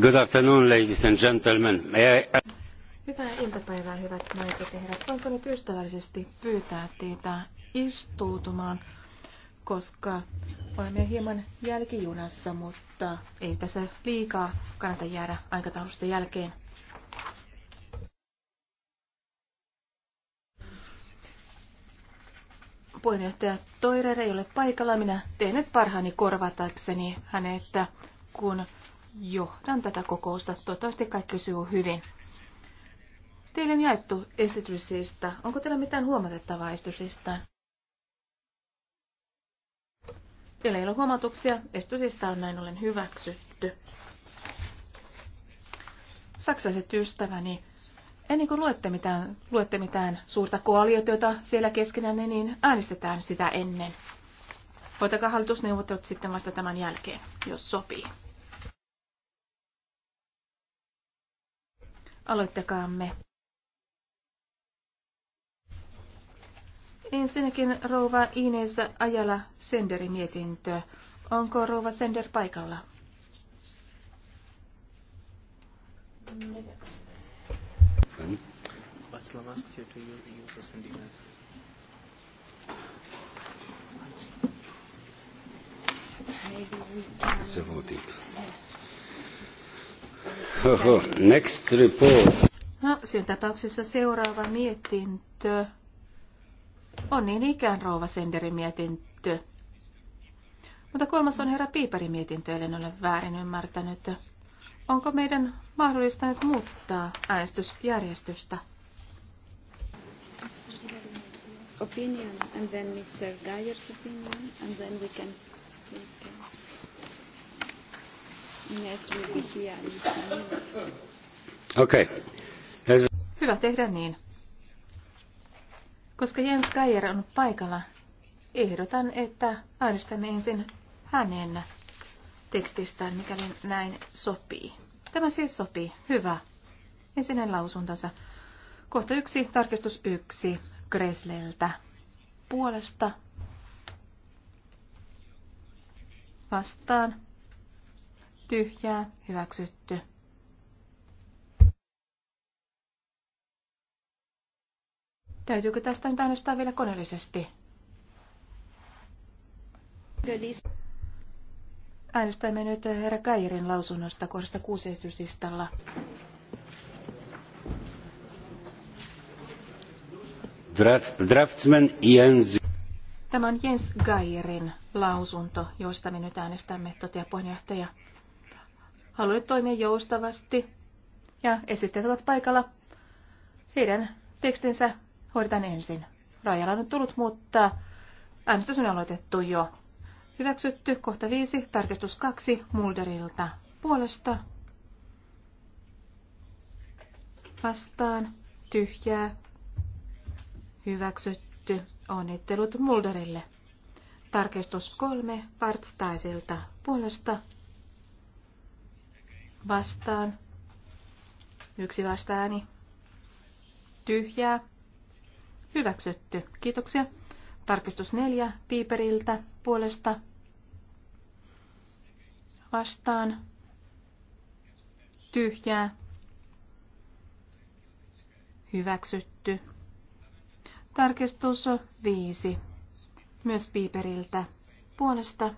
Good afternoon, ladies and gentlemen. Hyvää iltapäivää, hyvät naiset ja herrat. Voinko nyt ystävällisesti pyytää teitä istuutumaan, koska olemme hieman jälkijunassa, mutta ei tässä liikaa kannata jäädä aikataulusta jälkeen. Puheenjohtaja Toirer ei ole paikalla. Minä teen nyt parhaani korvatakseni hänet, kun johdan tätä kokousta. Toivottavasti kaikki sujuu hyvin. Teille on jaettu esityslista. Onko teillä mitään huomatettavaa esityslistaan? Teillä ei ole huomautuksia. Esityslista on näin ollen hyväksytty. Saksalaiset ystäväni, ennen kuin luette mitään, luette mitään suurta koaliotiota siellä keskenään, niin äänestetään sitä ennen. Voitakaa hallitusneuvottelut sitten vasta tämän jälkeen, jos sopii. Aloittakaamme. Ensinnäkin rouva Ines Ajala Senderi mietintö. Onko rouva Sender paikalla? Mm. Maybe Yes. Next report. No, siinä tapauksessa seuraava mietintö on niin ikään rouva Senderin mietintö. Mutta kolmas on herra Piiperin mietintö, en ole väärin ymmärtänyt. Onko meidän mahdollista nyt muuttaa äänestysjärjestystä? Opinion, and then Mr. Dyer's opinion, and then we can... We can... Ines Okay. Hyvä tehdä niin. Koska Jens Geier on paikalla, ehdotan, että äänestämme ensin hänen tekstistään, mikäli näin sopii. Tämä siis sopii. Hyvä. Ensinnäinen lausuntansa. Kohta yksi, tarkistus yksi, Kresleltä. Puolesta vastaan tyhjää, hyväksytty. Täytyykö tästä nyt äänestää vielä koneellisesti? Äänestämme nyt herra Kairin lausunnosta kohdasta 6 esityslistalla. Jens. Tämä on Jens Geirin lausunto, josta me nyt äänestämme, toteaa puheenjohtaja halunneet toimia joustavasti ja esittäjät ovat paikalla. Heidän tekstinsä hoidetaan ensin. Rajalla on nyt tullut, mutta äänestys on aloitettu jo. Hyväksytty kohta 5, tarkistus 2 Mulderilta. Puolesta vastaan tyhjää hyväksytty. Onnittelut Mulderille. Tarkistus 3 Partstaisilta puolesta vastaan, yksi vastaani, tyhjää, hyväksytty. Kiitoksia. Tarkistus neljä piiperiltä puolesta vastaan, tyhjää, hyväksytty. Tarkistus viisi myös piiperiltä puolesta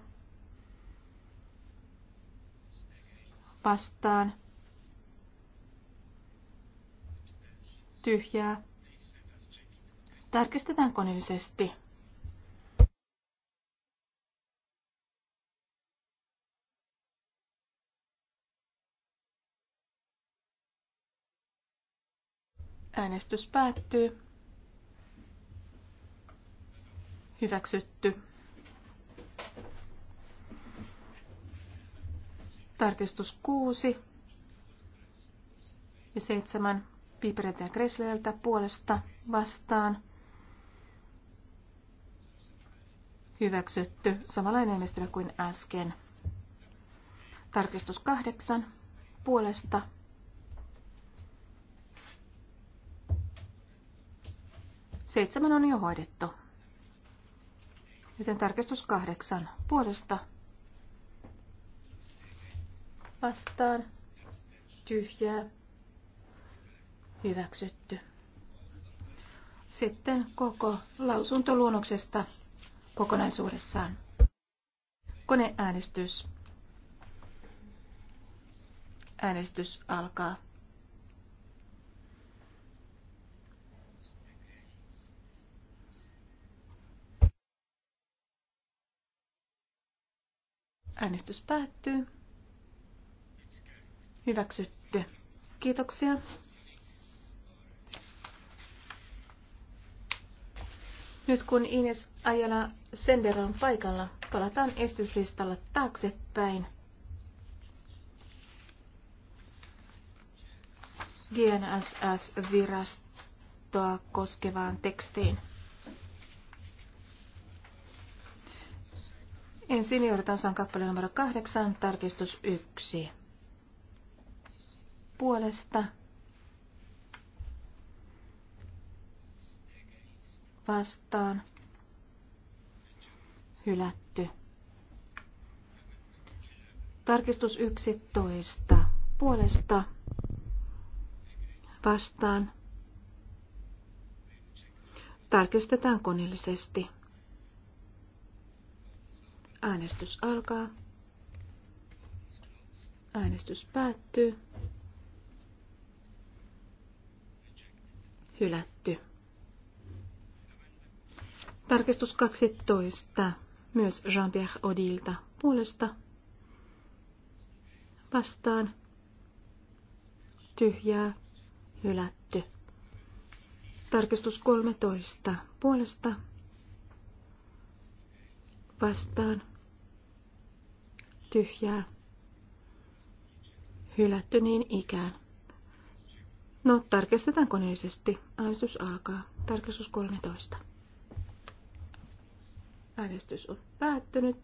vastaan tyhjää. Tarkistetaan koneellisesti. Äänestys päättyy. Hyväksytty. Tarkistus 6 ja 7 Piperiltä ja Kressleltä puolesta vastaan. Hyväksytty samalla enemmistöllä kuin äsken. Tarkistus 8 puolesta Seitsemän on jo hoidettu. Joten tarkistus kahdeksan puolesta vastaan tyhjää hyväksytty. Sitten koko lausuntoluonnoksesta kokonaisuudessaan. Koneäänestys. Äänestys alkaa. Äänestys päättyy. Hyväksytty. Kiitoksia. Nyt kun Ines Ajala Sender on paikalla, palataan estyslistalla taaksepäin. GNSS-virastoa koskevaan tekstiin. Ensin joudutaan saan kappale numero kahdeksan, tarkistus yksi puolesta vastaan hylätty. Tarkistus 11 puolesta vastaan tarkistetaan koneellisesti. Äänestys alkaa. Äänestys päättyy. hylätty. Tarkistus 12. Myös Jean-Pierre Odilta puolesta vastaan tyhjää hylätty. Tarkistus 13. Puolesta vastaan tyhjää hylätty niin ikään. No, tarkistetaan koneellisesti. Äänestys alkaa. Tarkistus 13. Äänestys on päättynyt.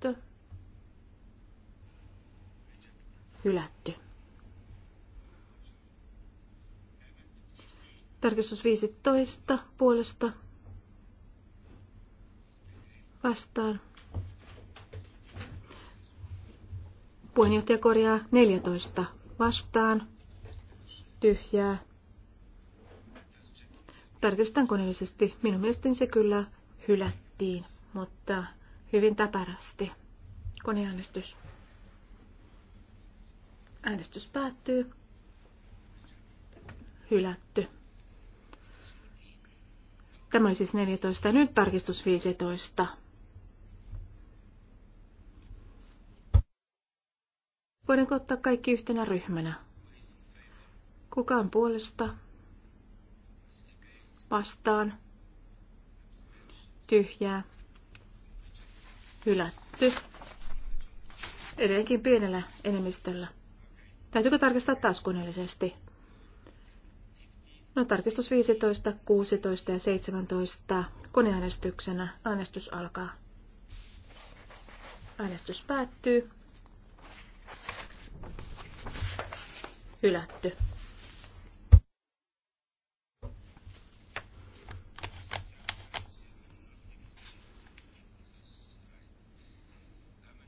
Hylätty. Tarkistus 15 puolesta vastaan. Puheenjohtaja korjaa 14 vastaan. Tyhjää Tarkistan koneellisesti. Minun mielestäni se kyllä hylättiin, mutta hyvin täpärästi. Koneäänestys. Äänestys päättyy. Hylätty. Tämä oli siis 14 ja nyt tarkistus 15. Voidaanko ottaa kaikki yhtenä ryhmänä? Kukaan puolesta? vastaan tyhjää hylätty. Edelleenkin pienellä enemmistöllä. Täytyykö tarkistaa taas koneellisesti? No tarkistus 15, 16 ja 17 koneäänestyksenä. Äänestys alkaa. Äänestys päättyy. Hylätty.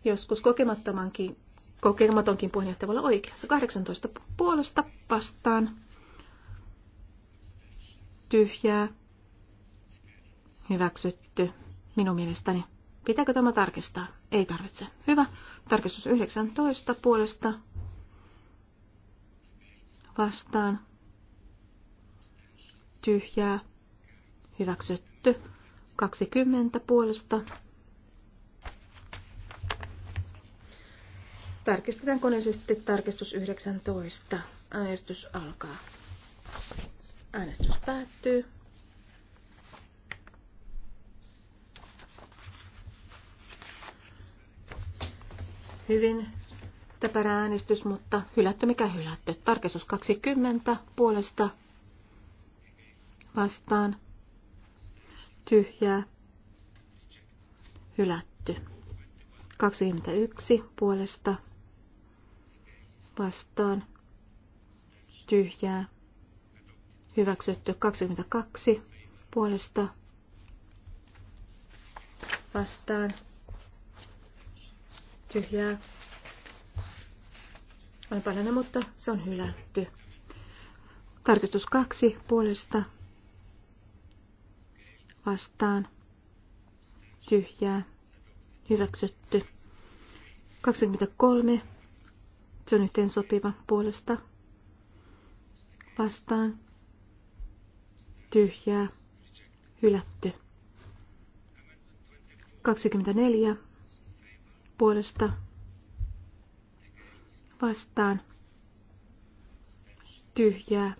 joskus kokemattomankin, kokematonkin puheenjohtaja voi olla oikeassa. 18 puolesta vastaan tyhjää, hyväksytty minun mielestäni. Pitääkö tämä tarkistaa? Ei tarvitse. Hyvä. Tarkistus 19 puolesta vastaan tyhjää, hyväksytty. 20 puolesta Tarkistetaan koneisesti tarkistus 19. Äänestys alkaa. Äänestys päättyy. Hyvin täpärä äänestys, mutta hylätty mikä hylätty. Tarkistus 20 puolesta vastaan tyhjää hylätty. 21 puolesta vastaan tyhjää hyväksytty 22 puolesta vastaan tyhjää on paljon, mutta se on hylätty. Tarkistus kaksi puolesta vastaan tyhjää hyväksytty. 23 se on yhteen sopiva puolesta. Vastaan. Tyhjää. Hylätty. 24 puolesta vastaan tyhjää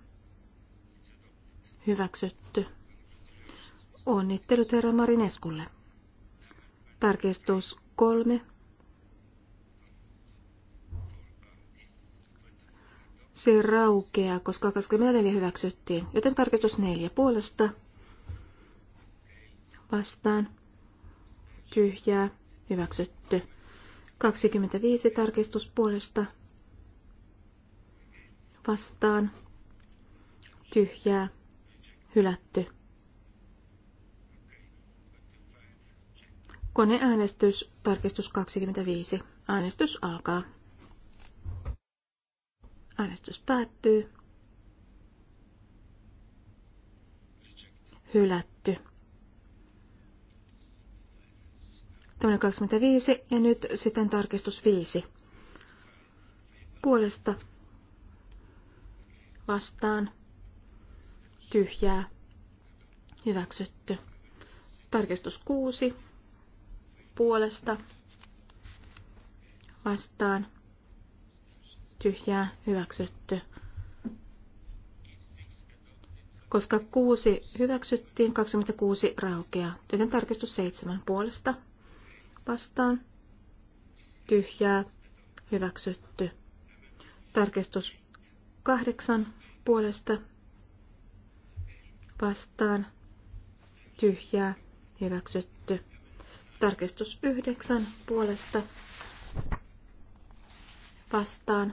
hyväksytty. Onnittelut herra Marineskulle. Tarkistus kolme Se raukeaa, koska 24 hyväksyttiin, joten tarkistus 4 puolesta vastaan tyhjää hyväksytty. 25 tarkistus puolesta vastaan tyhjää hylätty. Koneäänestys, tarkistus 25. Äänestys alkaa. Äänestys päättyy. Hylätty. Tämä 25 ja nyt sitten tarkistus 5. Puolesta vastaan tyhjää hyväksytty. Tarkistus 6 puolesta vastaan tyhjää hyväksytty. Koska 6 hyväksyttiin, 26 raukeaa, joten tarkistus 7 puolesta vastaan tyhjää hyväksytty. Tarkistus 8 puolesta vastaan tyhjää hyväksytty. Tarkistus 9 puolesta vastaan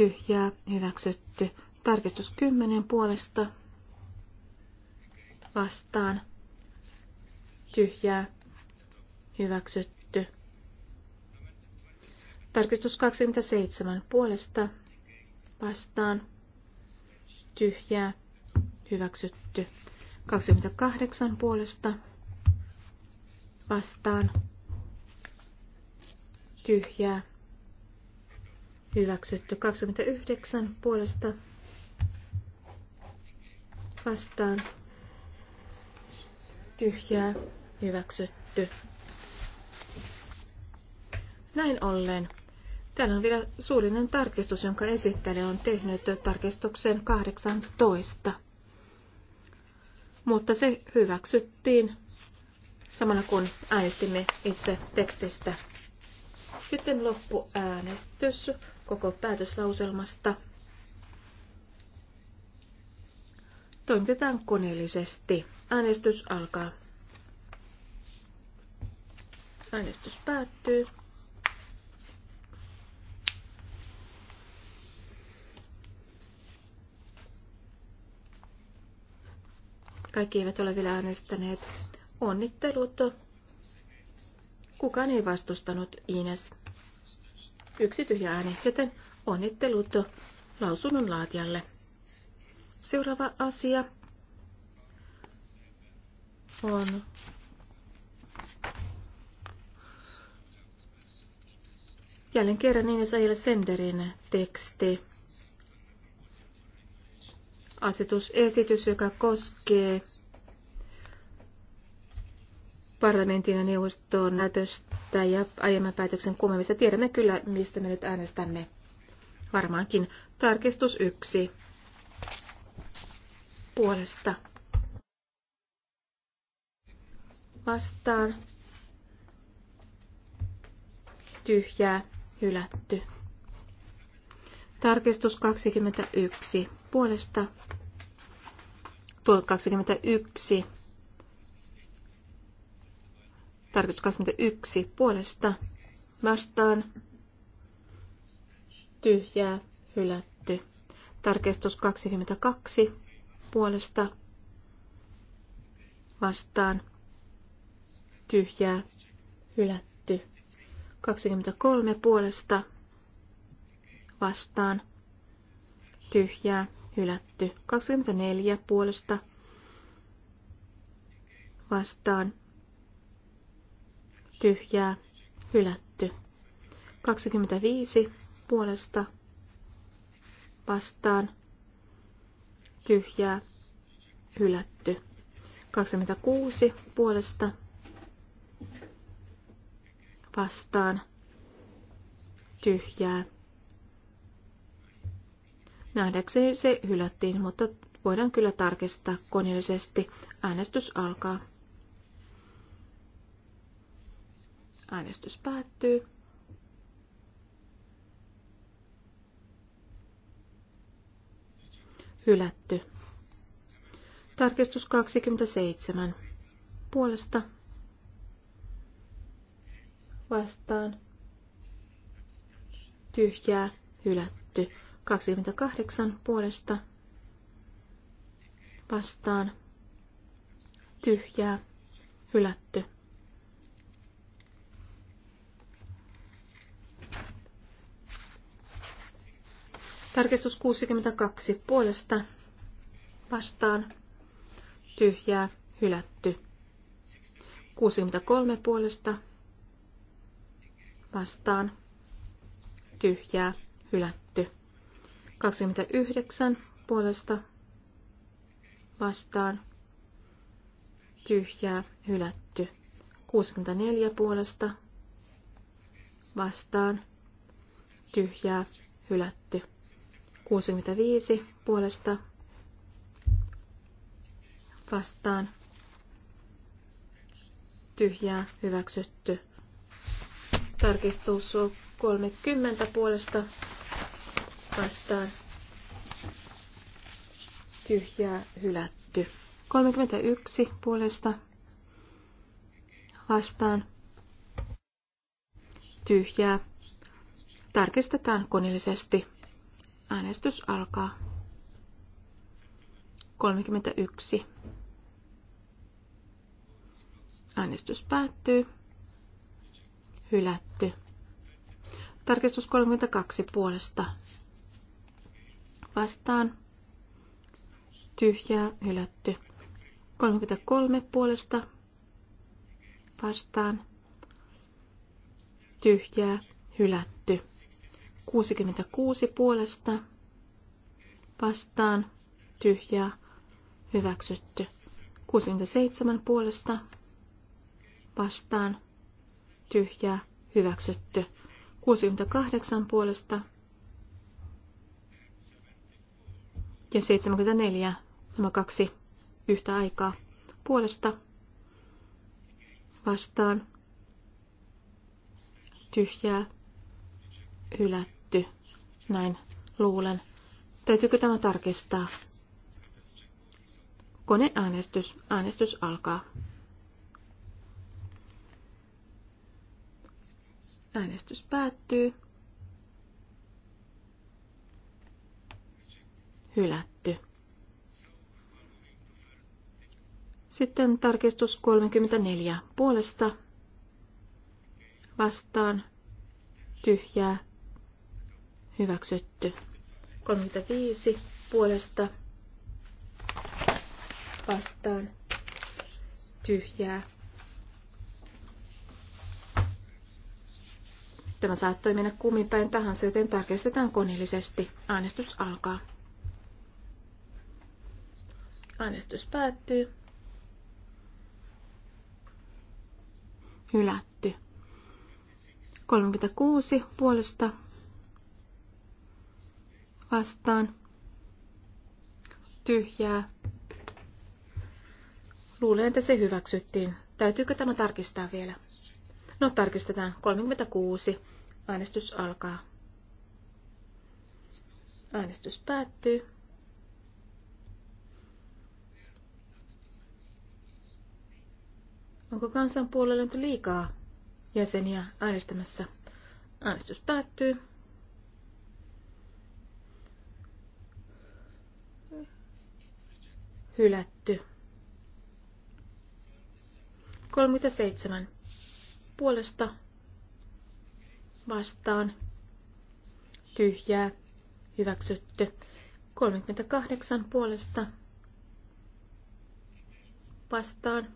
tyhjää, hyväksytty. Tarkistus 10 puolesta vastaan, tyhjää, hyväksytty. Tarkistus 27 puolesta vastaan, tyhjää, hyväksytty. 28 puolesta vastaan, tyhjää, Hyväksytty 29 puolesta vastaan. Tyhjää hyväksytty. Näin ollen. Täällä on vielä suullinen tarkistus, jonka esittelijä on tehnyt tarkistuksen 18. Mutta se hyväksyttiin samalla kun äänestimme itse tekstistä. Sitten loppuäänestys koko päätöslauselmasta. Toimitetaan koneellisesti. Äänestys alkaa. Äänestys päättyy. Kaikki eivät ole vielä äänestäneet. Onnittelut. Kukaan ei vastustanut Ines. Yksi tyhjä ääni, joten onnittelut lausunnon laatijalle. Seuraava asia on jälleen kerran niin Aile Senderin teksti. Asetusesitys, joka koskee parlamentin ja neuvoston päätöstä ja aiemman päätöksen kumoamista. Tiedämme kyllä, mistä me nyt äänestämme. Varmaankin tarkistus yksi puolesta. Vastaan. Tyhjää, hylätty. Tarkistus 21 puolesta. Tuolta 21 Tarkoitus 21 puolesta vastaan tyhjää hylätty. Tarkistus 22 puolesta vastaan tyhjää hylätty. 23 puolesta vastaan tyhjää hylätty. 24 puolesta vastaan tyhjää, hylätty. 25 puolesta vastaan, tyhjää, hylätty. 26 puolesta vastaan, tyhjää. Nähdäkseni se hylättiin, mutta voidaan kyllä tarkistaa koneellisesti. Äänestys alkaa. Äänestys päättyy. Hylätty. Tarkistus 27. Puolesta. Vastaan. Tyhjää. Hylätty. 28. Puolesta. Vastaan. Tyhjää. Hylätty. Tarkistus 62 puolesta vastaan tyhjää hylätty. 63 puolesta vastaan tyhjää hylätty. 29 puolesta vastaan tyhjää hylätty. 64 puolesta vastaan tyhjää hylätty. 65 puolesta vastaan tyhjää hyväksytty. Tarkistus on 30 puolesta vastaan tyhjää hylätty. 31 puolesta vastaan tyhjää tarkistetaan koneellisesti. Äänestys alkaa. 31. Äänestys päättyy. Hylätty. Tarkistus 32 puolesta. Vastaan. Tyhjää. Hylätty. 33 puolesta. Vastaan. Tyhjää. Hylätty. 66 puolesta vastaan tyhjää hyväksytty. 67 puolesta vastaan tyhjää hyväksytty. 68 puolesta ja 74 nämä kaksi yhtä aikaa puolesta vastaan tyhjää hylätty. Näin luulen. Täytyykö tämä tarkistaa? Koneäänestys. Äänestys alkaa. Äänestys päättyy. Hylätty. Sitten tarkistus 34 puolesta vastaan tyhjää Hyväksytty. 35 puolesta vastaan tyhjää. Tämä saattoi mennä kummin päin tahansa, joten tarkistetaan koneellisesti. Äänestys alkaa. Äänestys päättyy. Hylätty. 36 puolesta vastaan tyhjää. Luulen, että se hyväksyttiin. Täytyykö tämä tarkistaa vielä? No, tarkistetaan. 36. Äänestys alkaa. Äänestys päättyy. Onko kansan puolelle nyt liikaa jäseniä äänestämässä? Äänestys päättyy. hylätty. 37. Puolesta vastaan tyhjää hyväksytty. 38 puolesta vastaan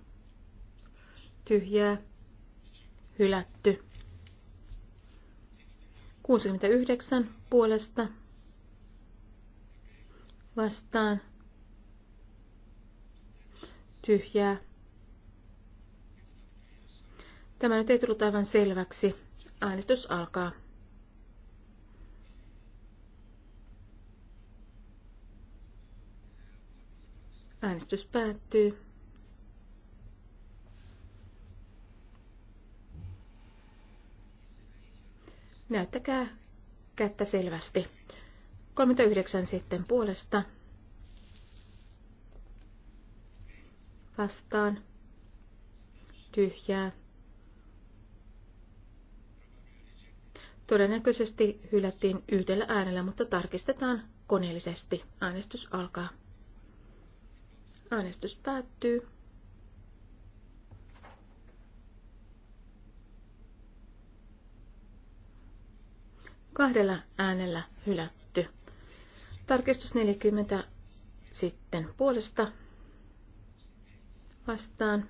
tyhjää hylätty. 69 puolesta vastaan tyhjää. Tämä nyt ei tullut aivan selväksi. Äänestys alkaa. Äänestys päättyy. Näyttäkää kättä selvästi. 39 sitten puolesta vastaan tyhjää. Todennäköisesti hylättiin yhdellä äänellä, mutta tarkistetaan koneellisesti. Äänestys alkaa. Äänestys päättyy. Kahdella äänellä hylätty. Tarkistus 40 sitten puolesta vastaan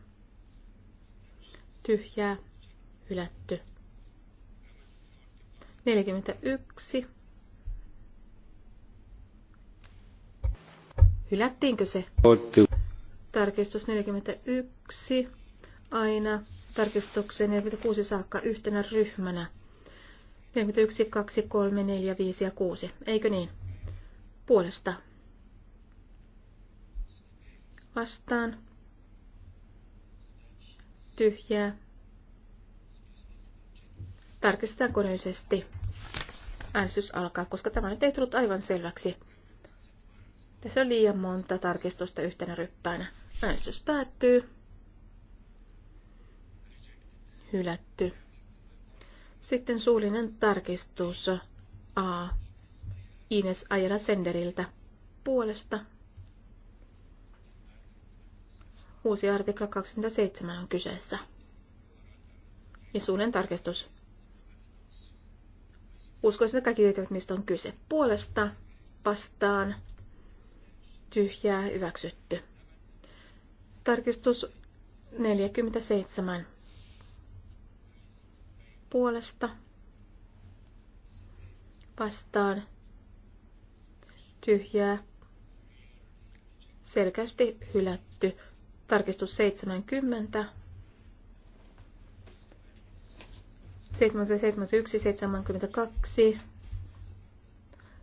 tyhjää hylätty. 41. Hylättiinkö se? Tarkistus 41 aina tarkistukseen 46 saakka yhtenä ryhmänä. 41, 2, 3, 4, 5 ja 6. Eikö niin? Puolesta. Vastaan tyhjää. Tarkistetaan koneellisesti. Äänestys alkaa, koska tämä nyt ei tullut aivan selväksi. Tässä on liian monta tarkistusta yhtenä ryppäänä. Äänestys päättyy. Hylätty. Sitten suullinen tarkistus A. Ines Ajala Senderiltä. Puolesta Uusi artikla 27 on kyseessä. Ja suunen tarkistus. Uskoisin, että kaikki tietävät, mistä on kyse. Puolesta, vastaan, tyhjää, hyväksytty. Tarkistus 47. Puolesta, vastaan, tyhjää, selkeästi hylätty. Tarkistus 70. 71, 72.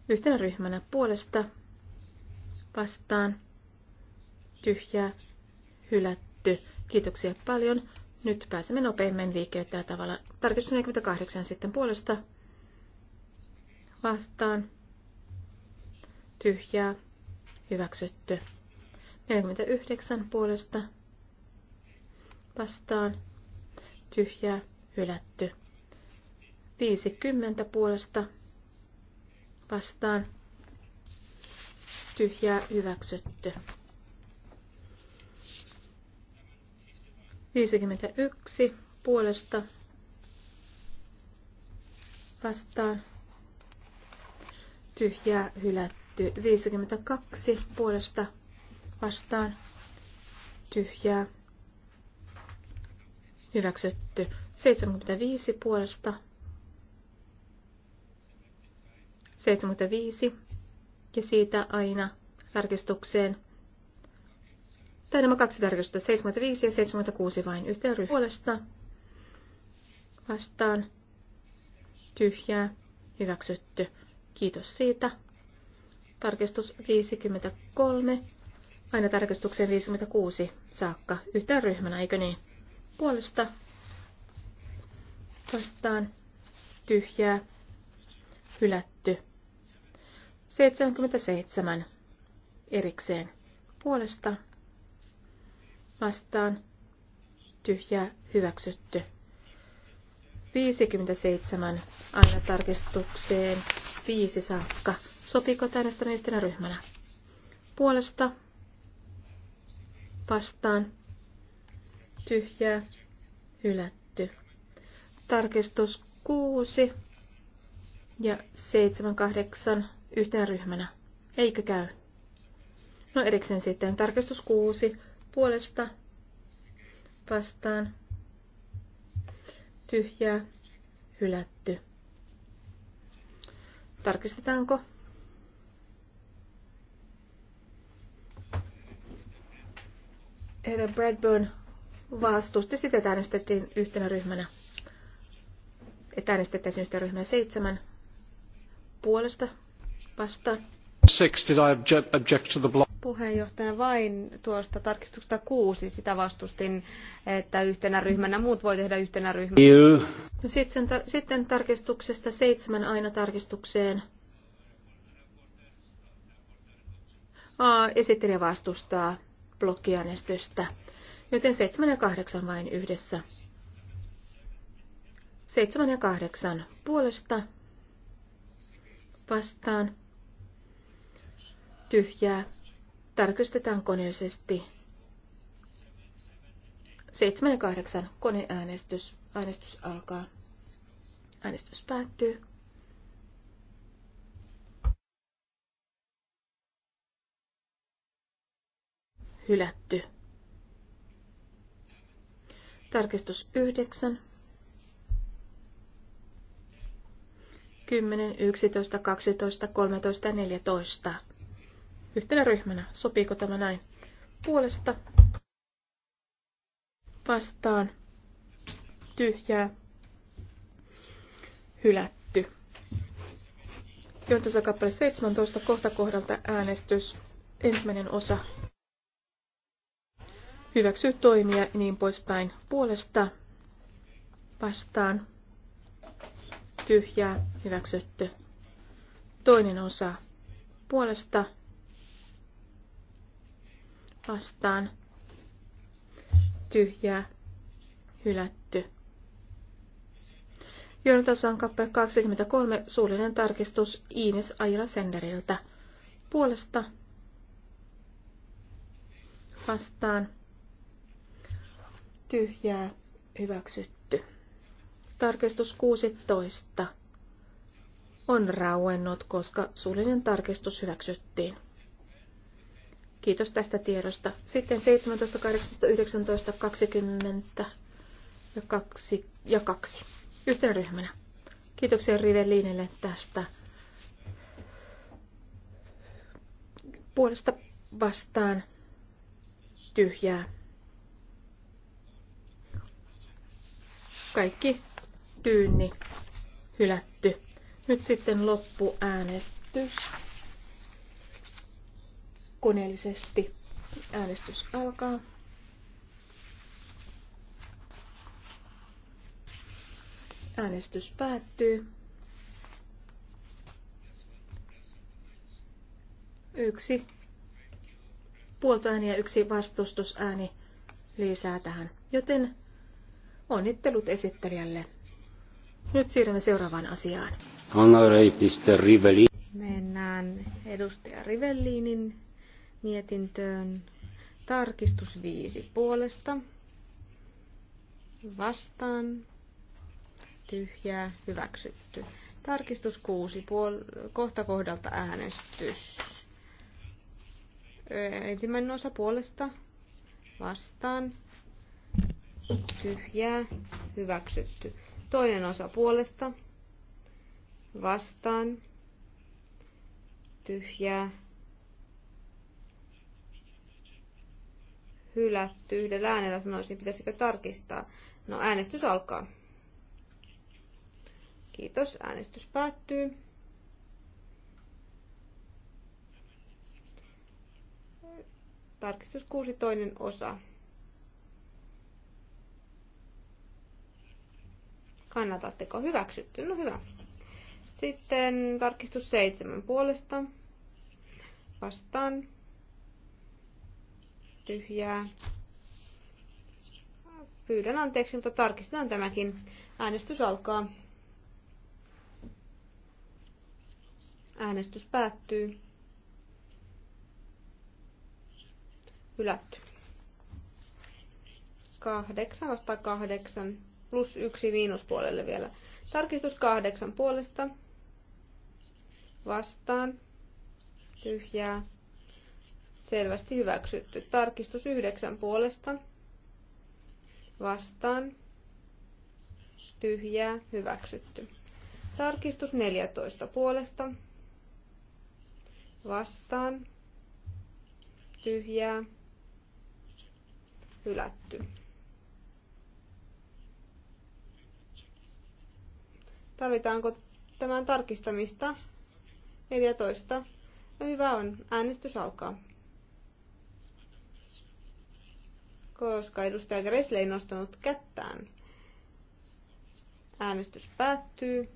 Yhtenä ryhmänä puolesta vastaan tyhjää hylätty. Kiitoksia paljon. Nyt pääsemme nopeimmin liikkeelle tällä tavalla. Tarkistus 48 sitten puolesta vastaan tyhjää hyväksytty. 49 puolesta vastaan tyhjää hylätty. 50 puolesta vastaan tyhjää hyväksytty. 51 puolesta vastaan tyhjää hylätty. 52 puolesta vastaan vastaan tyhjää hyväksytty. 75 puolesta 75 ja siitä aina tarkistukseen. Tai nämä kaksi tarkistusta, 75 ja 76 vain yhteen ryhmään. puolesta vastaan tyhjää hyväksytty. Kiitos siitä. Tarkistus 53 aina tarkastukseen 56 saakka yhtä ryhmänä, eikö niin? Puolesta vastaan tyhjää hylätty. 77 erikseen puolesta vastaan tyhjää hyväksytty. 57 aina tarkistukseen 5 saakka. Sopiiko tänne yhtenä ryhmänä? Puolesta vastaan tyhjää hylätty. Tarkistus 6 ja 7, 8 yhtenä ryhmänä. Eikö käy? No erikseen sitten tarkistus 6 puolesta vastaan tyhjää hylätty. Tarkistetaanko? herra Bradburn vastusti, sitä että äänestettiin yhtenä ryhmänä. Että äänestettäisiin yhtenä ryhmänä seitsemän puolesta vastaan. Six, did I object, object to the block? Puheenjohtaja vain tuosta tarkistuksesta kuusi, sitä vastustin, että yhtenä ryhmänä, muut voi tehdä yhtenä ryhmänä. No sitten, sitten tarkistuksesta seitsemän aina tarkistukseen. Aa, esittelijä vastustaa blokkiäänestystä, joten 7 ja 8 vain yhdessä. 7 ja 8 puolesta vastaan tyhjää tarkistetaan koneellisesti. 7 ja 8 koneäänestys. Äänestys alkaa. Äänestys päättyy. hylätty. Tarkistus 9. 10, 11, 12, 13 ja 14. Yhtenä ryhmänä. Sopiiko tämä näin? Puolesta vastaan tyhjää hylätty. Jontansa kappale 17 kohta kohdalta äänestys. Ensimmäinen osa hyväksy toimia ja niin poispäin puolesta vastaan tyhjää hyväksytty. Toinen osa puolesta vastaan tyhjää hylätty. Jonotas on kappale 23, suullinen tarkistus Iines Aira Senderiltä. Puolesta vastaan tyhjää hyväksytty. Tarkistus 16 on rauennut, koska suullinen tarkistus hyväksyttiin. Kiitos tästä tiedosta. Sitten 17, 18, 19, 20 ja 2. Ja 2. Yhtenä ryhmänä. Kiitoksia Rivellinille tästä puolesta vastaan tyhjää Kaikki tyynni hylätty. Nyt sitten loppuäänestys. Koneellisesti äänestys alkaa. Äänestys päättyy. Yksi puolta ääni ja yksi vastustusääni lisää tähän. Joten Onnittelut esittelijälle. Nyt siirrymme seuraavaan asiaan. Mennään edustaja Rivellinin mietintöön. Tarkistus viisi puolesta. Vastaan. Tyhjää. Hyväksytty. Tarkistus kuusi Puol- kohta kohdalta äänestys. Ensimmäinen osa puolesta. Vastaan tyhjää, hyväksytty. Toinen osa puolesta, vastaan, tyhjää, hylätty. Yhdellä äänellä sanoisin, pitäisikö tarkistaa. No, äänestys alkaa. Kiitos, äänestys päättyy. Tarkistus kuusi toinen osa. Kannatatteko? Hyväksytty. No hyvä. Sitten tarkistus seitsemän puolesta. Vastaan. Tyhjää. Pyydän anteeksi, mutta tarkistetaan tämäkin. Äänestys alkaa. Äänestys päättyy. Hylätty. Kahdeksan vastaan kahdeksan plus yksi miinuspuolelle vielä. Tarkistus kahdeksan puolesta. Vastaan. Tyhjää. Selvästi hyväksytty. Tarkistus yhdeksän puolesta. Vastaan. Tyhjää. Hyväksytty. Tarkistus 14 puolesta. Vastaan. Tyhjää. Hylätty. Tarvitaanko tämän tarkistamista? 14. No hyvä on. Äänestys alkaa. Koska edustaja Gressle ei nostanut kättään. Äänestys päättyy.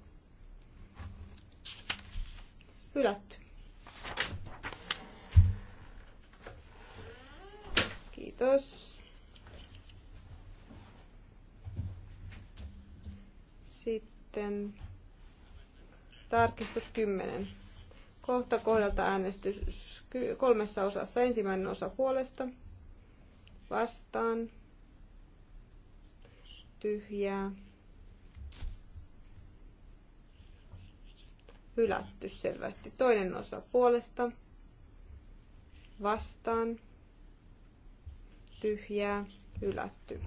Hylätty. Kiitos. Sitten tarkistus 10. Kohta kohdalta äänestys kolmessa osassa. Ensimmäinen osa puolesta. Vastaan. Tyhjää. Hylätty selvästi. Toinen osa puolesta. Vastaan. Tyhjää. Hylätty.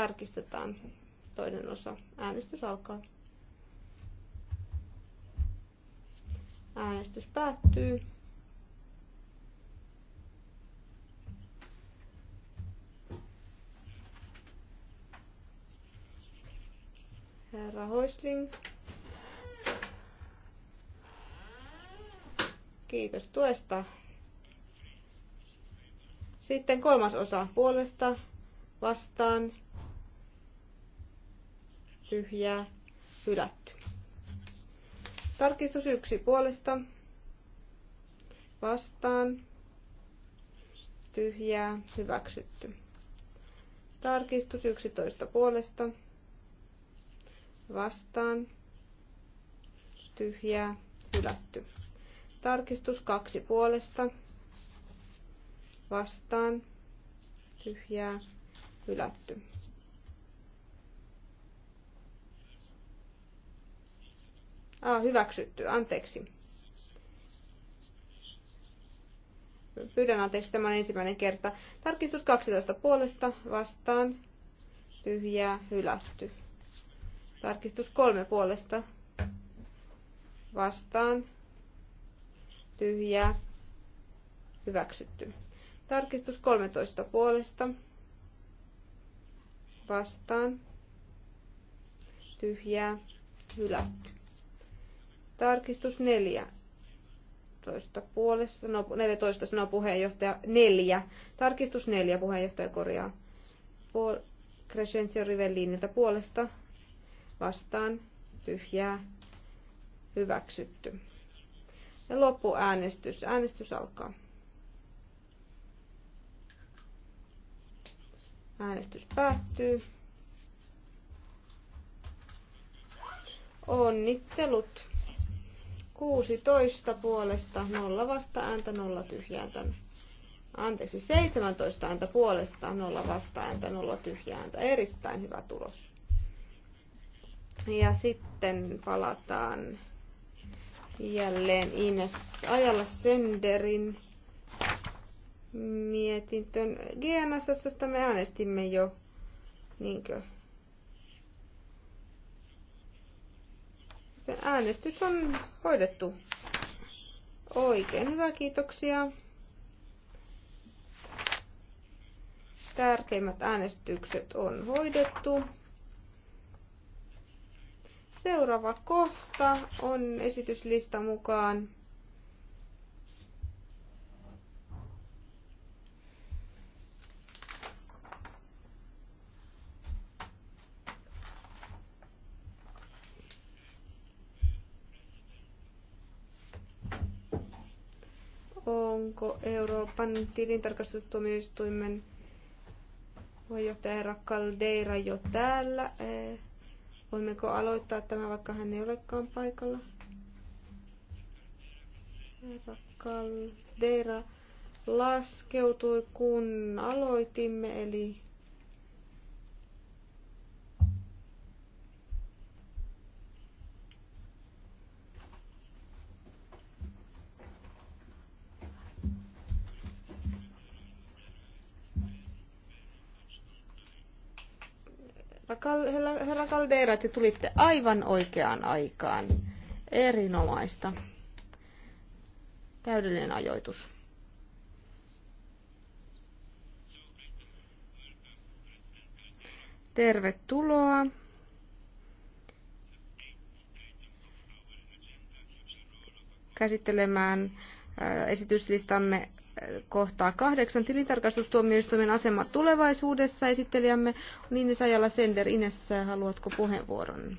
tarkistetaan toinen osa. Äänestys alkaa. Äänestys päättyy. Herra Hoisling. Kiitos tuesta. Sitten kolmas osa puolesta vastaan tyhjää, hylätty. Tarkistus yksi puolesta, vastaan, tyhjää, hyväksytty. Tarkistus 11 puolesta, vastaan, tyhjää, hylätty. Tarkistus kaksi puolesta, vastaan, tyhjää, hylätty. Ah, hyväksytty, anteeksi. Pyydän anteeksi, tämä on ensimmäinen kerta. Tarkistus 12 puolesta vastaan. Tyhjää, hylätty. Tarkistus 3 puolesta vastaan. Tyhjää, hyväksytty. Tarkistus 13 puolesta vastaan. Tyhjää, hylätty. Tarkistus 4. Toista puolesta, sanoo, 14 sanoo puheenjohtaja 4. Tarkistus 4 puheenjohtaja korjaa. Puol- Crescenzio Rivelliniltä puolesta vastaan tyhjää hyväksytty. Ja loppuäänestys. Äänestys alkaa. Äänestys päättyy. Onnittelut. 16 puolesta, 0 vasta ääntä, 0 tyhjääntä. Anteeksi, 17 ääntä puolesta, 0 vasta ääntä, 0 ääntä. Erittäin hyvä tulos. Ja sitten palataan jälleen Ines Ajalla Senderin mietintön. GNSS me äänestimme jo, niinkö? Se äänestys on hoidettu. Oikein hyvä, kiitoksia. Tärkeimmät äänestykset on hoidettu. Seuraava kohta on esityslista mukaan onko Euroopan tilintarkastustuomioistuimen puheenjohtaja herra Caldeira jo täällä. Eh, voimmeko aloittaa tämä, vaikka hän ei olekaan paikalla? Herra Caldeira laskeutui, kun aloitimme, eli Herra Caldeira, te tulitte aivan oikeaan aikaan. Erinomaista. Täydellinen ajoitus. Tervetuloa. käsittelemään äh, esityslistamme kohtaa kahdeksan tilintarkastustuomioistuimen asema tulevaisuudessa. Esittelijämme on Ines Ajala Sender. Ines, haluatko puheenvuoron?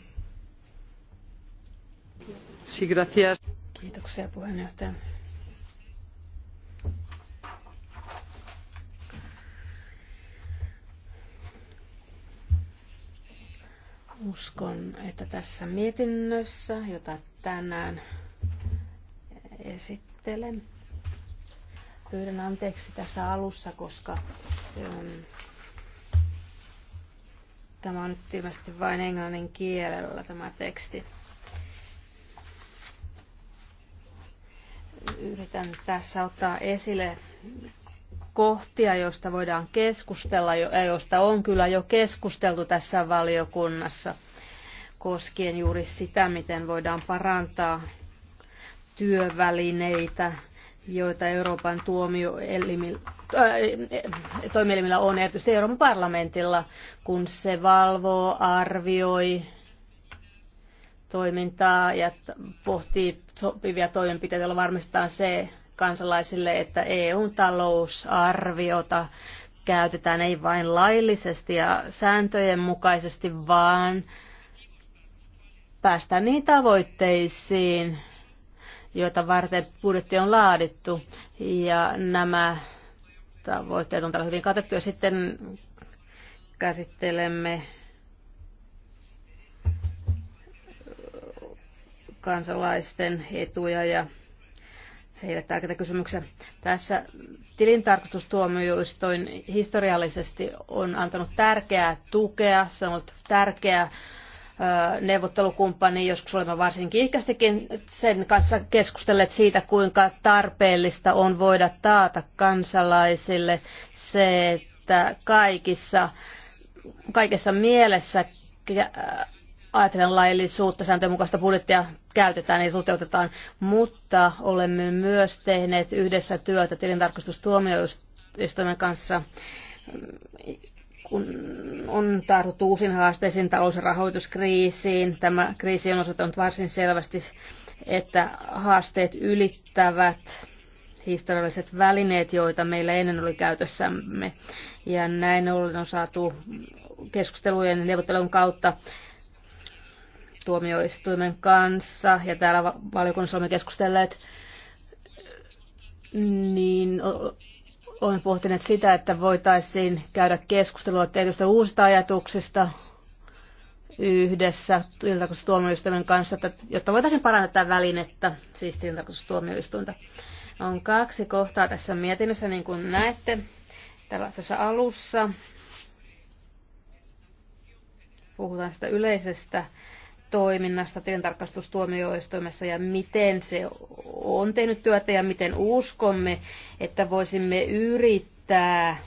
Sí, gracias. Kiitoksia puheenjohtaja. Uskon, että tässä mietinnössä, jota tänään esittelen, Pyydän anteeksi tässä alussa, koska ähm, tämä on nyt ilmeisesti vain englannin kielellä tämä teksti. Yritän tässä ottaa esille kohtia, joista voidaan keskustella ja joista on kyllä jo keskusteltu tässä valiokunnassa koskien juuri sitä, miten voidaan parantaa työvälineitä joita Euroopan äh, toimielimillä on, erityisesti Euroopan parlamentilla, kun se valvoo, arvioi toimintaa ja pohtii sopivia toimenpiteitä, joilla varmistetaan se kansalaisille, että EU-talousarviota käytetään ei vain laillisesti ja sääntöjen mukaisesti, vaan päästään niihin tavoitteisiin, joita varten budjetti on laadittu. Ja nämä tavoitteet on täällä hyvin katettu. Ja sitten käsittelemme kansalaisten etuja ja heille tärkeitä kysymyksiä. Tässä tilintarkastustuomioistuin historiallisesti on antanut tärkeää tukea, se on ollut tärkeä neuvottelukumppani, joskus olemme varsin kiihkästikin sen kanssa keskustelleet siitä, kuinka tarpeellista on voida taata kansalaisille se, että kaikissa, kaikessa mielessä ajatellen laillisuutta, sääntöjen mukaista budjettia käytetään ja toteutetaan, mutta olemme myös tehneet yhdessä työtä tilintarkastustuomioistuimen kanssa kun on tartuttu uusiin haasteisiin talous- ja rahoituskriisiin. Tämä kriisi on osoittanut varsin selvästi, että haasteet ylittävät historialliset välineet, joita meillä ennen oli käytössämme. Ja näin ollen on saatu keskustelujen ja neuvottelun kautta tuomioistuimen kanssa, ja täällä valiokunnassa olemme keskustelleet, niin olemme pohtineet sitä, että voitaisiin käydä keskustelua tietystä uusista ajatuksista yhdessä tilintarkastustuomioistuimen kanssa, jotta voitaisiin parantaa tätä välinettä, siis tilintarkastustuomioistuinta. On kaksi kohtaa tässä mietinnössä, niin kuin näette, tässä alussa. Puhutaan sitä yleisestä toiminnasta tilintarkastustuomioistuimessa ja miten se on tehnyt työtä ja miten uskomme, että voisimme yrittää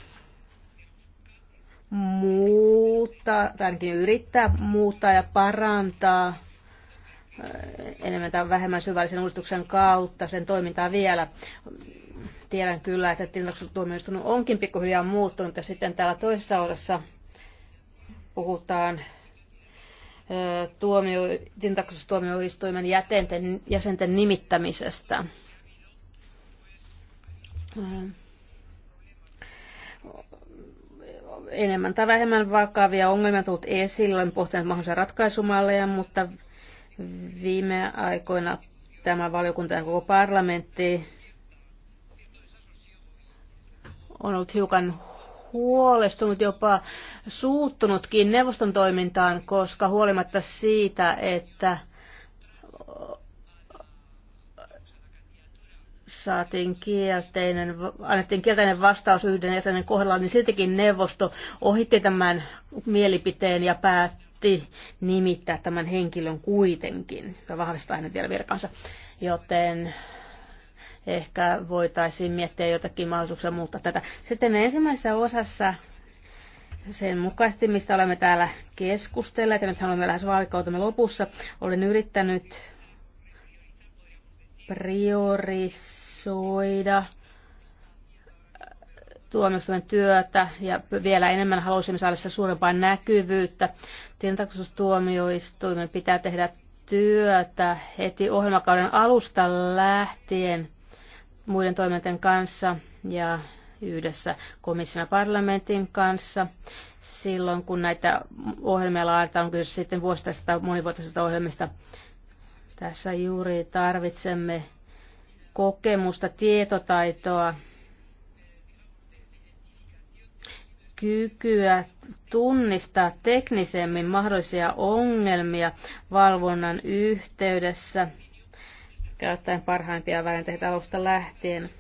muuttaa, tai ainakin yrittää muuttaa ja parantaa äh, enemmän tai vähemmän syvällisen uudistuksen kautta sen toimintaa vielä. Tiedän kyllä, että tilintarkastustuomioistuin onkin pikkuhiljaa muuttunut ja sitten täällä toisessa osassa puhutaan tuomio, jäsenten, jäsenten nimittämisestä. Enemmän tai vähemmän vakavia ongelmia on tullut esille, olen pohtinut mahdollisia ratkaisumalleja, mutta viime aikoina tämä valiokunta ja koko parlamentti on ollut hiukan huolestunut, jopa suuttunutkin neuvoston toimintaan, koska huolimatta siitä, että saatiin kielteinen, annettiin kielteinen vastaus yhden jäsenen kohdalla, niin siltikin neuvosto ohitti tämän mielipiteen ja päätti nimittää tämän henkilön kuitenkin ja vahvistaa hänen vielä virkansa. Joten Ehkä voitaisiin miettiä jotakin mahdollisuuksia muuttaa tätä. Sitten ensimmäisessä osassa sen mukaisesti, mistä olemme täällä keskustelleet, ja nyt haluamme lähes vaalikautemme lopussa, olen yrittänyt priorisoida tuomioistuimen työtä ja vielä enemmän haluaisimme saada sitä suurempaa näkyvyyttä. Tilintarkastustuomioistuimen pitää tehdä työtä heti ohjelmakauden alusta lähtien muiden toimijoiden kanssa ja yhdessä komission ja parlamentin kanssa silloin, kun näitä ohjelmia laaditaan, on kyse sitten vuosittaisesta tai monivuotisista ohjelmista. Tässä juuri tarvitsemme kokemusta, tietotaitoa, kykyä tunnistaa teknisemmin mahdollisia ongelmia valvonnan yhteydessä – käyttäen parhaimpia välineitä alusta lähtien.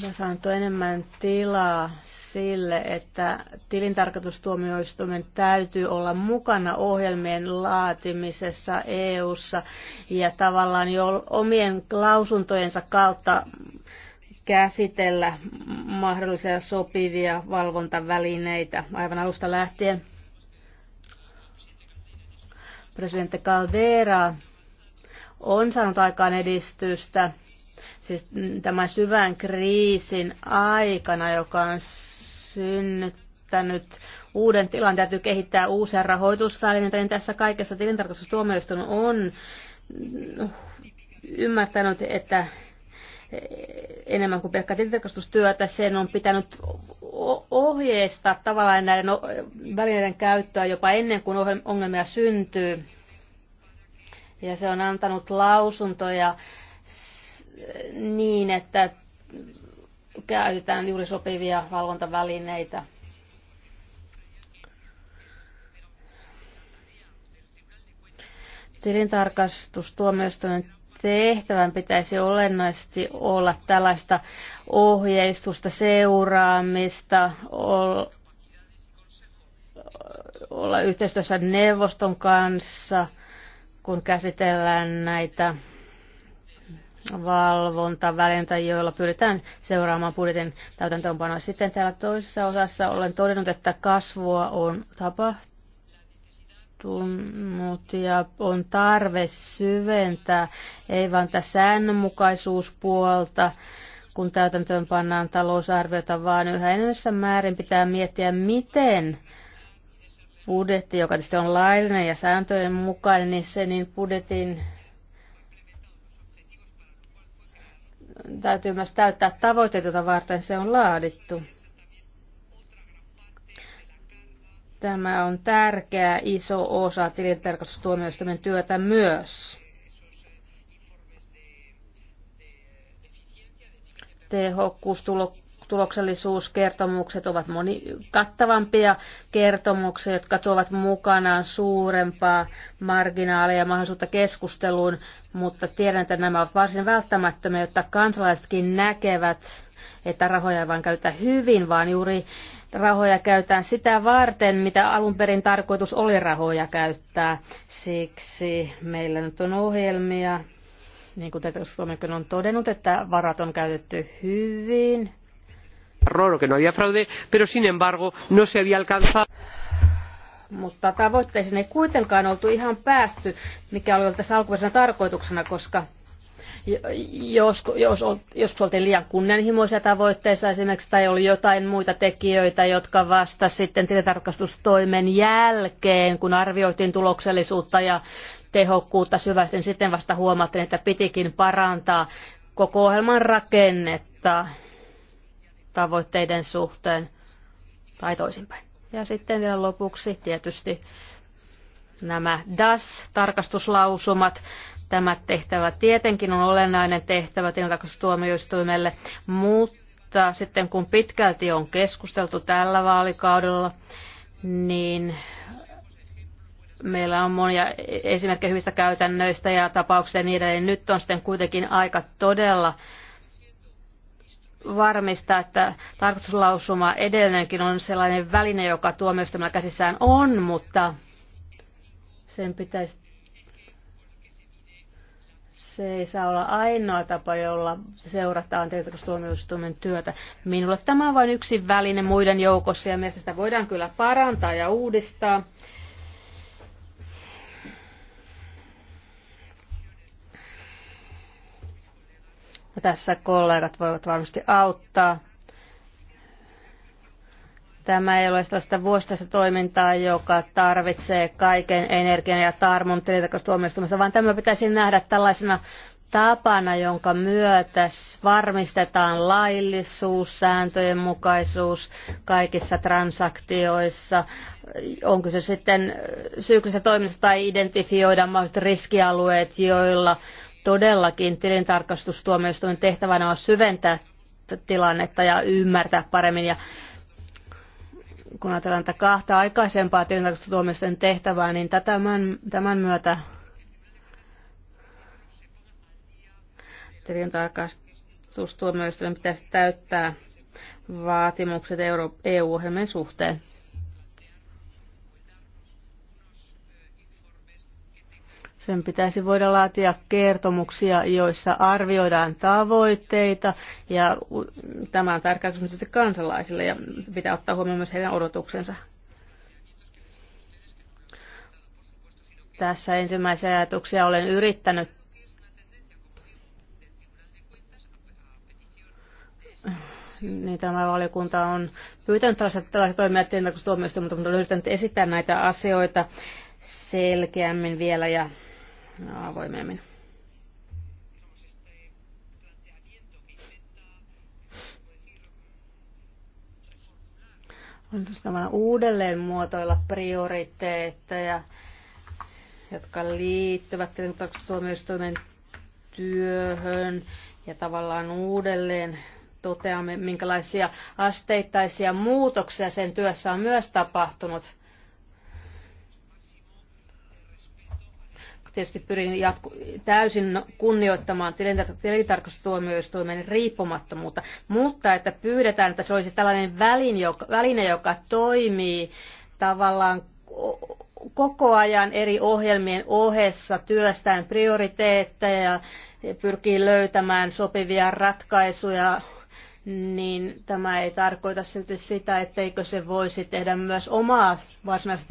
Tässä antoi enemmän tilaa sille, että tilintarkastustuomioistuimen täytyy olla mukana ohjelmien laatimisessa EU:ssa ja tavallaan jo omien lausuntojensa kautta käsitellä mahdollisia sopivia valvontavälineitä aivan alusta lähtien. Presidentti Caldera on saanut aikaan edistystä siis tämän syvän kriisin aikana, joka on synnyttänyt uuden tilan, täytyy kehittää uusia rahoitusvälineitä, niin tässä kaikessa tilintarkastustuomioistuin on ymmärtänyt, että enemmän kuin pelkkä tilintarkastustyötä. Sen on pitänyt ohjeistaa tavallaan näiden välineiden käyttöä jopa ennen kuin ongelmia syntyy. Ja se on antanut lausuntoja niin, että käytetään juuri sopivia valvontavälineitä. Tilintarkastustuomioistuimen tehtävän pitäisi olennaisesti olla tällaista ohjeistusta, seuraamista, olla yhteistyössä neuvoston kanssa, kun käsitellään näitä valvontavälineitä, joilla pyritään seuraamaan budjetin täytäntöönpanoa. Sitten täällä toisessa osassa olen todennut, että kasvua on tapahtunut tuntunut ja on tarve syventää, ei vain tätä säännönmukaisuuspuolta, kun täytäntöön pannaan talousarviota, vaan yhä enemmän määrin pitää miettiä, miten budjetti, joka tietysti on laillinen ja sääntöjen mukainen, niin se niin budjetin täytyy myös täyttää tavoitteita joita varten se on laadittu. Tämä on tärkeä iso osa tilintarkastustuomioistuimen työtä myös. Tehokkuustuloksellisuuskertomukset ovat moni, kattavampia kertomuksia, jotka tuovat mukanaan suurempaa marginaalia ja mahdollisuutta keskusteluun, mutta tiedän, että nämä ovat varsin välttämättömiä, jotta kansalaisetkin näkevät, että rahoja ei vain käytä hyvin, vaan juuri rahoja käytetään sitä varten, mitä alun perin tarkoitus oli rahoja käyttää. Siksi meillä nyt on ohjelmia, niin kuin Suomikin on todennut, että varat on käytetty hyvin. Raro que no había fraude, pero sin embargo no se había alcanzado mutta tavoitteeseen ei kuitenkaan oltu ihan päästy, mikä oli tässä alkuperäisenä tarkoituksena, koska jos, jos, jos oltiin liian kunnianhimoisia tavoitteissa esimerkiksi tai oli jotain muita tekijöitä, jotka vasta sitten tilintarkastustoimen jälkeen, kun arvioitiin tuloksellisuutta ja tehokkuutta syvästi, niin sitten vasta huomattiin, että pitikin parantaa koko ohjelman rakennetta tavoitteiden suhteen tai toisinpäin. Ja sitten vielä lopuksi tietysti nämä DAS-tarkastuslausumat. Tämä tehtävä tietenkin on olennainen tehtävä tilintarkastustuomioistuimelle, mutta sitten kun pitkälti on keskusteltu tällä vaalikaudella, niin meillä on monia esimerkkejä hyvistä käytännöistä ja tapauksia ja niin edelleen. Nyt on sitten kuitenkin aika todella varmistaa, että tarkastuslausuma edelleenkin on sellainen väline, joka tuomioistuimella käsissään on, mutta sen pitäisi se ei saa olla ainoa tapa, jolla seurataan tietokostuomioistuimen työtä. Minulle tämä on vain yksi väline muiden joukossa ja mielestäni sitä voidaan kyllä parantaa ja uudistaa. Ja tässä kollegat voivat varmasti auttaa Tämä ei ole sellaista vuostaista toimintaa, joka tarvitsee kaiken energian ja tarmon tilintarkastustuomioistumista, vaan tämä pitäisi nähdä tällaisena tapana, jonka myötä varmistetaan laillisuus, sääntöjen mukaisuus kaikissa transaktioissa. Onko se sitten syyksessä toiminnassa tai identifioida mahdolliset riskialueet, joilla todellakin tilintarkastustuomioistuimen tehtävänä on syventää tilannetta ja ymmärtää paremmin ja kun ajatellaan tätä kahta aikaisempaa tilintarkastustuomioisten tehtävää, niin tämän, tämän myötä tilintarkastustuomioistuimen pitäisi täyttää vaatimukset EU-ohjelmien e suhteen. Sen pitäisi voida laatia kertomuksia, joissa arvioidaan tavoitteita ja tämä on tärkeää kansalaisille ja pitää ottaa huomioon myös heidän odotuksensa. Tässä ensimmäisiä ajatuksia olen yrittänyt niin tämä valiokunta on pyytänyt tällaisia, tällaisia toimia tuomioistuimelta, mutta olen yrittänyt esittää näitä asioita selkeämmin vielä ja avoimemmin. on tavallaan uudelleen muotoilla prioriteetteja, jotka liittyvät tuomioistuimen työhön ja tavallaan uudelleen toteamme, minkälaisia asteittaisia muutoksia sen työssä on myös tapahtunut. tietysti pyrin jatku, täysin kunnioittamaan tilintarkastustuomioistuimen riippumattomuutta, mutta että pyydetään, että se olisi tällainen väline, joka, väline, joka toimii tavallaan koko ajan eri ohjelmien ohessa työstään prioriteetteja ja pyrkii löytämään sopivia ratkaisuja niin tämä ei tarkoita silti sitä, etteikö se voisi tehdä myös omaa varsinaista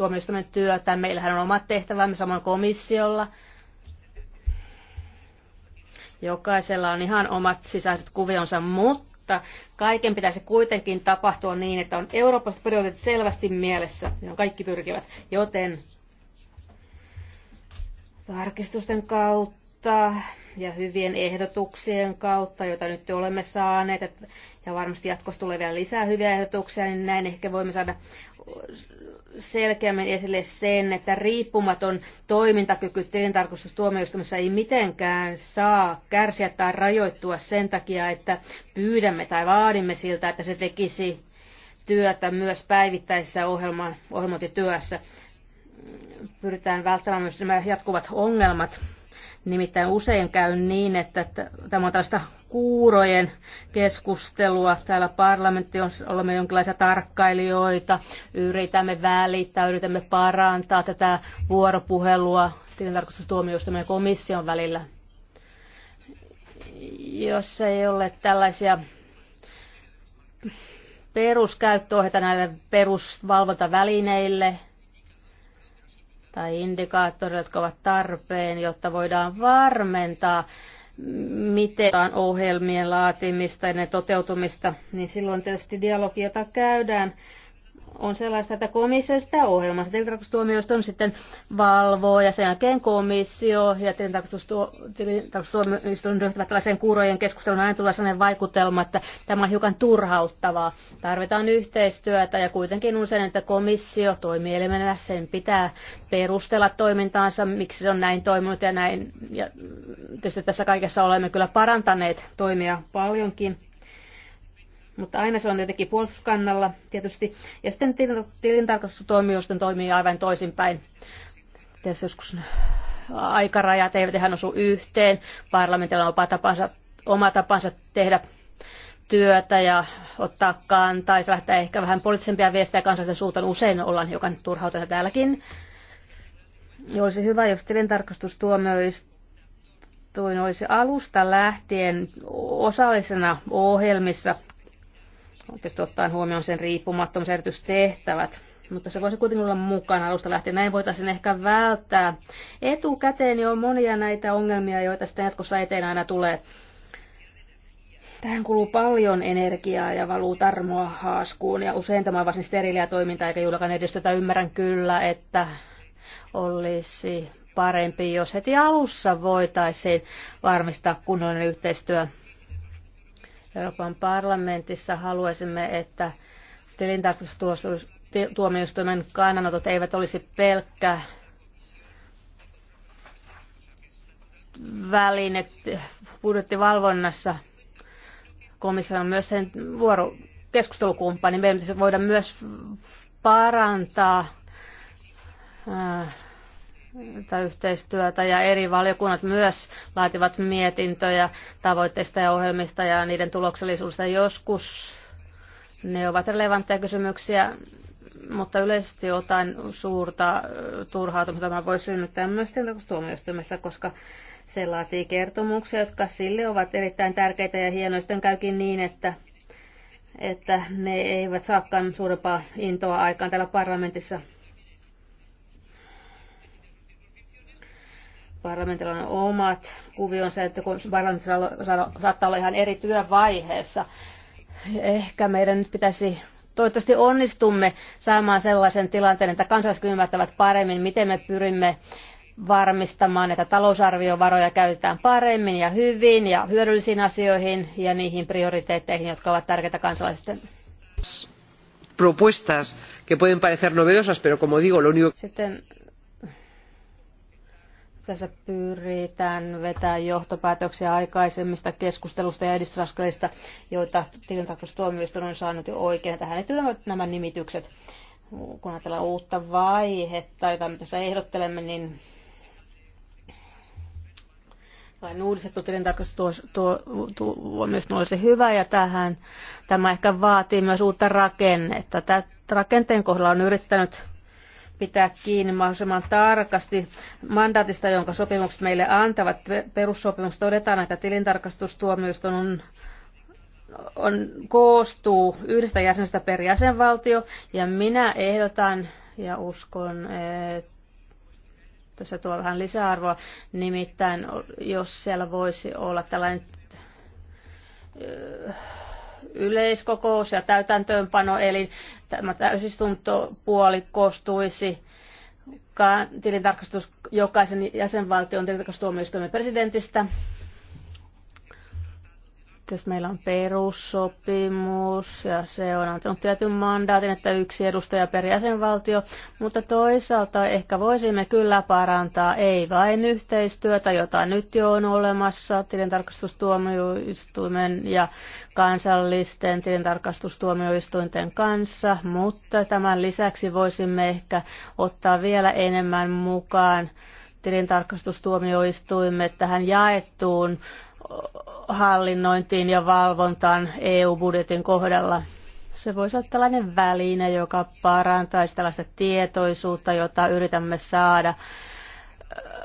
tuomioistuimen työtä. Meillähän on omat tehtävämme samoin komissiolla. Jokaisella on ihan omat sisäiset kuvionsa, mutta kaiken pitäisi kuitenkin tapahtua niin, että on Euroopasta periaatteet selvästi mielessä, johon kaikki pyrkivät. Joten tarkistusten kautta ja hyvien ehdotuksien kautta, joita nyt olemme saaneet, ja varmasti jatkossa tulee vielä lisää hyviä ehdotuksia, niin näin ehkä voimme saada selkeämmin esille sen, että riippumaton toimintakyky tilintarkastustuomioistuimessa ei mitenkään saa kärsiä tai rajoittua sen takia, että pyydämme tai vaadimme siltä, että se tekisi työtä myös päivittäisessä ohjelmointityössä. Pyritään välttämään myös nämä jatkuvat ongelmat Nimittäin usein käy niin, että tämä on tällaista kuurojen keskustelua. Täällä parlamentti on, olemme jonkinlaisia tarkkailijoita, yritämme välittää, yritämme parantaa tätä vuoropuhelua tilintarkastustuomioistuimen meidän komission välillä. Jos ei ole tällaisia peruskäyttöohjeita näille perusvalvontavälineille, tai indikaattorit, jotka ovat tarpeen, jotta voidaan varmentaa, miten ohjelmien laatimista ja ne toteutumista, niin silloin tietysti dialogi, jota käydään on sellaista, että komissio sitä ohjelmassa. on sitten valvoo ja sen jälkeen komissio ja on ryhtyvät tällaiseen kuurojen keskusteluun. Aina tulee sellainen vaikutelma, että tämä on hiukan turhauttavaa. Tarvitaan yhteistyötä ja kuitenkin usein, että komissio toimielimenä sen pitää perustella toimintaansa, miksi se on näin toiminut ja näin. Ja tietysti tässä kaikessa olemme kyllä parantaneet toimia paljonkin mutta aina se on jotenkin puolustuskannalla tietysti. Ja sitten tilintarkastustoimijoisten toimii aivan toisinpäin. Tässä joskus aikarajat eivät ihan osu yhteen. Parlamentilla on oma tapansa, oma tapansa tehdä työtä ja ottaa kantaa. Ja se lähtee ehkä vähän poliittisempia viestejä kansallisen suuntaan. Usein ollaan hiukan turhautuneita täälläkin. Ja olisi hyvä, jos tilintarkastustuomioista tuin olisi alusta lähtien osallisena ohjelmissa tietysti ottaen huomioon sen riippumattomuus erityistehtävät. Mutta se voisi kuitenkin olla mukana alusta lähtien. Näin voitaisiin ehkä välttää. Etukäteen jo on monia näitä ongelmia, joita sitten jatkossa eteen aina tulee. Tähän kuluu paljon energiaa ja valuu tarmoa haaskuun ja usein tämä on varsin steriliä toimintaa eikä juurikaan tätä Ymmärrän kyllä, että olisi parempi, jos heti alussa voitaisiin varmistaa kunnollinen yhteistyö Euroopan parlamentissa haluaisimme, että tilintarkastustuomioistuimen kannanotot eivät olisi pelkkä väline budjettivalvonnassa. Komissio on myös sen vuoro keskustelukumppani. Meidän pitäisi voida myös parantaa tai yhteistyötä ja eri valiokunnat myös laativat mietintöjä tavoitteista ja ohjelmista ja niiden tuloksellisuudesta. Joskus ne ovat relevantteja kysymyksiä, mutta yleisesti jotain suurta turhautumista voi synnyttää myös tuomioistuimessa, koska se laatii kertomuksia, jotka sille ovat erittäin tärkeitä ja hienoja. Sitten käykin niin, että, että ne eivät saakaan suurempaa intoa aikaan täällä parlamentissa Parlamentilla on omat kuvionsa, että kun parlamentilla saattaa olla ihan eri työvaiheessa. Ehkä meidän nyt pitäisi toivottavasti onnistumme saamaan sellaisen tilanteen, että kansalaiset ymmärtävät paremmin, miten me pyrimme varmistamaan, että talousarviovaroja käytetään paremmin ja hyvin ja hyödyllisiin asioihin ja niihin prioriteetteihin, jotka ovat tärkeitä kansalaisten. Propuestas que pueden parecer novedosas, pero como digo, lo único... Sitten tässä pyritään vetämään johtopäätöksiä aikaisemmista keskustelusta ja edistysaskeleista, joita tilintarkastustuomioistuin on saanut jo oikein. Tähän tule nämä nimitykset. Kun ajatellaan uutta vaihetta, jota me tässä ehdottelemme, niin tai uudistettu tilintarkastustuomioistuin olisi hyvä ja tähän, tämä ehkä vaatii myös uutta rakennetta. Tätä rakenteen kohdalla on yrittänyt pitää kiinni mahdollisimman tarkasti mandaatista, jonka sopimukset meille antavat. Perussopimukset todetaan, että tilintarkastustuomioistuin on on, koostuu yhdestä jäsenestä per jäsenvaltio, ja minä ehdotan ja uskon, että se tuo vähän lisäarvoa, nimittäin jos siellä voisi olla tällainen yleiskokous ja täytäntöönpano, eli tämä täysistuntopuoli koostuisi tilintarkastus jokaisen jäsenvaltion tilintarkastustuomioistuimen presidentistä sitten meillä on perussopimus ja se on antanut tietyn mandaatin, että yksi edustaja per jäsenvaltio, mutta toisaalta ehkä voisimme kyllä parantaa ei vain yhteistyötä, jota nyt jo on olemassa tilintarkastustuomioistuimen ja kansallisten tilintarkastustuomioistuinten kanssa, mutta tämän lisäksi voisimme ehkä ottaa vielä enemmän mukaan tilintarkastustuomioistuimme tähän jaettuun hallinnointiin ja valvontaan EU-budjetin kohdalla. Se voisi olla tällainen väline, joka parantaisi tällaista tietoisuutta, jota yritämme saada äh,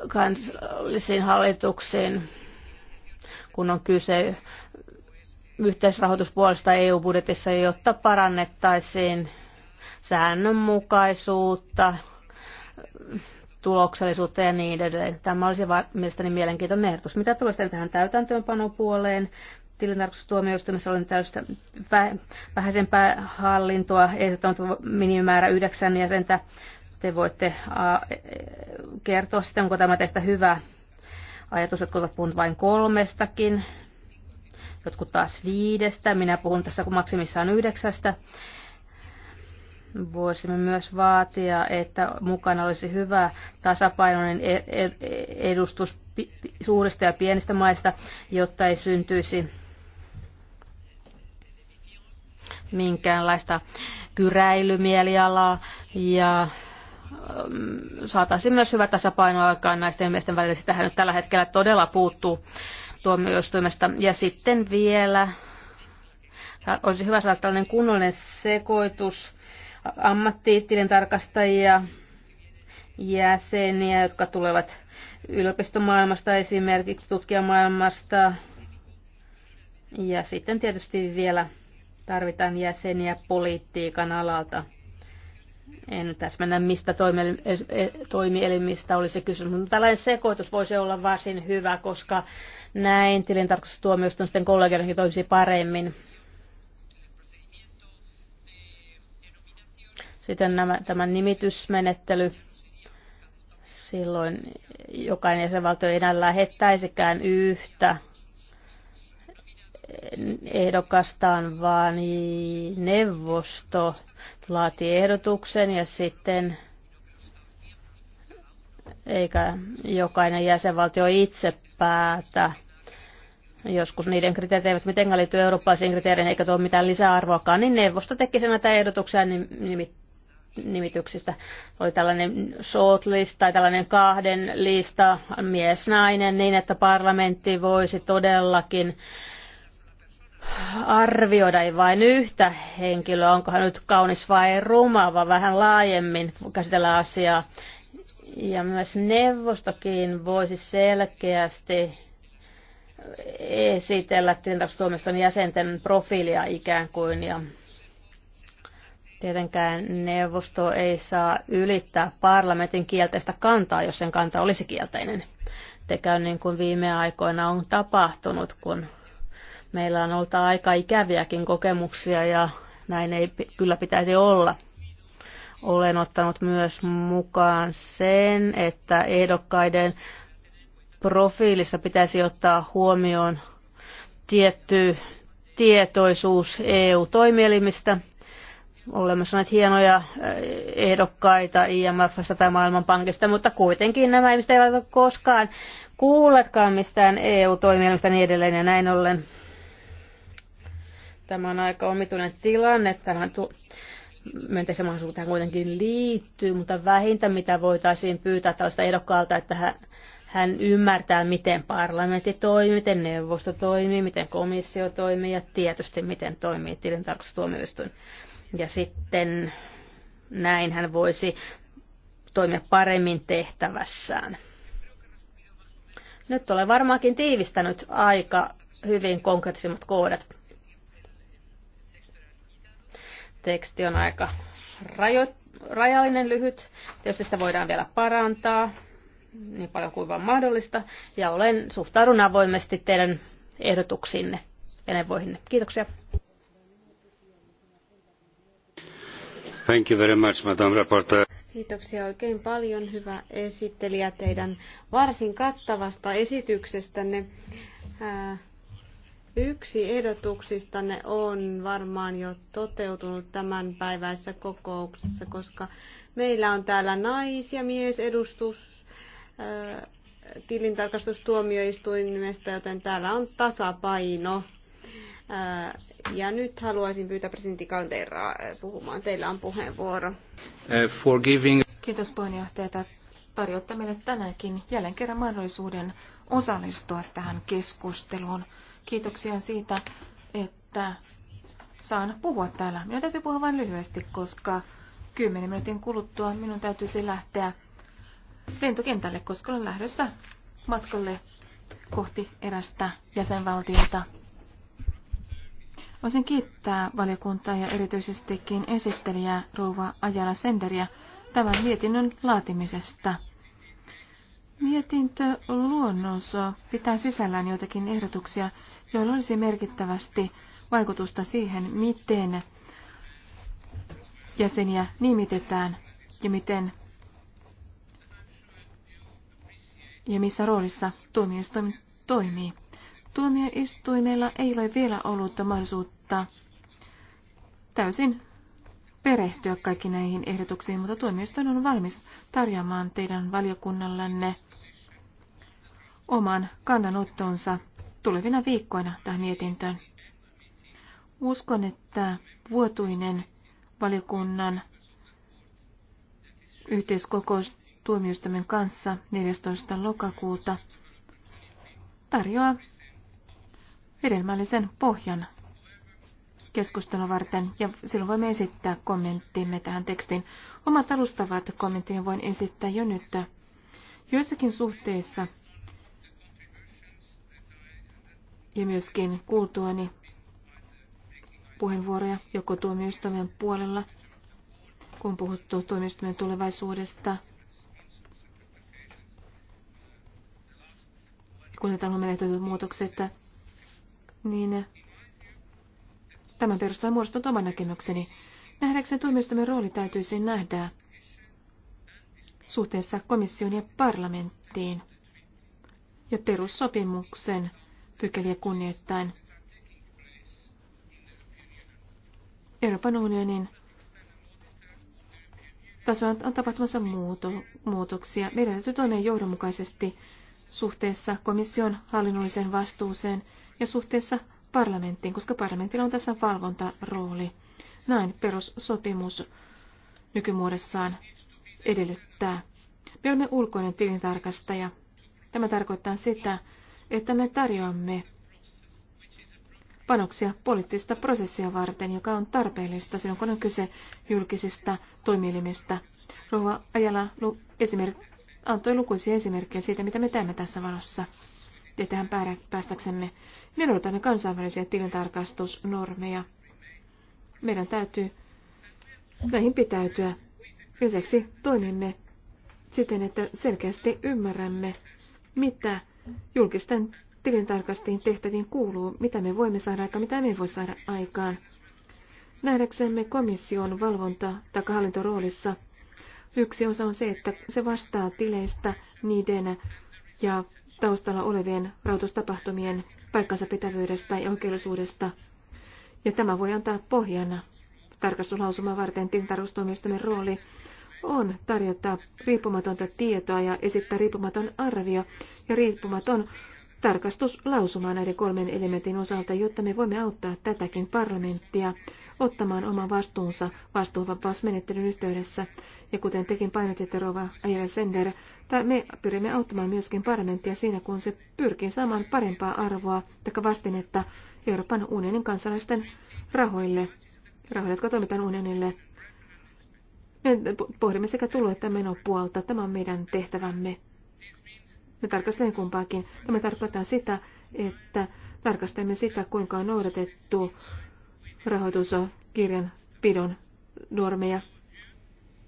kansallisiin hallituksiin, kun on kyse yhteisrahoituspuolesta EU-budjetissa, jotta parannettaisiin säännönmukaisuutta, tuloksellisuutta ja niin edelleen. Tämä olisi mielestäni mielenkiintoinen ehdotus. Mitä tulee sitten tähän täytäntöönpanopuoleen? Tilintarkastustuomioistuimessa oli täystä vähäisempää hallintoa, ehdottanut minimimäärä yhdeksän jäsentä. Te voitte e, kertoa sitten, onko tämä teistä hyvä ajatus, että olet puhunut vain kolmestakin, jotkut taas viidestä. Minä puhun tässä maksimissaan yhdeksästä. Voisimme myös vaatia, että mukana olisi hyvä tasapainoinen e- e- edustus suurista ja pienistä maista, jotta ei syntyisi minkäänlaista kyräilymielialaa ja mm, saataisiin myös hyvä tasapaino aikaan naisten ja miesten välillä. Sitähän nyt tällä hetkellä todella puuttuu tuomioistuimesta. Ja sitten vielä olisi hyvä saada tällainen kunnollinen sekoitus ammattiitilintarkastajia, jäseniä, jotka tulevat yliopistomaailmasta esimerkiksi, tutkijamaailmasta. Ja sitten tietysti vielä tarvitaan jäseniä politiikan alalta. En nyt tässä mennä, mistä eh, toimielimistä olisi kysymys, mutta tällainen sekoitus voisi olla varsin hyvä, koska näin tilintarkastustuomioistuin sitten kollegioidenkin toimisi paremmin Sitten nämä, tämä nimitysmenettely, silloin jokainen jäsenvaltio ei enää lähettäisikään yhtä ehdokastaan, vaan neuvosto laati ehdotuksen ja sitten eikä jokainen jäsenvaltio itse päätä. Joskus niiden kriteerit eivät mitenkään liittyy eurooppalaisiin kriteereihin eikä tuo mitään lisäarvoakaan, niin neuvosto teki sen näitä ehdotuksia niin nimittäin nimityksistä. Oli tällainen shortlist tai tällainen kahden lista mies-nainen niin, että parlamentti voisi todellakin arvioida ei vain yhtä henkilöä, onko hän nyt kaunis vai ruma, vaan vähän laajemmin käsitellä asiaa. Ja myös neuvostokin voisi selkeästi esitellä tilintarkastustuomioistuimen jäsenten profiilia ikään kuin ja Tietenkään neuvosto ei saa ylittää parlamentin kielteistä kantaa, jos sen kanta olisi kielteinen. Tekään niin kuin viime aikoina on tapahtunut, kun meillä on ollut aika ikäviäkin kokemuksia ja näin ei kyllä pitäisi olla. Olen ottanut myös mukaan sen, että ehdokkaiden profiilissa pitäisi ottaa huomioon tietty tietoisuus EU-toimielimistä – olemme näitä hienoja äh, ehdokkaita IMFstä tai Maailmanpankista, mutta kuitenkin nämä ihmiset eivät ole koskaan kuulletkaan mistään eu toimielmistä niin edelleen ja näin ollen. Tämä on aika omituinen tilanne. Tähän tu- myönteisen mahdollisuuteen kuitenkin liittyy, mutta vähintä mitä voitaisiin pyytää tällaista ehdokkaalta, että hän, hän ymmärtää, miten parlamentti toimii, miten neuvosto toimii, miten komissio toimii ja tietysti miten toimii tilintarkastustuomioistuin. Ja sitten näin hän voisi toimia paremmin tehtävässään. Nyt olen varmaankin tiivistänyt aika hyvin konkreettisimmat koodat. Teksti on aika rajo- rajallinen, lyhyt. Tietysti sitä voidaan vielä parantaa niin paljon kuin vaan mahdollista. Ja olen suhtaudun avoimesti teidän ehdotuksiinne ja neuvoihinne. Kiitoksia. Thank you very much, Kiitoksia oikein paljon, hyvä esittelijä, teidän varsin kattavasta esityksestänne. Yksi ehdotuksistanne on varmaan jo toteutunut tämän päiväisessä kokouksessa, koska meillä on täällä nais- ja miesedustus tilintarkastustuomioistuimesta, joten täällä on tasapaino. Äh, ja nyt haluaisin pyytää presidentti Calderaa äh, puhumaan. Teillä on puheenvuoro. Äh, Kiitos puheenjohtaja, että tarjotte meille tänäänkin jälleen kerran mahdollisuuden osallistua tähän keskusteluun. Kiitoksia siitä, että saan puhua täällä. Minun täytyy puhua vain lyhyesti, koska 10 minuutin kuluttua minun täytyisi lähteä lentokentälle, koska olen lähdössä matkalle kohti erästä jäsenvaltiota. Voisin kiittää valiokuntaa ja erityisestikin esittelijää Rouva Ajala Senderiä tämän mietinnön laatimisesta. Mietintö luonnos pitää sisällään joitakin ehdotuksia, joilla olisi merkittävästi vaikutusta siihen, miten jäseniä nimitetään ja miten ja missä roolissa tuomioistuin toimii. Tuomioistuimella ei ole vielä ollut mahdollisuutta täysin perehtyä kaikki näihin ehdotuksiin, mutta tuomioistuin on valmis tarjoamaan teidän valiokunnallanne oman kannanottonsa tulevina viikkoina tähän mietintöön. Uskon, että vuotuinen valiokunnan yhteiskokous tuomioistuimen kanssa 14. lokakuuta tarjoaa hedelmällisen pohjan keskustelua varten ja silloin voimme esittää kommenttimme tähän tekstiin. Omat alustavat kommenttini voin esittää jo nyt. Joissakin suhteissa ja myöskin kuultuani puheenvuoroja joko tuomioistuimen puolella, kun puhuttu tuomioistuimen tulevaisuudesta, kun otetaan huomioon muutokset niin tämän perusteella muodostunut oman näkemykseni. Nähdäkseni tuomioistamme rooli täytyisi nähdä suhteessa komission ja parlamenttiin ja perussopimuksen pykäliä kunnioittain. Euroopan unionin tasolla on tapahtumassa muuto, muutoksia. Meidän täytyy toimia johdonmukaisesti suhteessa komission hallinnolliseen vastuuseen ja suhteessa parlamenttiin, koska parlamentilla on tässä valvontarooli. Näin perussopimus nykymuodossaan edellyttää. Me olemme ulkoinen tilintarkastaja. Tämä tarkoittaa sitä, että me tarjoamme panoksia poliittista prosessia varten, joka on tarpeellista silloin, kun on kyse julkisista toimielimistä. Rouva Ajala esimerk- antoi lukuisia esimerkkejä siitä, mitä me teemme tässä valossa tehdään päästäksemme me noudatamme kansainvälisiä tilintarkastusnormeja. Meidän täytyy näihin pitäytyä. Lisäksi toimimme siten, että selkeästi ymmärrämme, mitä julkisten tilintarkastajien tehtäviin kuuluu, mitä me voimme saada aikaan, mitä me voi saada aikaan. Nähdäksemme komission valvonta- tai hallintoroolissa yksi osa on se, että se vastaa tileistä niiden ja taustalla olevien rautustapahtumien paikkansa pitävyydestä ja oikeellisuudesta. Ja tämä voi antaa pohjana tarkastuslausumaa varten tilintarkastustuomioistuimen rooli on tarjota riippumatonta tietoa ja esittää riippumaton arvio ja riippumaton tarkastuslausuma näiden kolmen elementin osalta, jotta me voimme auttaa tätäkin parlamenttia ottamaan oman vastuunsa vastuuvapausmenettelyn yhteydessä. Ja kuten tekin painotitte Rova Aira Sender, me pyrimme auttamaan myöskin parlamenttia siinä, kun se pyrkii saamaan parempaa arvoa tai vastinetta Euroopan unionin kansalaisten rahoille, rahoille, jotka toimitaan unionille. Me pohdimme sekä tulo- että menopuolta. Tämä on meidän tehtävämme. Me tarkastelemme kumpaakin. Tämä tarkoittaa sitä, että tarkastelemme sitä, kuinka on noudatettu rahoituskirjanpidon normeja.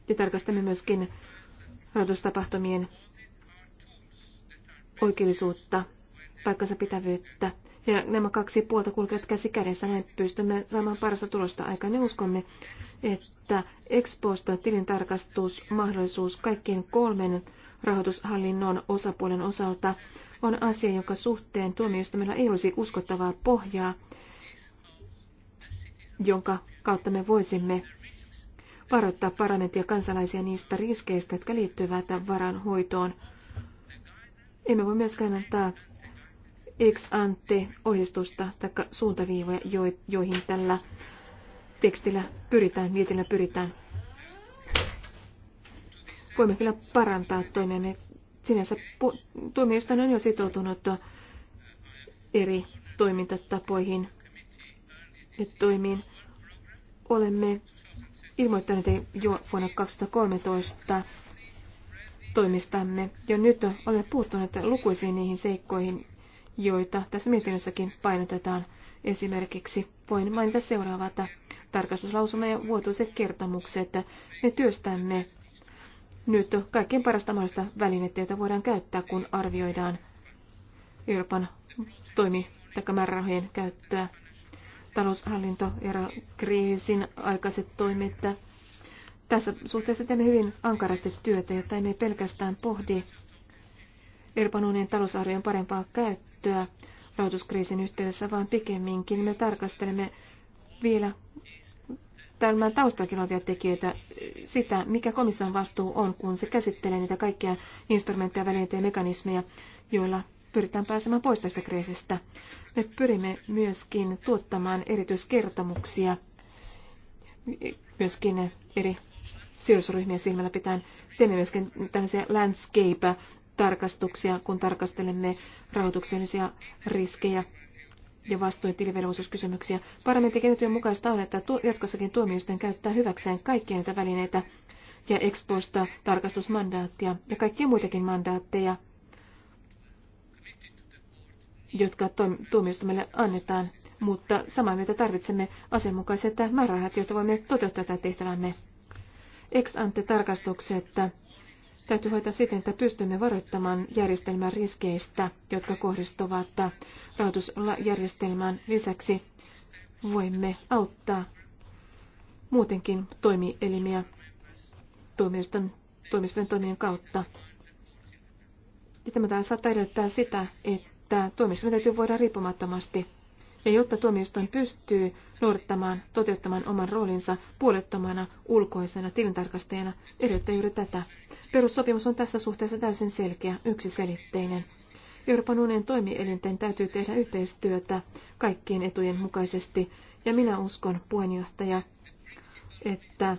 Ja tarkastamme myöskin rahoitustapahtumien oikeellisuutta, paikkansa pitävyyttä. Ja nämä kaksi puolta kulkevat käsi kädessä, näin pystymme saamaan parasta tulosta aikaan. Ja uskomme, että exposta tilintarkastusmahdollisuus kaikkien kolmen rahoitushallinnon osapuolen osalta on asia, jonka suhteen tuomioistamilla ei olisi uskottavaa pohjaa jonka kautta me voisimme varoittaa parlamenttia kansalaisia niistä riskeistä, jotka liittyvät varanhoitoon. Emme voi myöskään antaa ex ante ohjeistusta tai suuntaviivoja, joihin tällä tekstillä pyritään, mietillä pyritään. Voimme kyllä parantaa toimiamme. Sinänsä tuomioistuin on jo sitoutunut eri toimintatapoihin – nyt toimiin. Olemme ilmoittaneet jo vuonna 2013 toimistamme. Jo nyt olemme puuttuneet lukuisiin niihin seikkoihin, joita tässä mietinnössäkin painotetaan. Esimerkiksi voin mainita seuraavat tarkastuslausuma ja vuotuiset kertomukset. Me työstämme nyt kaikkein parasta mahdollista välinettä, jota voidaan käyttää, kun arvioidaan Euroopan toimi- tai määrärahojen käyttöä taloushallinto ja kriisin aikaiset toimet. Tässä suhteessa teemme hyvin ankarasti työtä, jotta emme pelkästään pohdi Euroopan unionin talousarvion parempaa käyttöä rahoituskriisin yhteydessä, vaan pikemminkin me tarkastelemme vielä tämän taustallakin olevia tekijöitä sitä, mikä komission vastuu on, kun se käsittelee niitä kaikkia instrumentteja, välineitä ja mekanismeja, joilla pyritään pääsemään pois tästä kriisistä. Me pyrimme myöskin tuottamaan erityiskertomuksia myöskin eri sidosryhmien silmällä pitäen. Teemme myöskin tällaisia landscape-tarkastuksia, kun tarkastelemme rahoituksellisia riskejä ja vastuun tilivelvollisuuskysymyksiä. Parlamentin kehityön mukaista on, että jatkossakin tuomioisten käyttää hyväkseen kaikkia niitä välineitä ja exposta tarkastusmandaattia ja kaikkia muitakin mandaatteja, jotka tuomioistuimelle annetaan, mutta samaa mieltä tarvitsemme asianmukaiset määrärahat, joita voimme toteuttaa tätä tehtävämme. Ex ante tarkastukset täytyy hoitaa siten, että pystymme varoittamaan järjestelmän riskeistä, jotka kohdistuvat rahoitusjärjestelmään. Lisäksi voimme auttaa muutenkin toimielimiä tuomioistuimen toimien kautta. Ja tämä saattaa edellyttää sitä, että että tuomioistuimen täytyy voida riippumattomasti. Ja jotta tuomioistuin pystyy noudattamaan, toteuttamaan oman roolinsa puolettomana ulkoisena tilintarkastajana, edellyttää juuri tätä. Perussopimus on tässä suhteessa täysin selkeä, yksiselitteinen. Euroopan unionin toimielinten täytyy tehdä yhteistyötä kaikkien etujen mukaisesti, ja minä uskon, puheenjohtaja, että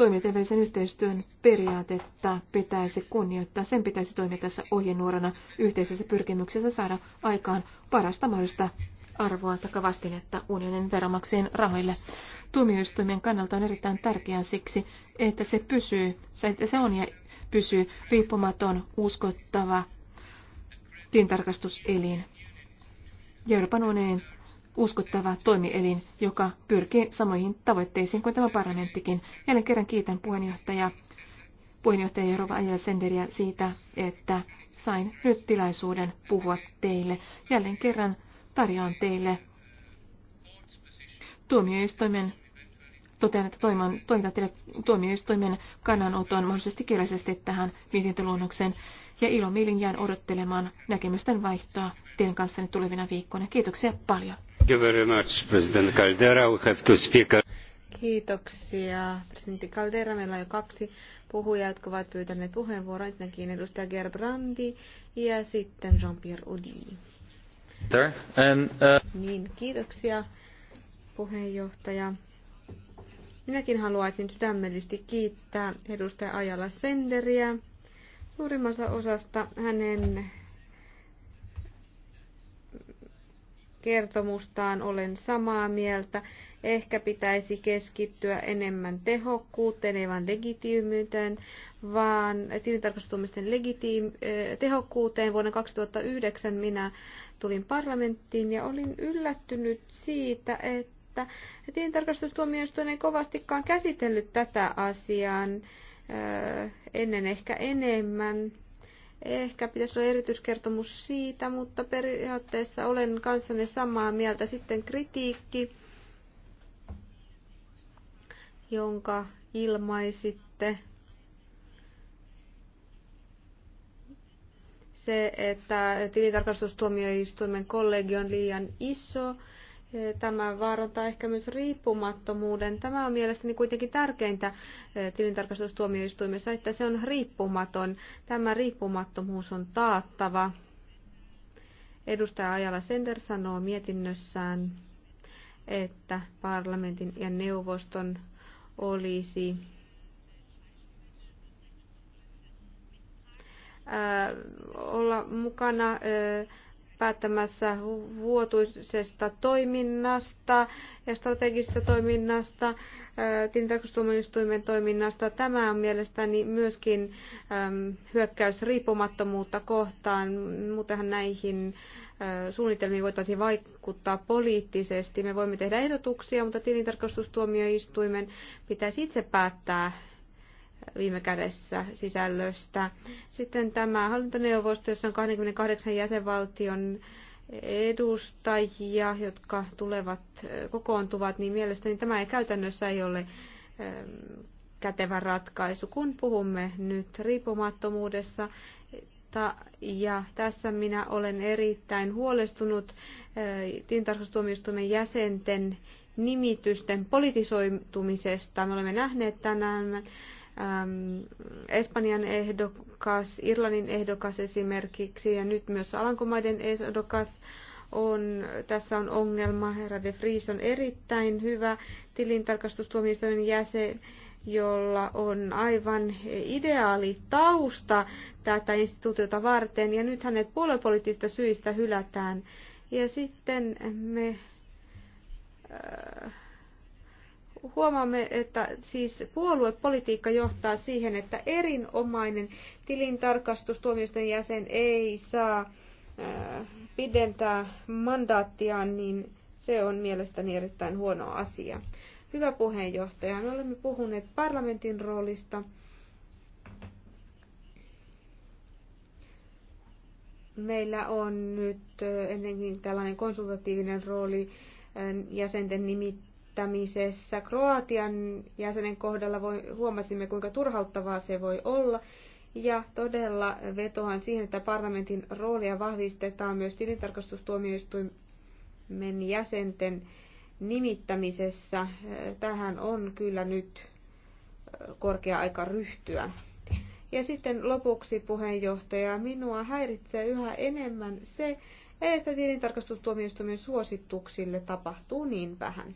Toimintavälisen yhteistyön periaatetta pitäisi kunnioittaa. Sen pitäisi toimia tässä ohjenuorana yhteisessä pyrkimyksessä saada aikaan parasta mahdollista arvoa tai vastinetta unionin veromaksien rahoille. Tuomioistuimen kannalta on erittäin tärkeää siksi, että se pysyy, että se on ja pysyy riippumaton, uskottava tilintarkastuselin. Euroopan unionin uskottava toimielin, joka pyrkii samoihin tavoitteisiin kuin tämä parlamenttikin. Jälleen kerran kiitän puheenjohtaja, puheenjohtaja Jerova Ajala Senderiä siitä, että sain nyt tilaisuuden puhua teille. Jälleen kerran tarjoan teille tuomioistuimen Totean, että toiman, toimitan teille tuomioistuimen kannanoton mahdollisesti kirjallisesti tähän mietintöluonnokseen ja ilomielin jään odottelemaan näkemysten vaihtoa teidän kanssanne tulevina viikkoina. Kiitoksia paljon. Kiitoksia. Presidentti Caldera, meillä on jo kaksi puhujaa, jotka ovat pyytäneet puheenvuoroa. Ensinnäkin edustaja Gerbrandi ja sitten Jean-Pierre Audi. uh... Niin, kiitoksia puheenjohtaja. Minäkin haluaisin sydämellisesti kiittää edustaja Ajala Senderiä suurimmassa osasta hänen kertomustaan olen samaa mieltä. Ehkä pitäisi keskittyä enemmän tehokkuuteen, ei vaan legitiimyyteen, vaan tilintarkastumisten legitiim- eh, tehokkuuteen. Vuonna 2009 minä tulin parlamenttiin ja olin yllättynyt siitä, että tilintarkastustuomioistuin ei kovastikaan käsitellyt tätä asiaa eh, ennen ehkä enemmän. Ehkä pitäisi olla erityiskertomus siitä, mutta periaatteessa olen kanssanne samaa mieltä. Sitten kritiikki, jonka ilmaisitte. Se, että tilintarkastustuomioistuimen kollegi on liian iso Tämä vaarantaa ehkä myös riippumattomuuden. Tämä on mielestäni kuitenkin tärkeintä tilintarkastustuomioistuimessa, että se on riippumaton. Tämä riippumattomuus on taattava. Edustaja Ajala Sender sanoo mietinnössään, että parlamentin ja neuvoston olisi olla mukana päättämässä vuotuisesta toiminnasta ja strategisesta toiminnasta, äh, tilintarkastustuomioistuimen toiminnasta. Tämä on mielestäni myöskin ähm, hyökkäys riippumattomuutta kohtaan. Muutenhan näihin äh, suunnitelmiin voitaisiin vaikuttaa poliittisesti. Me voimme tehdä ehdotuksia, mutta tilintarkastustuomioistuimen pitäisi itse päättää viime kädessä sisällöstä. Sitten tämä hallintoneuvosto, jossa on 28 jäsenvaltion edustajia, jotka tulevat, kokoontuvat, niin mielestäni tämä ei käytännössä ei ole kätevä ratkaisu, kun puhumme nyt riippumattomuudessa. Ja tässä minä olen erittäin huolestunut tintarkastustuomioistuimen jäsenten nimitysten politisoitumisesta. Me olemme nähneet tänään Ähm, Espanjan ehdokas, Irlannin ehdokas esimerkiksi ja nyt myös Alankomaiden ehdokas on, tässä on ongelma. Herra de Vries on erittäin hyvä tilintarkastustuomioistuimen jäsen, jolla on aivan ideaali tausta tätä instituutiota varten, ja nyt hänet puoluepoliittisista syistä hylätään. Ja sitten me... Äh, huomaamme, että siis puoluepolitiikka johtaa siihen, että erinomainen tilintarkastustuomioistuin jäsen ei saa äh, pidentää mandaattiaan, niin se on mielestäni erittäin huono asia. Hyvä puheenjohtaja, me olemme puhuneet parlamentin roolista. Meillä on nyt äh, ennenkin tällainen konsultatiivinen rooli äh, jäsenten nimittäin kehittämisessä Kroatian jäsenen kohdalla voi, huomasimme, kuinka turhauttavaa se voi olla. Ja todella vetoan siihen, että parlamentin roolia vahvistetaan myös tilintarkastustuomioistuimen jäsenten nimittämisessä. Tähän on kyllä nyt korkea aika ryhtyä. Ja sitten lopuksi puheenjohtaja, minua häiritsee yhä enemmän se, että tilintarkastustuomioistuimen suosituksille tapahtuu niin vähän.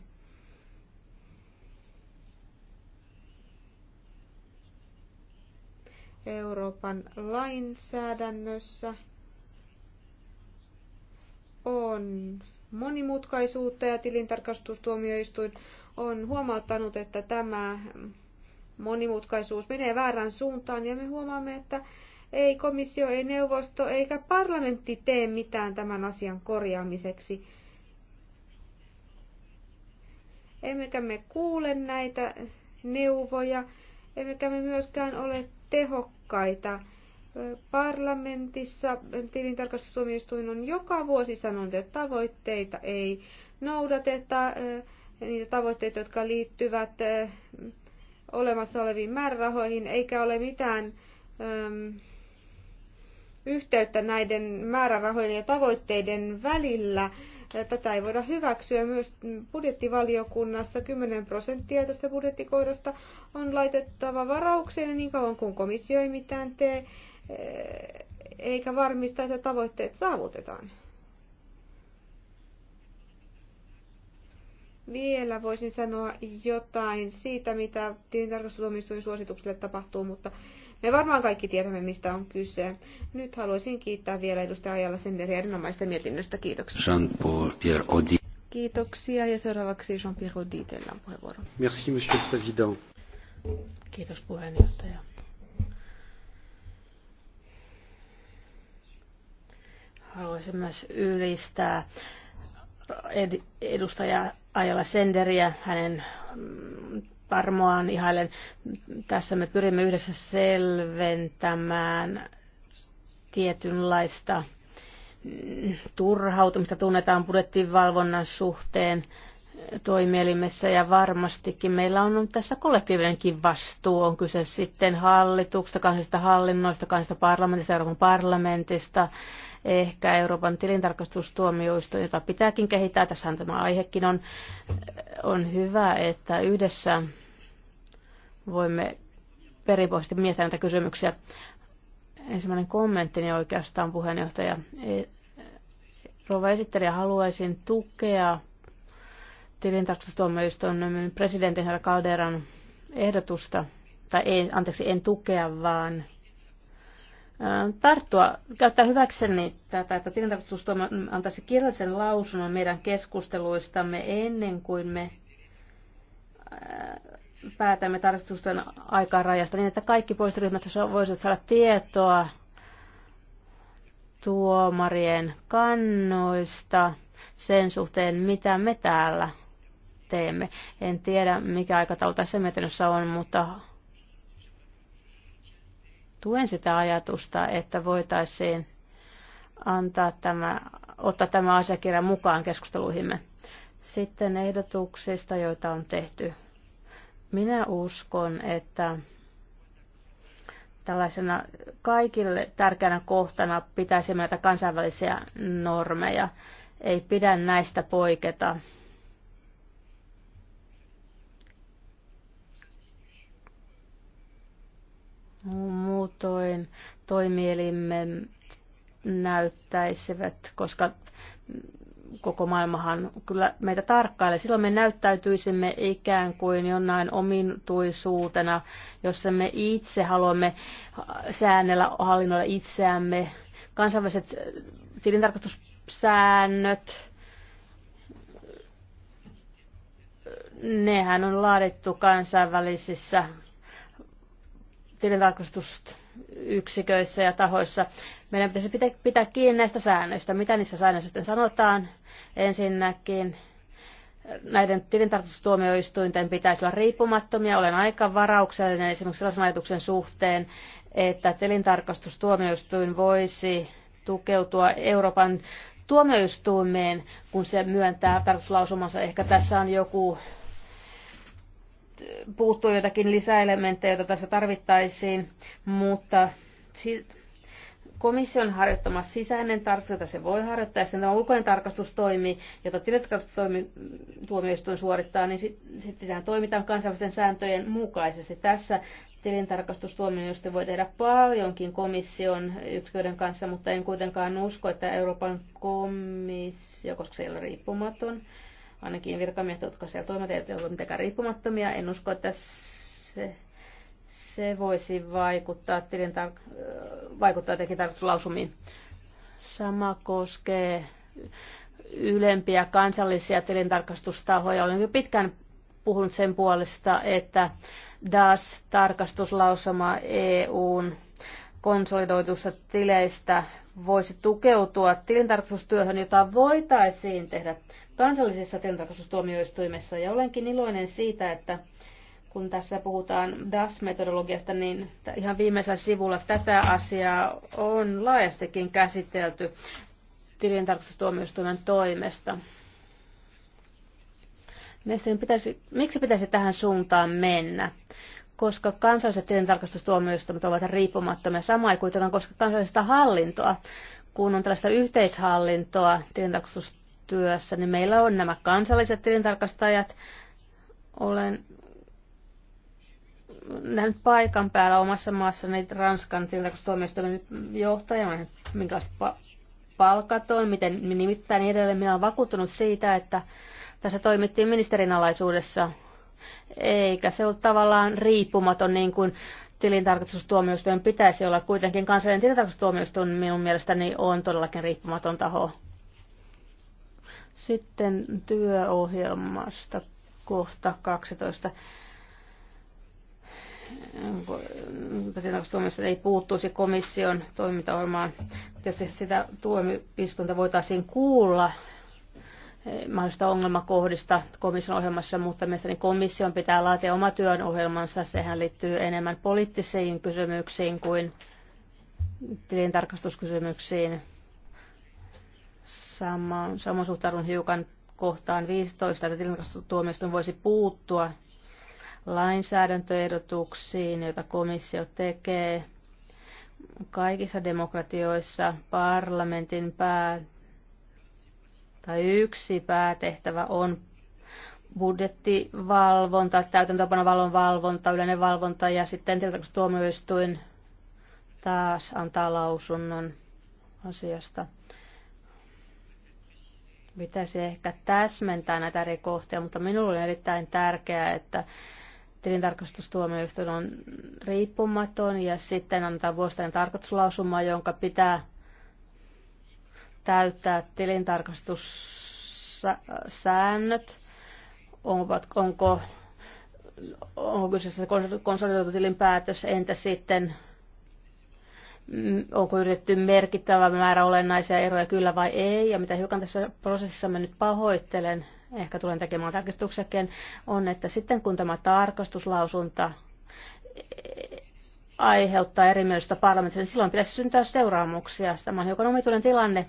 Euroopan lainsäädännössä on monimutkaisuutta ja tilintarkastustuomioistuin on huomauttanut, että tämä monimutkaisuus menee väärään suuntaan ja me huomaamme, että ei komissio, ei neuvosto eikä parlamentti tee mitään tämän asian korjaamiseksi. Emmekä me kuule näitä neuvoja, emmekä me myöskään ole tehokkaita tehokkaita. Parlamentissa tilintarkastustuomioistuin on joka vuosi sanonut, että tavoitteita ei noudateta, niitä tavoitteita, jotka liittyvät olemassa oleviin määrärahoihin, eikä ole mitään yhteyttä näiden määrärahojen ja tavoitteiden välillä Tätä ei voida hyväksyä. Myös budjettivaliokunnassa 10 prosenttia tästä budjettikohdasta on laitettava varaukseen niin kauan kuin komissio ei mitään tee, eh, eikä varmista, että tavoitteet saavutetaan. Vielä voisin sanoa jotain siitä, mitä tilintarkastustuomioistuin suositukselle tapahtuu, mutta me varmaan kaikki tiedämme, mistä on kyse. Nyt haluaisin kiittää vielä edustaja Ajalla Senderi erinomaista mietinnöstä. Kiitoksia. Jean-Pierre Audi. Kiitoksia ja seuraavaksi Jean-Pierre Audi, teillä on puheenvuoro. Merci, monsieur le président. Kiitos puheenjohtaja. Haluaisin myös ylistää edustaja Ajala Senderiä hänen mm, armoaan ihailen. Tässä me pyrimme yhdessä selventämään tietynlaista turhautumista tunnetaan budjettivalvonnan suhteen toimielimessä ja varmastikin meillä on tässä kollektiivinenkin vastuu. On kyse sitten hallituksesta, kansallisesta hallinnoista, kansallisesta parlamentista, Euroopan parlamentista, ehkä Euroopan tilintarkastustuomioistuin, jota pitääkin kehittää. Tässähän tämä aihekin on, on hyvä, että yhdessä voimme perinpohjaisesti miettiä näitä kysymyksiä. Ensimmäinen kommenttini oikeastaan puheenjohtaja. E, Rova esittelijä, haluaisin tukea tilintarkastustuomioistuimen presidentin herra Calderan ehdotusta, tai ei, anteeksi, en tukea, vaan tarttua, käyttää hyväkseni tätä, että tilintarkastustuomio antaisi kirjallisen lausunnon meidän keskusteluistamme ennen kuin me päätämme tarkastusten aikarajasta niin, että kaikki poistoryhmät voisivat saada tietoa tuomarien kannoista sen suhteen, mitä me täällä teemme. En tiedä, mikä aikataulu tässä mietinnössä on, mutta tuen sitä ajatusta, että voitaisiin antaa tämä, ottaa tämä asiakirja mukaan keskusteluihimme. Sitten ehdotuksista, joita on tehty. Minä uskon, että tällaisena kaikille tärkeänä kohtana pitäisi näitä kansainvälisiä normeja. Ei pidä näistä poiketa Muutoin toimielimme näyttäisivät, koska koko maailmahan kyllä meitä tarkkailee. Silloin me näyttäytyisimme ikään kuin jonain omintuisuutena, jossa me itse haluamme säännellä hallinnoida itseämme. Kansainväliset tilintarkastussäännöt, nehän on laadittu kansainvälisissä tilintarkastusyksiköissä ja tahoissa. Meidän pitäisi pitää, pitää kiinni näistä säännöistä. Mitä niissä säännöissä sitten sanotaan? Ensinnäkin näiden tilintarkastustuomioistuinten pitäisi olla riippumattomia. Olen aika varauksellinen esimerkiksi sellaisen ajatuksen suhteen, että tilintarkastustuomioistuin voisi tukeutua Euroopan tuomioistuimeen, kun se myöntää tarkastuslausumansa. Ehkä tässä on joku puuttuu jotakin lisäelementtejä, joita tässä tarvittaisiin, mutta komission harjoittama sisäinen tarkastus, jota se voi harjoittaa, ja sitten tämä ulkoinen tarkastustoimi, jota tilintarkastustuomioistuin suorittaa, niin sitten sit toimitaan kansainvälisten sääntöjen mukaisesti. Tässä tilintarkastustuomioistuin voi tehdä paljonkin komission yksiköiden kanssa, mutta en kuitenkaan usko, että Euroopan komissio, koska se ei ole riippumaton, ainakin virkamiehet, jotka siellä toimivat, eivät ole mitenkään riippumattomia. En usko, että se, se voisi vaikuttaa, tilintar- vaikuttaa jotenkin tarkastuslausumiin. Sama koskee ylempiä kansallisia tilintarkastustahoja. Olen jo pitkään puhunut sen puolesta, että das tarkastuslausuma EUn konsolidoidusta tileistä voisi tukeutua tilintarkastustyöhön, jota voitaisiin tehdä kansallisessa tilintarkastustuomioistuimessa. Ja olenkin iloinen siitä, että kun tässä puhutaan DAS-metodologiasta, niin ihan viimeisellä sivulla tätä asiaa on laajastikin käsitelty tilintarkastustuomioistuimen toimesta. Mielestäni pitäisi, miksi pitäisi tähän suuntaan mennä? koska kansalliset tilintarkastustuomioistuimet ovat riippumattomia. Sama ei kuitenkaan koska kansallista hallintoa. Kun on tällaista yhteishallintoa tilintarkastustyössä, niin meillä on nämä kansalliset tilintarkastajat. Olen nähnyt paikan päällä omassa maassani Ranskan tilintarkastustuomioistuimen johtajana, minkälaiset pa- palkat on, miten nimittäin niin edelleen. Minä olen vakuuttunut siitä, että tässä toimittiin ministerin alaisuudessa eikä se ole tavallaan riippumaton niin kuin tilintarkastustuomioistuin pitäisi olla. Kuitenkin kansallinen tilintarkastustuomioistuin minun mielestäni on todellakin riippumaton taho. Sitten työohjelmasta kohta 12 tuomioista ei puuttuisi komission toimintaohjelmaan. Tietysti sitä tuomioistuinta voitaisiin kuulla mahdollisista ongelmakohdista komission ohjelmassa, mutta mielestäni komission pitää laatia oma työn ohjelmansa. Sehän liittyy enemmän poliittisiin kysymyksiin kuin tilintarkastuskysymyksiin. Samoin, samoin suhtaudun hiukan kohtaan 15, että tilintarkastustuomioistuin voisi puuttua lainsäädäntöehdotuksiin, joita komissio tekee. Kaikissa demokratioissa parlamentin pää tai yksi päätehtävä on budjettivalvonta, täytäntöpanovalon valvonta, yleinen valvonta ja sitten tietysti tuomioistuin taas antaa lausunnon asiasta. Pitäisi ehkä täsmentää näitä eri kohtia, mutta minulle on erittäin tärkeää, että tilintarkastustuomioistuin on riippumaton ja sitten antaa vuosittain tarkoituslausuma, jonka pitää täyttää tilintarkastussäännöt, onko, onko kyseessä konsolidoitu tilinpäätös, entä sitten mm, onko yritetty merkittävä määrä olennaisia eroja kyllä vai ei, ja mitä hiukan tässä prosessissa mä nyt pahoittelen, ehkä tulen tekemään tarkistuksekin, on, että sitten kun tämä tarkastuslausunta aiheuttaa erimielisyyttä parlamentissa, niin silloin pitäisi syntyä seuraamuksia. Tämä on hiukan omituinen tilanne.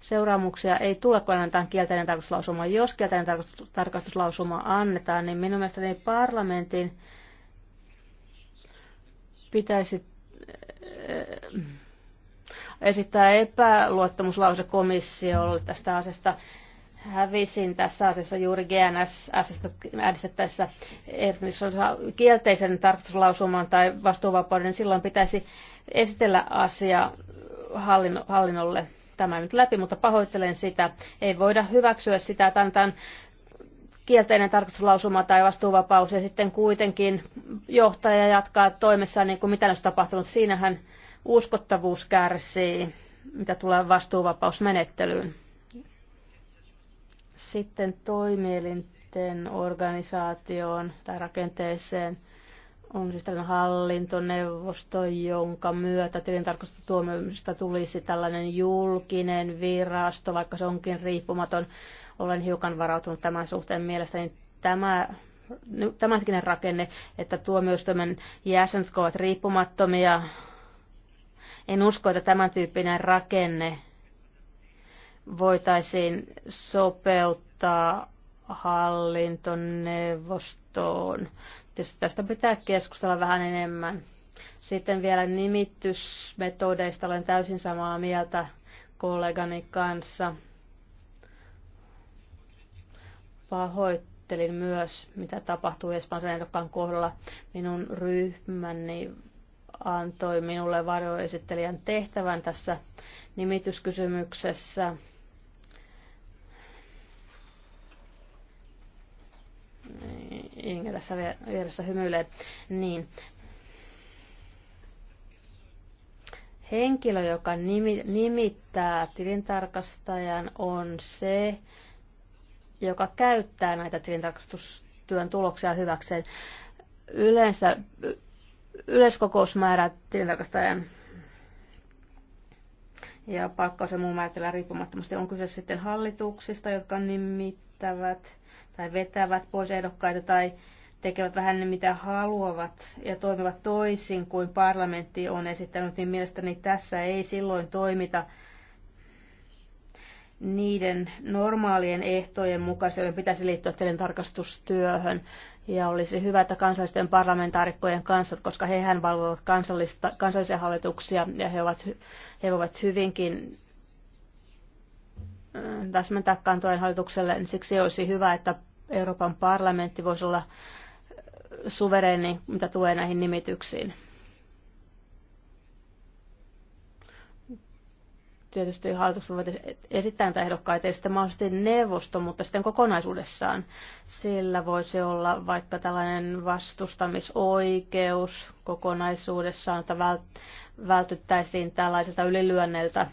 Seuraamuksia ei tule, kun annetaan kielteinen tarkastuslausuma. Jos kielteinen tarkastuslausuma annetaan, niin minun mielestäni parlamentin pitäisi eh, esittää epäluottamuslause komissiolle tästä asiasta hävisin tässä asiassa juuri GNS-asiasta äänestettäessä esimerkiksi kielteisen tarkastuslausuman tai vastuuvapauden, niin silloin pitäisi esitellä asia hallinnolle tämä nyt läpi, mutta pahoittelen sitä. Ei voida hyväksyä sitä, että annetaan kielteinen tarkastuslausuma tai vastuuvapaus ja sitten kuitenkin johtaja jatkaa toimessaan niin kuin mitä olisi tapahtunut. Siinähän uskottavuus kärsii, mitä tulee vastuuvapausmenettelyyn. Sitten toimielinten organisaatioon tai rakenteeseen on siis tällainen hallintoneuvosto, jonka myötä tilintarkastustuomioimista tulisi tällainen julkinen virasto, vaikka se onkin riippumaton. Olen hiukan varautunut tämän suhteen mielestäni. Tämä tämänhetkinen rakenne, että tuomioistuimen jäsenet ovat riippumattomia. En usko, että tämän tyyppinen rakenne voitaisiin sopeuttaa hallintoneuvostoon. Tietysti tästä pitää keskustella vähän enemmän. Sitten vielä nimitysmetodeista olen täysin samaa mieltä kollegani kanssa. Pahoittelin myös, mitä tapahtui Espanjan ehdokkaan kohdalla. Minun ryhmäni antoi minulle varjoesittelijän tehtävän tässä nimityskysymyksessä. Inge tässä vieressä hymyilee, niin henkilö, joka nimittää tilintarkastajan, on se, joka käyttää näitä tilintarkastustyön tuloksia hyväkseen. Yleensä yleiskokous määrää tilintarkastajan ja palkkaus ja muu määritellään riippumattomasti. On kyse sitten hallituksista, jotka nimittävät äänestävät tai vetävät pois ehdokkaita tai tekevät vähän ne mitä haluavat ja toimivat toisin kuin parlamentti on esittänyt, niin mielestäni tässä ei silloin toimita niiden normaalien ehtojen mukaisesti, joiden pitäisi liittyä teidän tarkastustyöhön. Ja olisi hyvä, että kansallisten parlamentaarikkojen kanssa, koska hehän valvovat kansallisia hallituksia ja he, ovat, he voivat hyvinkin Äh, täsmentää kantojen hallitukselle, niin siksi olisi hyvä, että Euroopan parlamentti voisi olla äh, suvereeni, mitä tulee näihin nimityksiin. Tietysti hallitukset voivat esittää näitä ehdokkaita ja sitten mahdollisesti neuvosto, mutta sitten kokonaisuudessaan sillä voisi olla vaikka tällainen vastustamisoikeus kokonaisuudessaan, että vältyttäisiin tällaisilta ylilyönneiltä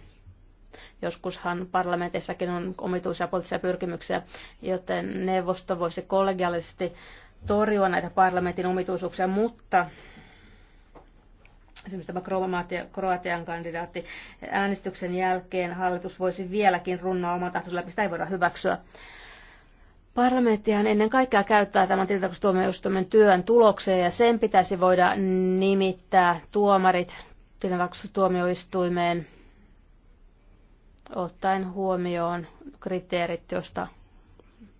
Joskushan parlamentissakin on omituisia poliittisia pyrkimyksiä, joten neuvosto voisi kollegiaalisesti torjua näitä parlamentin omituisuuksia, mutta esimerkiksi tämä Kroatian kandidaatti äänestyksen jälkeen hallitus voisi vieläkin runnoa oman tahtonsa läpi, sitä ei voida hyväksyä. Parlamenttihan ennen kaikkea käyttää tämän tilintarkastustuomioistuimen työn tulokseen ja sen pitäisi voida nimittää tuomarit tilintarkastustuomioistuimeen ottaen huomioon kriteerit, joista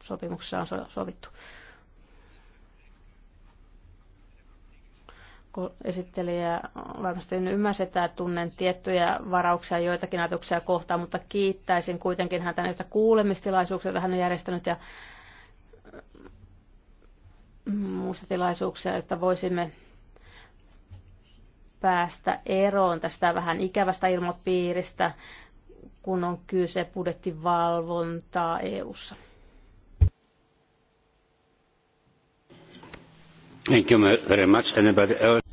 sopimuksessa on sovittu. kun esittelijä varmasti ymmärsi, että tunnen tiettyjä varauksia joitakin ajatuksia kohtaan, mutta kiittäisin kuitenkin häntä näistä kuulemistilaisuuksia, joita hän on järjestänyt ja muista tilaisuuksia, että voisimme päästä eroon tästä vähän ikävästä ilmapiiristä, kun on kyse budjettivalvontaa EU-ssa. Thank you very much.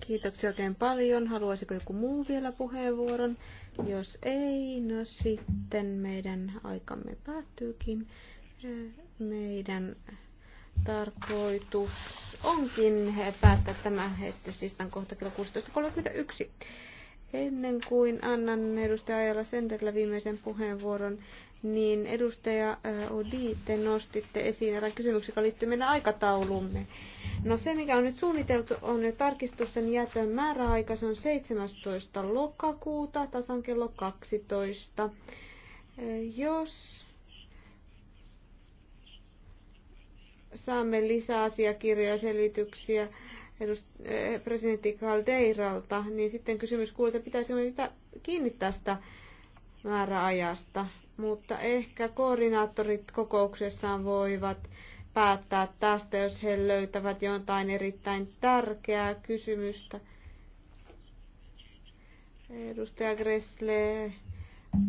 Kiitoksia oikein paljon. Haluaisiko joku muu vielä puheenvuoron? Jos ei, no sitten meidän aikamme päättyykin. Meidän tarkoitus onkin päättää tämä esitys kohta kello 16.31. Ennen kuin annan edustaja Ajala Senterillä viimeisen puheenvuoron, niin edustaja äh, Odi, te nostitte esiin erään kysymyksen, joka liittyy meidän aikataulumme. No se, mikä on nyt suunniteltu, on jo tarkistusten jätön määräaika. Se on 17. lokakuuta, tasan kello 12. Äh, jos saamme lisäasiakirjoja ja selvityksiä, Eh, presidentti Caldeiralta, niin sitten kysymys kuuluu, että pitäisikö mitä kiinni tästä määräajasta. Mutta ehkä koordinaattorit kokouksessaan voivat päättää tästä, jos he löytävät jotain erittäin tärkeää kysymystä. Edustaja Gressle,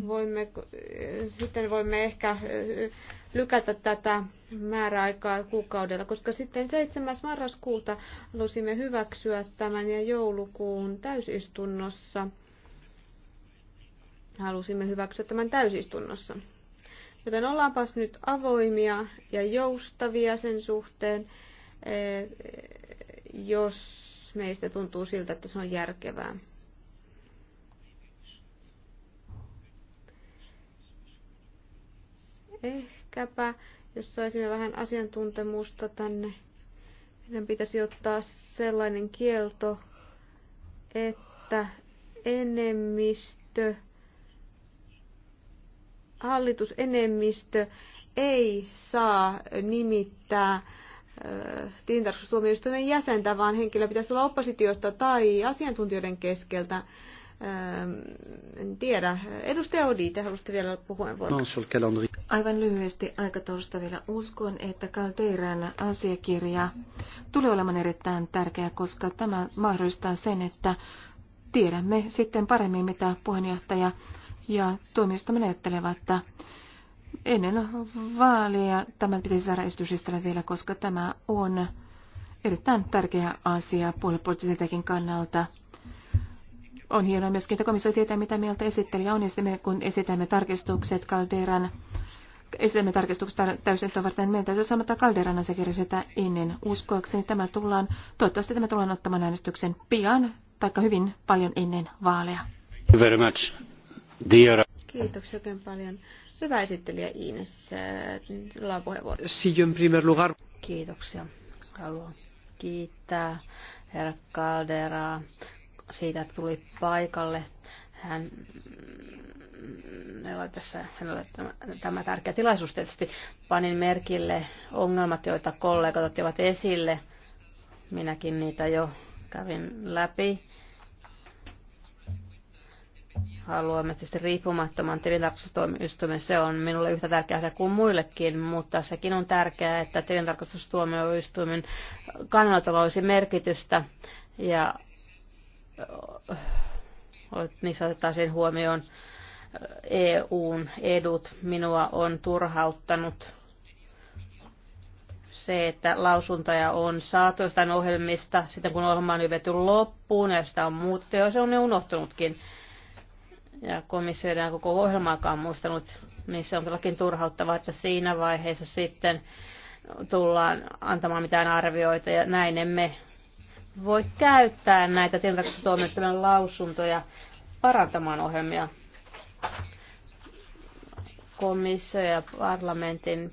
voimme, eh, sitten voimme ehkä eh, lykätä tätä määräaikaa kuukaudella, koska sitten 7. marraskuuta halusimme hyväksyä tämän ja joulukuun täysistunnossa halusimme hyväksyä tämän täysistunnossa. Joten ollaanpas nyt avoimia ja joustavia sen suhteen, eh, jos meistä tuntuu siltä, että se on järkevää. Eh ehkäpä, jos saisimme vähän asiantuntemusta tänne, meidän pitäisi ottaa sellainen kielto, että enemmistö, hallitusenemmistö ei saa nimittää tilintarkastustuomioistuimen jäsentä, vaan henkilö pitäisi olla oppositiosta tai asiantuntijoiden keskeltä. Ähm, en tiedä. Edustaja Odi, te haluaisitte vielä puheenvuoron. Aivan lyhyesti aikataulusta vielä uskon, että Kalteirän asiakirja tulee olemaan erittäin tärkeä, koska tämä mahdollistaa sen, että tiedämme sitten paremmin, mitä puheenjohtaja ja tuomioista menettelevät. Ennen vaalia tämä pitäisi saada esitysistellä vielä, koska tämä on erittäin tärkeä asia puolipoliittiseltakin kannalta. On hienoa myöskin, että komissio tietää, mitä mieltä esittelijä on, ja kun esitämme tarkistukset Calderan esitämme tarkistukset täysin varten. Meidän täytyy samata Calderan asiakirja sitä ennen. Uskoakseni tämä tullaan, toivottavasti tämä tullaan ottamaan äänestyksen pian, taikka hyvin paljon ennen vaaleja. Very much. Dear. Kiitoksia oikein paljon. Hyvä esittelijä Ines. Sinulla äh, on primer lugar. Kiitoksia. Haluan kiittää herra Calderaa siitä, tuli paikalle. Hän meillä oli tässä oli tämä, tämä tärkeä tilaisuus tietysti. Panin merkille ongelmat, joita kollegat ottivat esille. Minäkin niitä jo kävin läpi. Haluamme tietysti riippumattoman tilintarkastustuomioistuimen. Se on minulle yhtä tärkeä asia kuin muillekin, mutta sekin on tärkeää, että tilintarkastustuomioistuimen kannalta olisi merkitystä ja niissä sen huomioon EUn edut. Minua on turhauttanut se, että lausuntoja on saatu jostain ohjelmista, sitten kun ohjelma on vety loppuun ja sitä on muuttu, ja se on ne unohtunutkin Ja komissio ei koko ohjelmaakaan muistanut, niin se on todellakin turhauttavaa, että siinä vaiheessa sitten tullaan antamaan mitään arvioita, ja näin emme voi käyttää näitä tilintarkastustuomioistuimen lausuntoja parantamaan ohjelmia. Komissio ja parlamentin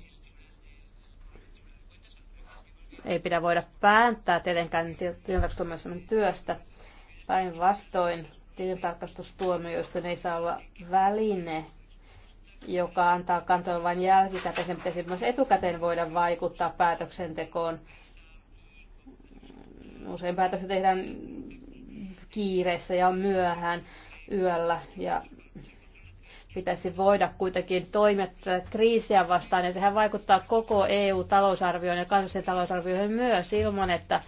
ei pidä voida päättää tietenkään tilintarkastustuomioistuimen työstä. Päinvastoin tilintarkastustuomioistuin ei saa olla väline, joka antaa kantoja vain jälkikäteen. Sen pitäisi myös etukäteen voida vaikuttaa päätöksentekoon Usein päätökset tehdään kiireessä ja myöhään yöllä ja pitäisi voida kuitenkin toimia kriisiä vastaan ja sehän vaikuttaa koko EU-talousarvioon ja kansallisen talousarvioihin myös ilman, että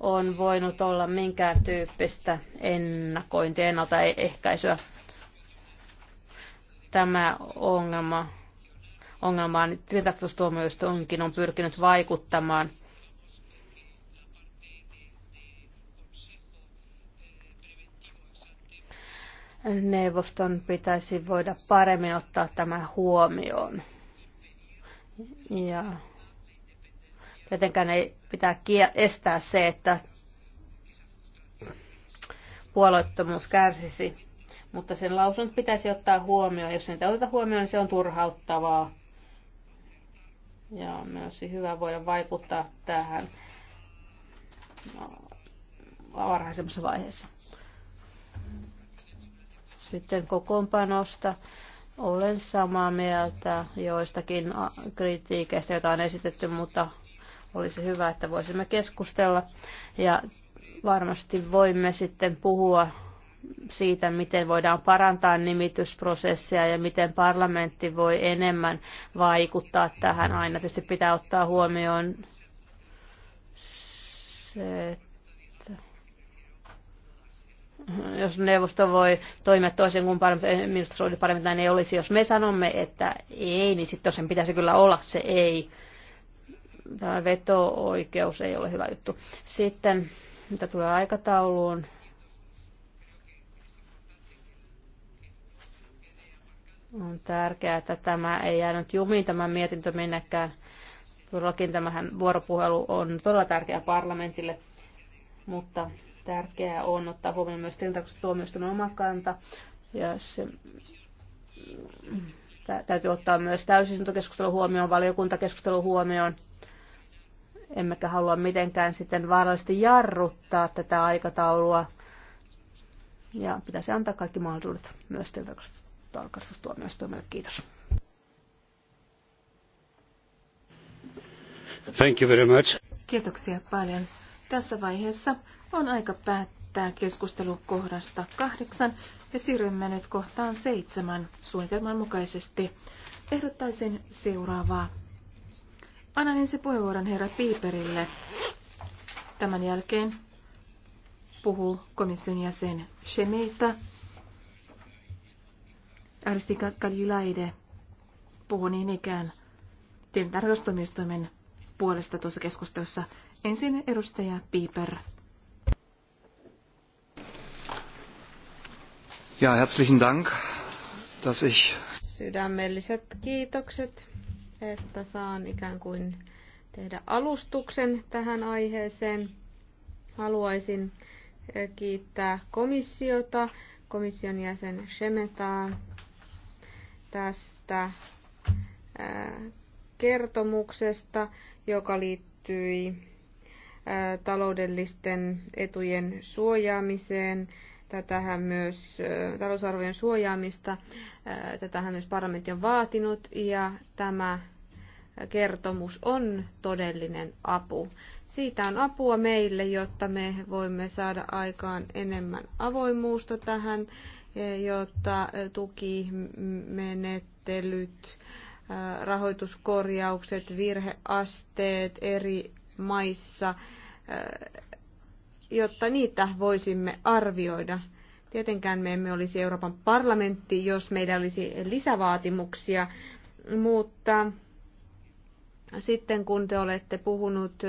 on voinut olla minkään tyyppistä ennakointia, ennaltaehkäisyä. Tämä ongelma ongelmaan onkin on pyrkinyt vaikuttamaan neuvoston pitäisi voida paremmin ottaa tämä huomioon. Ja tietenkään ei pitää estää se, että puolueettomuus kärsisi, mutta sen lausunnot pitäisi ottaa huomioon. Jos niitä oteta huomioon, niin se on turhauttavaa. Ja on myös hyvä voida vaikuttaa tähän no, varhaisemmassa vaiheessa. Sitten kokoonpanosta olen samaa mieltä joistakin kritiikeistä, joita on esitetty, mutta olisi hyvä, että voisimme keskustella ja varmasti voimme sitten puhua siitä, miten voidaan parantaa nimitysprosessia ja miten parlamentti voi enemmän vaikuttaa tähän. Aina tietysti pitää ottaa huomioon se, että jos neuvosto voi toimia toisen kuin paremmin, minusta se olisi paremmin, näin ei olisi. Jos me sanomme, että ei, niin sitten sen pitäisi kyllä olla se ei. Tämä veto-oikeus ei ole hyvä juttu. Sitten, mitä tulee aikatauluun, on tärkeää, että tämä ei jäänyt jumiin tämä mietintö minnekään. Todellakin tämähän vuoropuhelu on todella tärkeä parlamentille, mutta Tärkeää on ottaa huomioon myös tilintarkastustuomioistuimen oma kanta. Ja se, täytyy ottaa myös täysistuntokeskustelu huomioon, valiokuntakeskustelu huomioon. Emmekä halua mitenkään sitten vaarallisesti jarruttaa tätä aikataulua. Ja pitäisi antaa kaikki mahdollisuudet myös tarkastustuomioistuimelle. Kiitos. Thank you very much. Kiitoksia paljon. Tässä vaiheessa on aika päättää keskustelu kohdasta kahdeksan ja siirrymme nyt kohtaan seitsemän suunnitelman mukaisesti. Ehdottaisin seuraavaa. Annan ensin puheenvuoron herra Piiperille. Tämän jälkeen puhuu komission jäsen Shemeita. Aristi Kalilaide puhuu niin ikään tilintarkastumistoimen puolesta tuossa keskustelussa. Ensin edustaja Piiper. Ja, herzlichen Dank, dass ich... Sydämelliset kiitokset, että saan ikään kuin tehdä alustuksen tähän aiheeseen. Haluaisin eh, kiittää komissiota, komission jäsen Shemetaa tästä eh, kertomuksesta, joka liittyi eh, taloudellisten etujen suojaamiseen – tätähän myös talousarvojen suojaamista, tätähän myös parlamentti on vaatinut ja tämä kertomus on todellinen apu. Siitä on apua meille, jotta me voimme saada aikaan enemmän avoimuusta tähän, e, jotta e, tukimenettelyt, rahoituskorjaukset, virheasteet eri maissa jotta niitä voisimme arvioida. Tietenkään me emme olisi Euroopan parlamentti, jos meillä olisi lisävaatimuksia, mutta sitten kun te olette puhunut,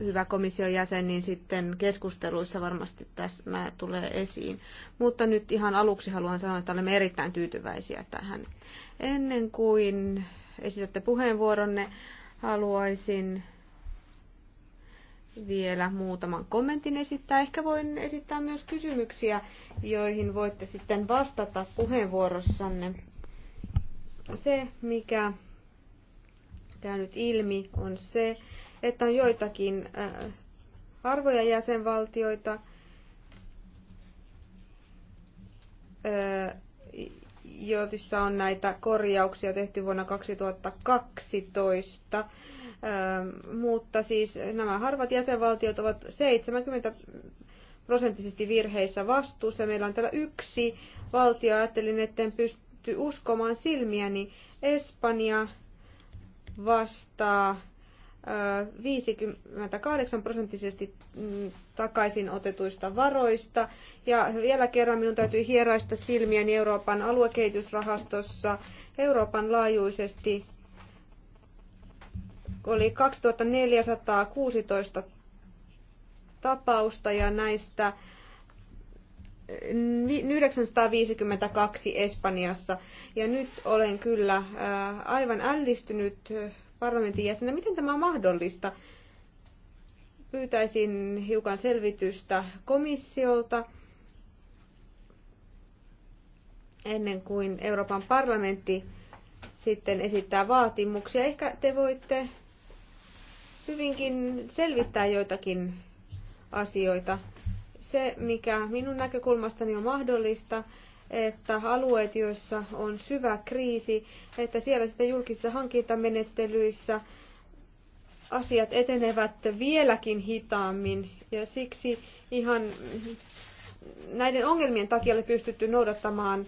hyvä komission jäsen, niin sitten keskusteluissa varmasti tämä tulee esiin. Mutta nyt ihan aluksi haluan sanoa, että olemme erittäin tyytyväisiä tähän. Ennen kuin esitätte puheenvuoronne, haluaisin vielä muutaman kommentin esittää. Ehkä voin esittää myös kysymyksiä, joihin voitte sitten vastata puheenvuorossanne. Se, mikä käynyt ilmi, on se, että on joitakin harvoja äh, jäsenvaltioita, äh, joissa on näitä korjauksia tehty vuonna 2012 Öö, mutta siis nämä harvat jäsenvaltiot ovat 70 prosenttisesti virheissä vastuussa. Meillä on täällä yksi valtio, ajattelin, en pysty uskomaan silmiäni. Espanja vastaa 58 öö, prosenttisesti mm, takaisin otetuista varoista. Ja vielä kerran minun täytyy hieraista silmiäni Euroopan aluekehitysrahastossa Euroopan laajuisesti oli 2416 tapausta ja näistä 952 Espanjassa. Ja nyt olen kyllä äh, aivan ällistynyt äh, parlamentin jäsenä. Miten tämä on mahdollista? Pyytäisin hiukan selvitystä komissiolta ennen kuin Euroopan parlamentti sitten esittää vaatimuksia. Ehkä te voitte hyvinkin selvittää joitakin asioita. Se, mikä minun näkökulmastani on mahdollista, että alueet, joissa on syvä kriisi, että siellä sitä julkisissa hankintamenettelyissä asiat etenevät vieläkin hitaammin ja siksi ihan näiden ongelmien takia oli pystytty noudattamaan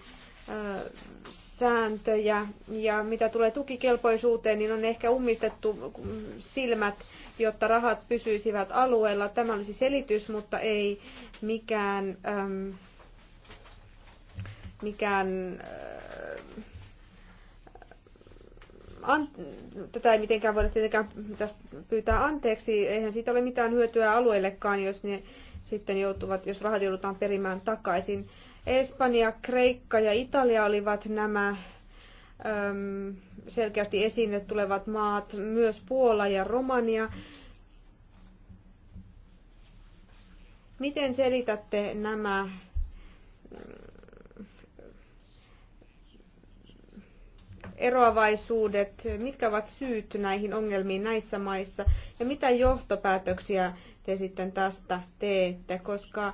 sääntöjä ja mitä tulee tukikelpoisuuteen, niin on ehkä ummistettu silmät, jotta rahat pysyisivät alueella. Tämä olisi siis selitys, mutta ei mikään, äm, mikään äh, an, tätä ei mitenkään voida tietenkään tästä pyytää anteeksi. Eihän siitä ole mitään hyötyä alueellekaan, jos ne sitten joutuvat, jos rahat joudutaan perimään takaisin. Äh, Espanja, Kreikka ja Italia olivat nämä selkeästi esiin tulevat maat, myös Puola ja Romania. Miten selitätte nämä mm, eroavaisuudet, mitkä ovat syyt näihin ongelmiin näissä maissa ja mitä johtopäätöksiä te sitten tästä teette, koska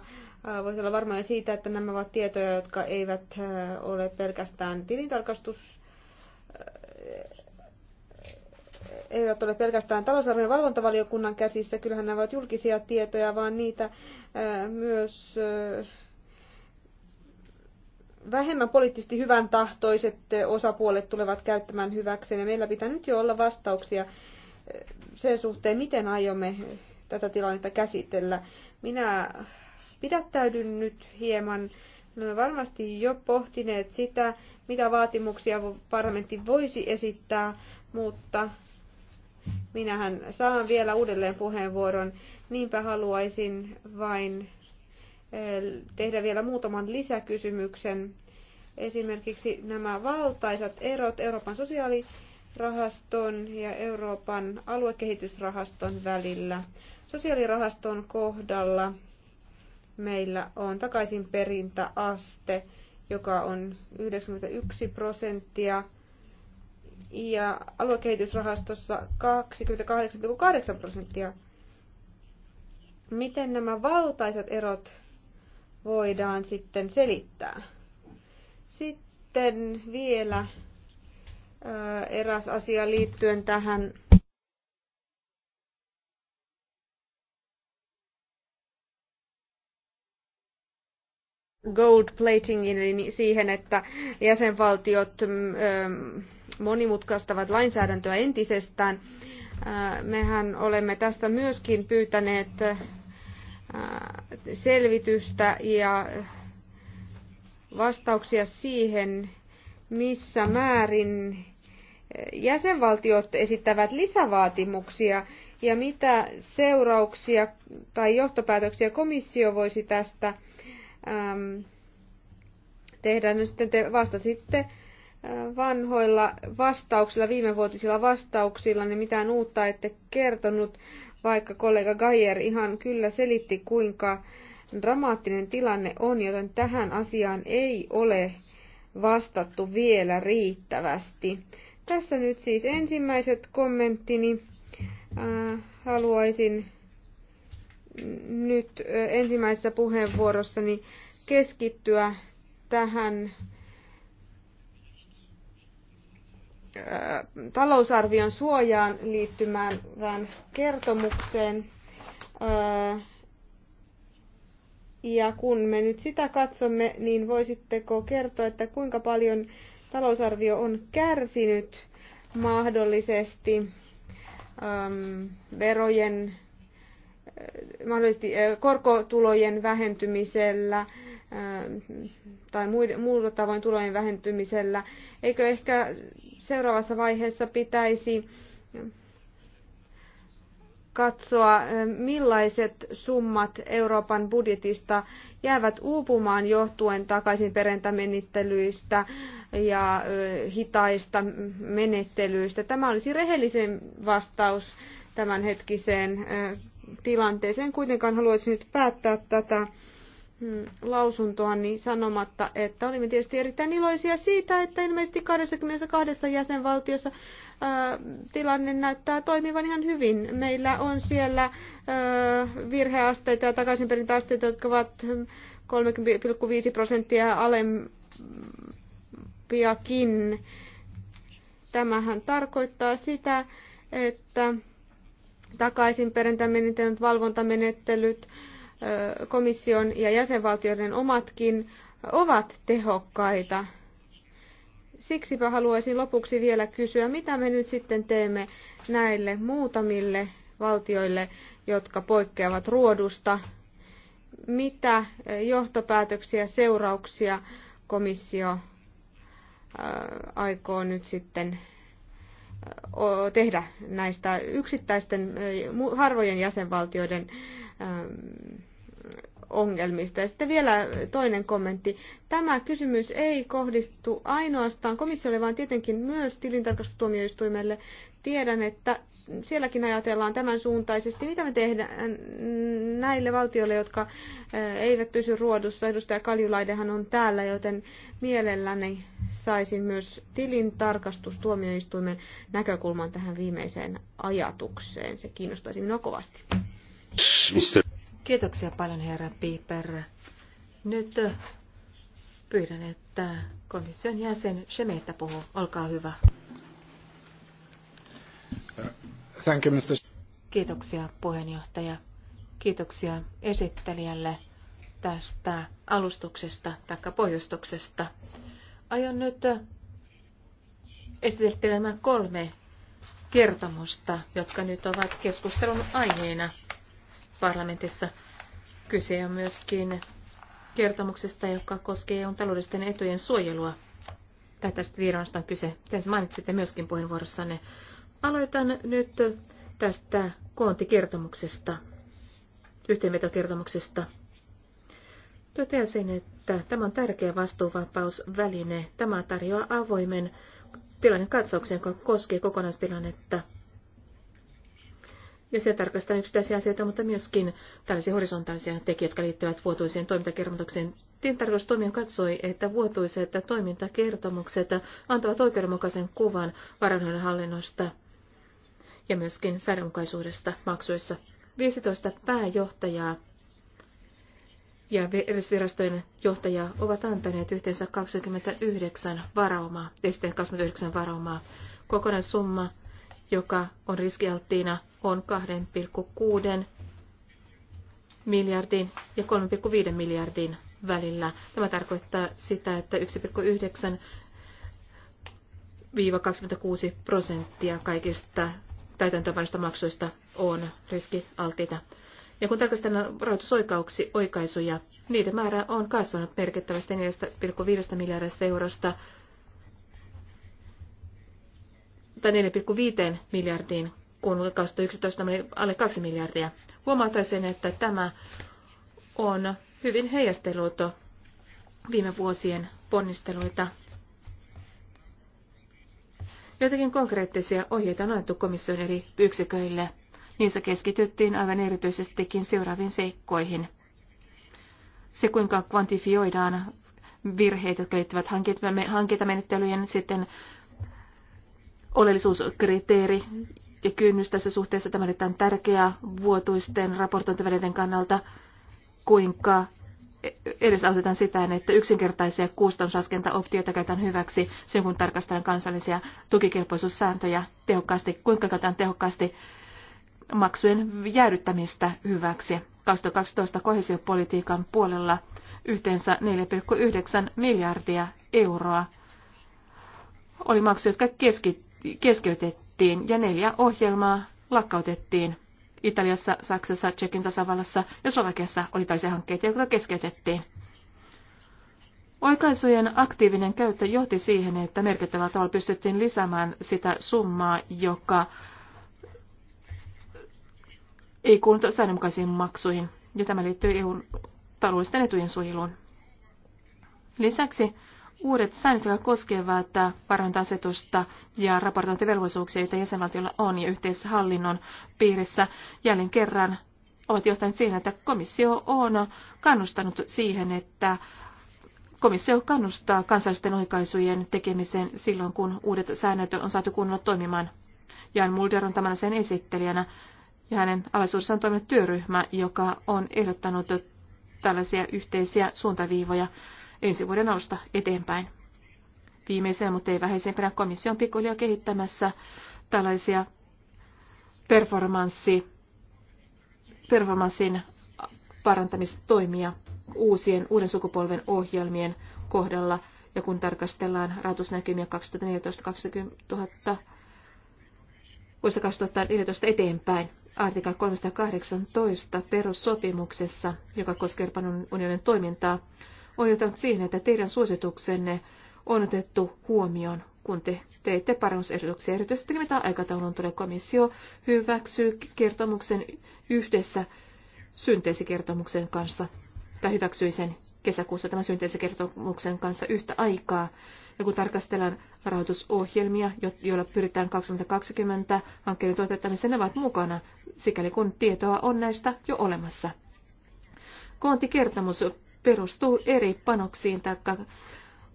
voisi olla varmoja siitä, että nämä ovat tietoja, jotka eivät ole pelkästään tilintarkastus eivät ole pelkästään talousarvion valvontavaliokunnan käsissä, kyllähän nämä ovat julkisia tietoja, vaan niitä myös vähemmän poliittisesti hyvän tahtoiset osapuolet tulevat käyttämään hyväkseen. Ja meillä pitää nyt jo olla vastauksia sen suhteen, miten aiomme tätä tilannetta käsitellä. Minä Pidättäydyn nyt hieman. Olemme varmasti jo pohtineet sitä, mitä vaatimuksia parlamentti voisi esittää, mutta minähän saan vielä uudelleen puheenvuoron. Niinpä haluaisin vain eh, tehdä vielä muutaman lisäkysymyksen. Esimerkiksi nämä valtaisat erot Euroopan sosiaalirahaston ja Euroopan aluekehitysrahaston välillä. Sosiaalirahaston kohdalla meillä on takaisin perintäaste, joka on 91 prosenttia, ja aluekehitysrahastossa 28,8 prosenttia. Miten nämä valtaiset erot voidaan sitten selittää? Sitten vielä eräs asia liittyen tähän gold platingin, eli siihen, että jäsenvaltiot mm, ähm, monimutkaistavat lainsäädäntöä entisestään. Äh, mehän olemme tästä myöskin pyytäneet äh, selvitystä ja vastauksia siihen, missä määrin jäsenvaltiot esittävät lisävaatimuksia ja mitä seurauksia tai johtopäätöksiä komissio voisi tästä äm, tehdä. No sitten te vastasitte äh, vanhoilla vastauksilla, viimevuotisilla vastauksilla, niin mitään uutta ette kertonut, vaikka kollega Gajer ihan kyllä selitti, kuinka dramaattinen tilanne on, joten tähän asiaan ei ole vastattu vielä riittävästi. Tässä nyt siis ensimmäiset kommenttini. Äh, haluaisin nyt ensimmäisessä puheenvuorossani keskittyä tähän talousarvion suojaan liittymään kertomukseen. Ja kun me nyt sitä katsomme, niin voisitteko kertoa, että kuinka paljon talousarvio on kärsinyt mahdollisesti verojen Äh, mahdollisesti äh, korkotulojen vähentymisellä äh, tai muulla tavoin tulojen vähentymisellä. Eikö ehkä seuraavassa vaiheessa pitäisi katsoa, millaiset summat Euroopan budjetista jäävät uupumaan johtuen takaisinperentämenettelyistä ja hitaista menettelyistä. Tämä olisi rehellisen vastaus tämänhetkiseen tilanteeseen. Kuitenkaan haluaisin nyt päättää tätä mm, lausuntoa niin sanomatta, että olimme tietysti erittäin iloisia siitä, että ilmeisesti 22 jäsenvaltiossa ä, tilanne näyttää toimivan ihan hyvin. Meillä on siellä ä, virheasteita ja takaisinperintäasteita, jotka ovat 30,5 prosenttia alempiakin. Tämähän tarkoittaa sitä, että takaisin valvontamenettelyt, komission ja jäsenvaltioiden omatkin ovat tehokkaita. Siksipä haluaisin lopuksi vielä kysyä, mitä me nyt sitten teemme näille muutamille valtioille, jotka poikkeavat ruodusta. Mitä johtopäätöksiä, seurauksia komissio aikoo nyt sitten tehdä näistä yksittäisten harvojen jäsenvaltioiden ähm, ongelmista. Ja sitten vielä toinen kommentti. Tämä kysymys ei kohdistu ainoastaan komissiolle, vaan tietenkin myös tilintarkastustuomioistuimelle. Tiedän, että sielläkin ajatellaan tämän suuntaisesti. Mitä me tehdään näille valtioille, jotka eh, eivät pysy ruodussa? Edustaja Kaljulaidehan on täällä, joten mielelläni saisin myös tilin tarkastustuomioistuimen näkökulman tähän viimeiseen ajatukseen. Se kiinnostaisi minua kovasti. Kiitoksia paljon, herra Piper. Nyt eh, pyydän, että komission jäsen Shemeta puhuu. Olkaa hyvä. Kiitoksia puheenjohtaja. Kiitoksia esittelijälle tästä alustuksesta tai pohjustuksesta. Aion nyt esittelemään kolme kertomusta, jotka nyt ovat keskustelun aiheena parlamentissa. Kyse on myöskin kertomuksesta, joka koskee EUn taloudellisten etujen suojelua. Tai tästä viranasta on kyse. Te mainitsitte myöskin puheenvuorossanne. Aloitan nyt tästä koontikertomuksesta, yhteenvetokertomuksesta. Toteasin, että tämä on tärkeä vastuuvapausväline. Tämä tarjoaa avoimen katsauksen, joka koskee kokonaistilannetta. Ja se tarkastaa yksittäisiä asioita, mutta myöskin tällaisia horisontaalisia tekijöitä, jotka liittyvät vuotuiseen toimintakertomukseen. Tintarkastustoimio katsoi, että vuotuiset toimintakertomukset antavat oikeudenmukaisen kuvan varanhoidon hallinnosta – ja myöskin säädönmukaisuudesta maksuissa. 15 pääjohtajaa ja virastojen johtajaa ovat antaneet yhteensä 29 varaumaa, esteen 29 varaumaa. Kokonaissumma, joka on riskialttiina, on 2,6 miljardin ja 3,5 miljardin välillä. Tämä tarkoittaa sitä, että 1,9 26 prosenttia kaikista täytäntöönpanosta maksuista on riskialtiita. Ja kun tarkastellaan rahoitusoikaisuja, niiden määrä on kasvanut merkittävästi 4,5 miljardista eurosta tai 4,5 miljardiin, kun 2011 oli alle 2 miljardia. Huomautaisin, että tämä on hyvin heijastelut viime vuosien ponnisteluita Jotakin konkreettisia ohjeita on annettu komission eri yksiköille. Niissä keskityttiin aivan erityisestikin seuraaviin seikkoihin. Se, kuinka kvantifioidaan virheet, jotka liittyvät hankintamenettelyjen sitten oleellisuuskriteeri ja kynnys tässä suhteessa tämä on tärkeää vuotuisten raportointivälineiden kannalta, kuinka edesautetaan sitä, että yksinkertaisia kustannuslaskentaoptioita käytetään hyväksi sen, kun tarkastellaan kansallisia tukikelpoisuussääntöjä tehokkaasti, kuinka käytetään tehokkaasti maksujen jäädyttämistä hyväksi. 2012 kohesiopolitiikan puolella yhteensä 4,9 miljardia euroa oli maksuja, jotka keskeytettiin ja neljä ohjelmaa lakkautettiin Italiassa, Saksassa, Tsekin tasavallassa ja Slovakiassa oli tällaisia hankkeita, jotka keskeytettiin. Oikaisujen aktiivinen käyttö johti siihen, että merkittävällä tavalla pystyttiin lisäämään sitä summaa, joka ei kuulunut säännönmukaisiin maksuihin, ja tämä liittyy EUn taloudellisten etujen suojeluun. Lisäksi Uudet säännöt, jotka koskevat parantasetusta ja raportointivelvollisuuksia, joita jäsenvaltiolla on ja hallinnon piirissä, jälleen kerran ovat johtaneet siihen, että komissio on kannustanut siihen, että Komissio kannustaa kansallisten oikaisujen tekemiseen silloin, kun uudet säännöt on saatu kunnolla toimimaan. Jan Mulder on tämän sen esittelijänä ja hänen alaisuudessaan on toiminut työryhmä, joka on ehdottanut tällaisia yhteisiä suuntaviivoja ensi vuoden alusta eteenpäin. Viimeisenä, mutta ei vähäisempänä, komissio on pikkuhiljaa kehittämässä tällaisia performanssi, performanssin parantamistoimia uusien, uuden sukupolven ohjelmien kohdalla. Ja kun tarkastellaan rahoitusnäkymiä 2014-2020, vuodesta 2014 eteenpäin, artikla 318 perussopimuksessa, joka koskee Euroopan unionin toimintaa, on johtanut siihen, että teidän suosituksenne on otettu huomioon, kun te teitte parannusehdotuksia. Erityisesti mitä aikataulun tulee komissio hyväksyy kertomuksen yhdessä synteesikertomuksen kanssa, tai hyväksyi sen kesäkuussa tämän synteesikertomuksen kanssa yhtä aikaa. Ja kun tarkastellaan rahoitusohjelmia, joilla pyritään 2020 hankkeiden toteuttamiseen, ne ovat mukana, sikäli kun tietoa on näistä jo olemassa. Koontikertomus perustuu eri panoksiin tai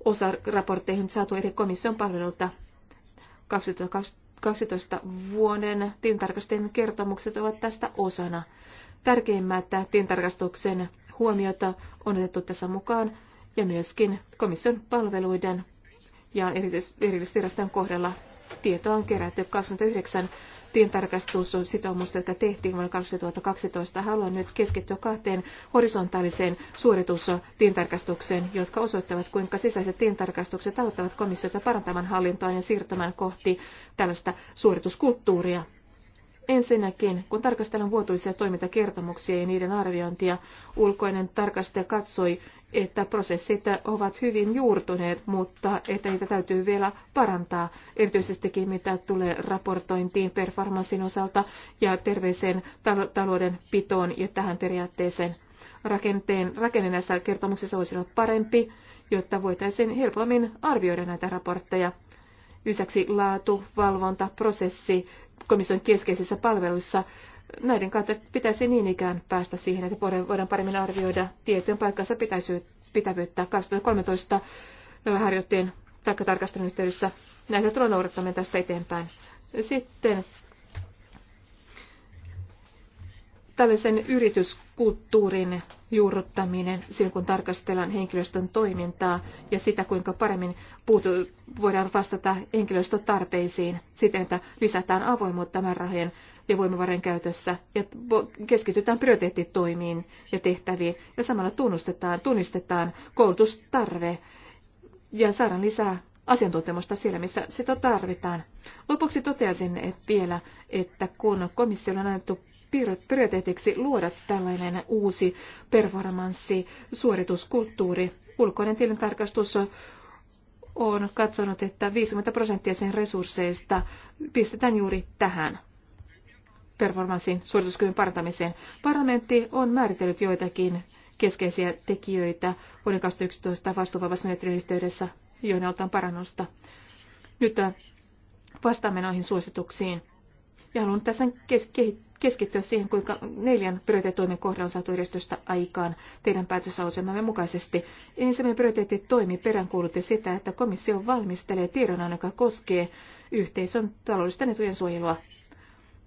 osaraportteihin saatu eri komission palvelulta 2012 vuoden tilintarkastajien kertomukset ovat tästä osana. Tärkeimmät tilintarkastuksen huomiota on otettu tässä mukaan ja myöskin komission palveluiden ja erillisviraston kohdalla tietoa on kerätty 29 on sitoumusta, jotka tehtiin vuonna 2012. Haluan nyt keskittyä kahteen horisontaaliseen suoritustilintarkastukseen, jotka osoittavat, kuinka sisäiset tilintarkastukset auttavat komissiota parantamaan hallintoa ja siirtämään kohti tällaista suorituskulttuuria. Ensinnäkin, kun tarkastellaan vuotuisia toimintakertomuksia ja niiden arviointia, ulkoinen tarkastaja katsoi, että prosessit ovat hyvin juurtuneet, mutta että niitä täytyy vielä parantaa, erityisestikin mitä tulee raportointiin performanssin osalta ja terveeseen talouden pitoon ja tähän periaatteeseen. Rakenteen, rakenne näissä kertomuksissa voisi olla parempi, jotta voitaisiin helpommin arvioida näitä raportteja. Lisäksi laatu, valvonta, prosessi komission keskeisissä palveluissa. Näiden kautta pitäisi niin ikään päästä siihen, että voidaan paremmin arvioida tietyn paikkansa pitävyyttä 2013 harjoitteen taikka tarkastelun yhteydessä. Näitä tulee noudattamaan tästä eteenpäin. Sitten tällaisen yrityskulttuurin juurruttaminen silloin, kun tarkastellaan henkilöstön toimintaa ja sitä, kuinka paremmin puutu, voidaan vastata henkilöstötarpeisiin siten, että lisätään avoimuutta määrärahojen ja voimavarojen käytössä ja keskitytään prioriteettitoimiin ja tehtäviin ja samalla tunnustetaan, tunnistetaan koulutustarve ja saadaan lisää asiantuntemusta siellä, missä sitä tarvitaan. Lopuksi toteaisin että vielä, että kun komissiolle on annettu prioriteetiksi luoda tällainen uusi performanssi suorituskulttuuri. Ulkoinen tilintarkastus on katsonut, että 50 prosenttia sen resursseista pistetään juuri tähän performanssin suorituskyvyn parantamiseen. Parlamentti on määritellyt joitakin keskeisiä tekijöitä vuoden 2011 menettelyn yhteydessä, joihin parannusta. Nyt äh, vastaamme noihin suosituksiin. Ja haluan tässä keskittyä siihen, kuinka neljän prioriteettitoimen kohdalla on saatu edistystä aikaan teidän päätösasemamme mukaisesti. Ensimmäinen prioriteettitoimi peräänkuulutti sitä, että komissio valmistelee tiedonannon, joka koskee yhteisön taloudellisten etujen suojelua.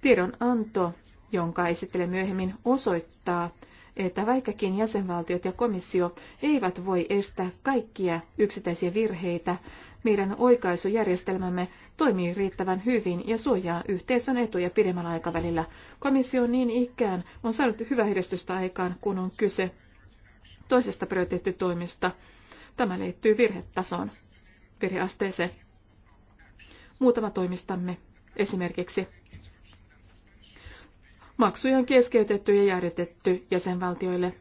Tiedonanto, jonka esittelee myöhemmin, osoittaa, että vaikkakin jäsenvaltiot ja komissio eivät voi estää kaikkia yksittäisiä virheitä, meidän oikaisujärjestelmämme toimii riittävän hyvin ja suojaa yhteisön etuja pidemmällä aikavälillä. Komissio niin ikään on saanut hyvää edistystä aikaan, kun on kyse toisesta prioriteettitoimista. Tämä liittyy virhetasoon, virheasteeseen. Muutama toimistamme esimerkiksi Maksuja on keskeytetty ja jäädytetty jäsenvaltioille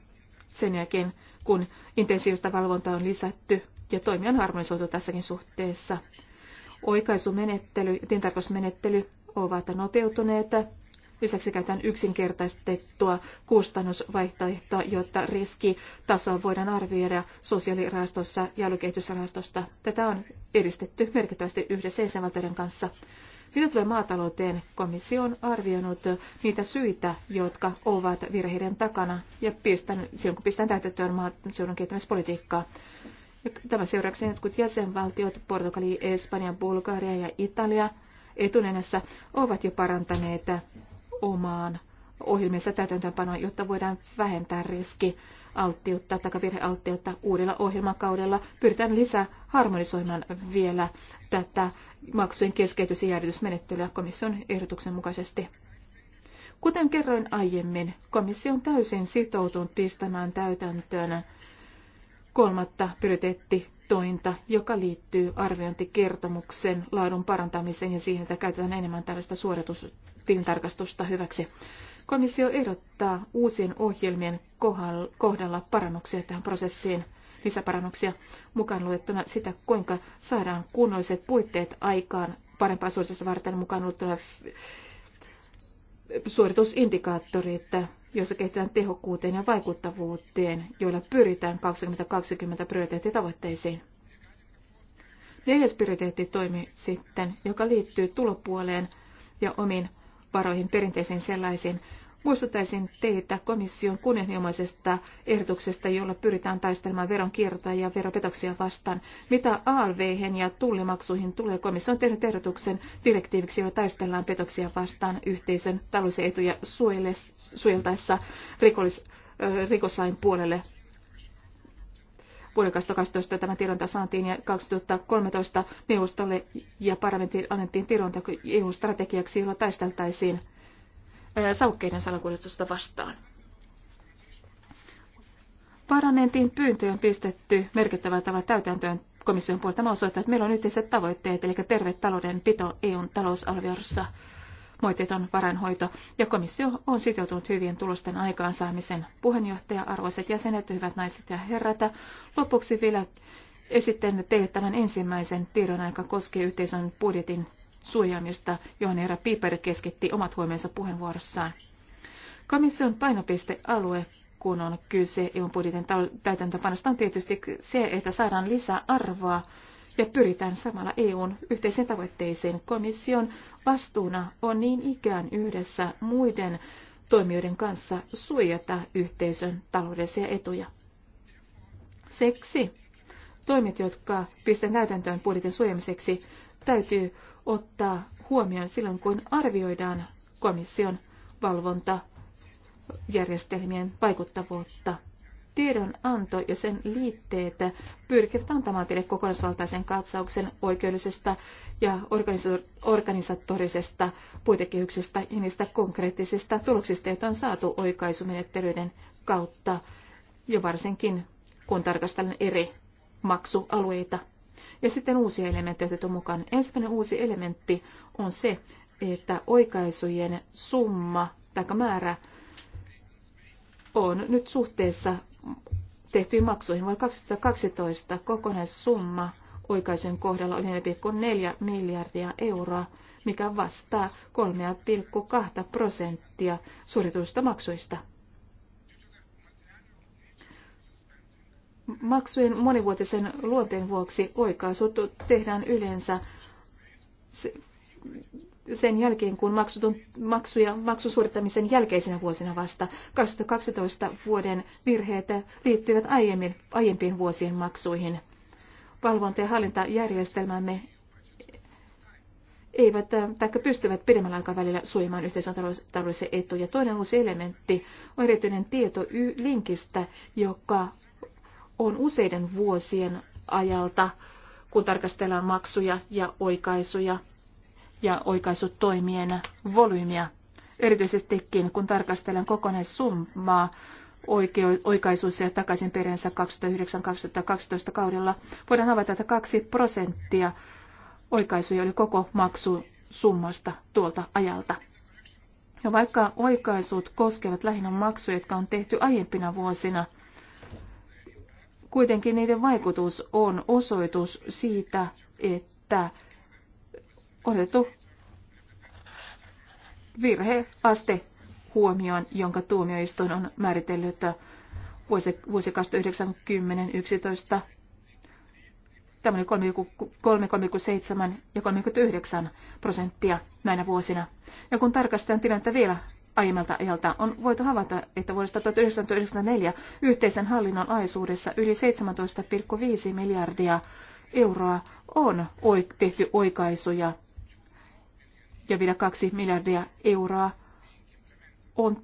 sen jälkeen, kun intensiivistä valvontaa on lisätty ja toimia on harmonisoitu tässäkin suhteessa. Oikaisumenettely ja tintarkasmenettely ovat nopeutuneet. Lisäksi käytetään yksinkertaistettua kustannusvaihtoehtoa, jotta riskitasoa voidaan arvioida sosiaalirahastossa ja aluekehitysrahastosta. Tätä on edistetty merkittävästi yhdessä jäsenvaltioiden kanssa. Mitä tulee maatalouteen, komissio on arvioinut niitä syitä, jotka ovat virheiden takana ja pistän, silloin kun pistän täytettyön maaseudun kehittämispolitiikkaa. Tämän seurauksena jotkut jäsenvaltiot, Portugali, Espanja, Bulgaria ja Italia etunenässä ovat jo parantaneet omaan ohjelmissa täytäntöönpanoa, jotta voidaan vähentää riski alttiutta tai virhealttiutta uudella ohjelmakaudella. Pyritään lisää harmonisoimaan vielä tätä maksujen keskeytys- ja jäädytysmenettelyä komission ehdotuksen mukaisesti. Kuten kerroin aiemmin, komissio on täysin sitoutunut pistämään täytäntöön kolmatta prioriteettitointa, joka liittyy arviointikertomuksen laadun parantamiseen ja siihen, että käytetään enemmän tällaista suoritustilintarkastusta hyväksi. Komissio ehdottaa uusien ohjelmien kohdalla parannuksia tähän prosessiin, lisäparannuksia mukaan luettuna sitä, kuinka saadaan kunnolliset puitteet aikaan parempaa suoritusta varten mukaan luettuna suoritusindikaattorit, joissa kehitetään tehokkuuteen ja vaikuttavuuteen, joilla pyritään 2020 prioriteettitavoitteisiin. Neljäs toimi sitten, joka liittyy tulopuoleen ja omiin varoihin, perinteisiin sellaisiin. Muistuttaisin teitä komission kunnianhimoisesta ehdotuksesta, jolla pyritään taistelemaan veronkiertoa ja veropetoksia vastaan. Mitä alv ja tullimaksuihin tulee, komissio on tehnyt ehdotuksen direktiiviksi, jolla taistellaan petoksia vastaan yhteisön taloudellisia etuja suojeltaessa rikoslain puolelle Vuoden 2012 tämä tiedonta saatiin ja 2013 neuvostolle ja parlamentille annettiin tiedonta EU-strategiaksi, jolla taisteltaisiin saukkeiden salakuljetusta vastaan. Parlamentin pyyntö on pistetty merkittävällä tavalla täytäntöön komission puolta. Tämä osoittaa, että meillä on yhteiset tavoitteet, eli terve taloudenpito EUn talousarviossa – moiteton varainhoito, ja komissio on sitoutunut hyvien tulosten aikaansaamisen. Puheenjohtaja, arvoiset jäsenet, hyvät naiset ja herrat, lopuksi vielä esittänyt teille tämän ensimmäisen tiedon, joka koskee yhteisön budjetin suojaamista, johon herra Piper keskitti omat huomionsa puheenvuorossaan. Komission painopistealue, kun on kyse EUn budjetin täytäntöpanosta, on tietysti se, että saadaan lisää arvoa ja pyritään samalla EUn yhteiseen tavoitteeseen. Komission vastuuna on niin ikään yhdessä muiden toimijoiden kanssa suojata yhteisön taloudellisia etuja. Seksi. Toimet, jotka pistetään täytäntöön budjetin suojamiseksi, täytyy ottaa huomioon silloin, kun arvioidaan komission valvontajärjestelmien vaikuttavuutta. Tiedonanto ja sen liitteet pyrkivät antamaan teille kokonaisvaltaisen katsauksen oikeudellisesta ja organisatorisesta puitekehyksestä ja niistä konkreettisista tuloksista, joita on saatu oikaisumenettelyiden kautta ja varsinkin kun tarkastellaan eri maksualueita. Ja sitten uusia elementtejä otettu mukaan. Ensimmäinen uusi elementti on se, että oikaisujen summa tai määrä on nyt suhteessa tehtyihin maksuihin. Vuonna 2012 kokonaissumma oikaisujen kohdalla oli 4,4 miljardia euroa, mikä vastaa 3,2 prosenttia suorituista maksuista. Maksujen monivuotisen luonteen vuoksi oikaisut tehdään yleensä sen jälkeen, kun maksutun, maksuja, maksusuorittamisen jälkeisenä vuosina vasta 2012 vuoden virheet liittyvät aiemmin, aiempiin vuosien maksuihin. Valvonta- ja hallintajärjestelmämme eivät äh, tai pystyvät pidemmällä aikavälillä suojamaan yhteisötaloudellisia etuja. Toinen uusi elementti on erityinen tieto linkistä, joka on useiden vuosien ajalta, kun tarkastellaan maksuja ja oikaisuja ja toimien volyymia, erityisestikin kun tarkastelen kokonaissummaa oikeus- ja takaisinperinsä 2009-2012 kaudella. Voidaan havaita, että 2 prosenttia oikaisuja oli koko maksusummasta tuolta ajalta. Ja vaikka oikaisut koskevat lähinnä maksuja, jotka on tehty aiempina vuosina, kuitenkin niiden vaikutus on osoitus siitä, että otettu virheaste huomioon, jonka tuomioistuin on määritellyt vuosi 1911. Tämä oli 3,7 ja 39 prosenttia näinä vuosina. Ja kun tarkastetaan tilannetta vielä aiemmalta ajalta, on voitu havaita, että vuodesta 1994 yhteisen hallinnon aisuudessa yli 17,5 miljardia euroa on tehty oikaisuja ja vielä kaksi miljardia euroa on,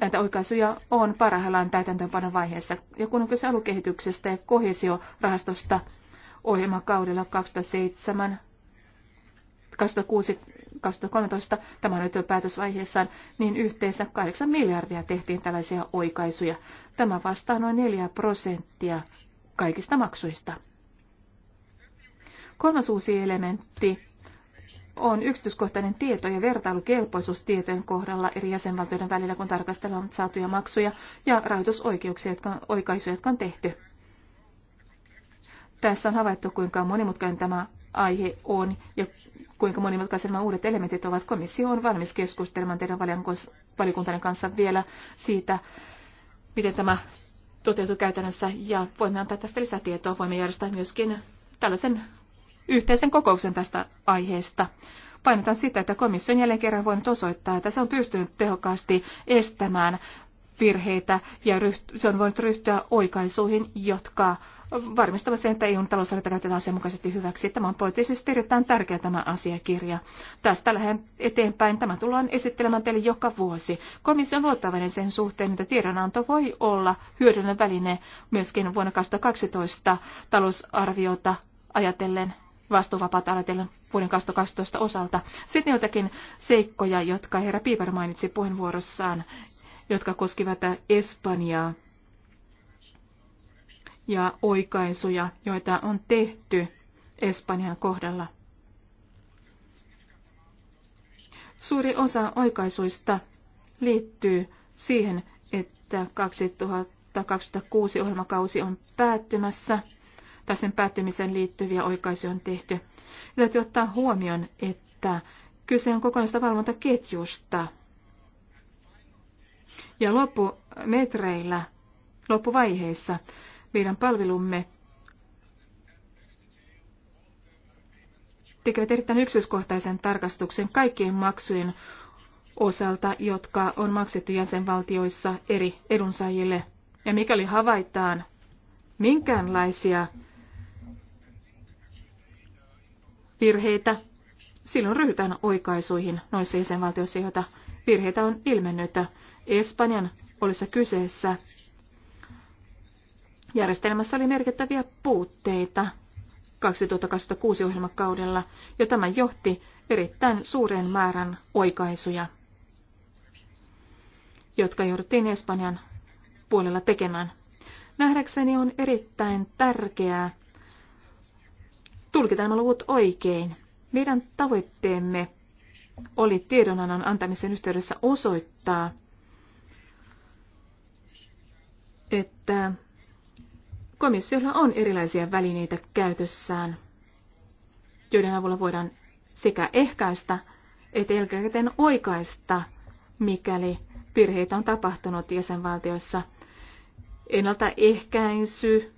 näitä oikaisuja on parhaillaan täytäntöönpanon vaiheessa. Ja kun on kyse alukehityksestä ja kohesiorahastosta ohjelmakaudella 2007 2006 2013, tämä on nyt päätösvaiheessaan, niin yhteensä 8 miljardia tehtiin tällaisia oikaisuja. Tämä vastaa noin 4 prosenttia kaikista maksuista. Kolmas uusi elementti on yksityiskohtainen tieto ja vertailukelpoisuus tietojen kohdalla eri jäsenvaltioiden välillä, kun tarkastellaan saatuja maksuja ja rahoitusoikeuksia, jotka, oikaisuja, jotka on tehty. Tässä on havaittu, kuinka monimutkainen tämä aihe on ja kuinka monimutkaiset nämä uudet elementit ovat. Komissio on valmis keskustelemaan teidän valiokuntanne kanssa vielä siitä, miten tämä toteutuu käytännössä ja voimme antaa tästä lisätietoa. Voimme järjestää myöskin tällaisen yhteisen kokouksen tästä aiheesta. Painotan sitä, että komission jälleen kerran voinut osoittaa, että se on pystynyt tehokkaasti estämään virheitä ja ryht- se on voinut ryhtyä oikaisuihin, jotka varmistavat sen, että EUn talousarviota käytetään asianmukaisesti hyväksi. Tämä on poliittisesti erittäin tärkeä tämä asiakirja. Tästä lähden eteenpäin. Tämä tullaan esittelemään teille joka vuosi. Komission luottavainen sen suhteen, että tiedonanto voi olla hyödyllinen väline myöskin vuonna 2012 talousarviota ajatellen vastuuvapaat aloitella vuoden 2012 osalta. Sitten joitakin seikkoja, jotka herra Piiper mainitsi puheenvuorossaan, jotka koskivat Espanjaa ja oikaisuja, joita on tehty Espanjan kohdalla. Suuri osa oikaisuista liittyy siihen, että 2000 2006 ohjelmakausi on päättymässä tai sen päättymiseen liittyviä oikaisuja on tehty. Täytyy ottaa huomioon, että kyse on kokonaista valvontaketjusta. Ja loppumetreillä, loppuvaiheissa meidän palvelumme tekevät erittäin yksityiskohtaisen tarkastuksen kaikkien maksujen osalta, jotka on maksettu jäsenvaltioissa eri edunsaajille. Ja mikäli havaitaan minkäänlaisia virheitä, silloin ryhdytään oikaisuihin noissa jäsenvaltioissa, joita virheitä on ilmennyt. Espanjan ollessa kyseessä järjestelmässä oli merkittäviä puutteita 2026 ohjelmakaudella, ja tämä johti erittäin suureen määrän oikaisuja, jotka jouduttiin Espanjan puolella tekemään. Nähdäkseni on erittäin tärkeää, tulkitaan nämä luvut oikein. Meidän tavoitteemme oli tiedonannon antamisen yhteydessä osoittaa, että komissiolla on erilaisia välineitä käytössään, joiden avulla voidaan sekä ehkäistä että jälkikäteen oikaista, mikäli virheitä on tapahtunut jäsenvaltioissa. Ennaltaehkäisy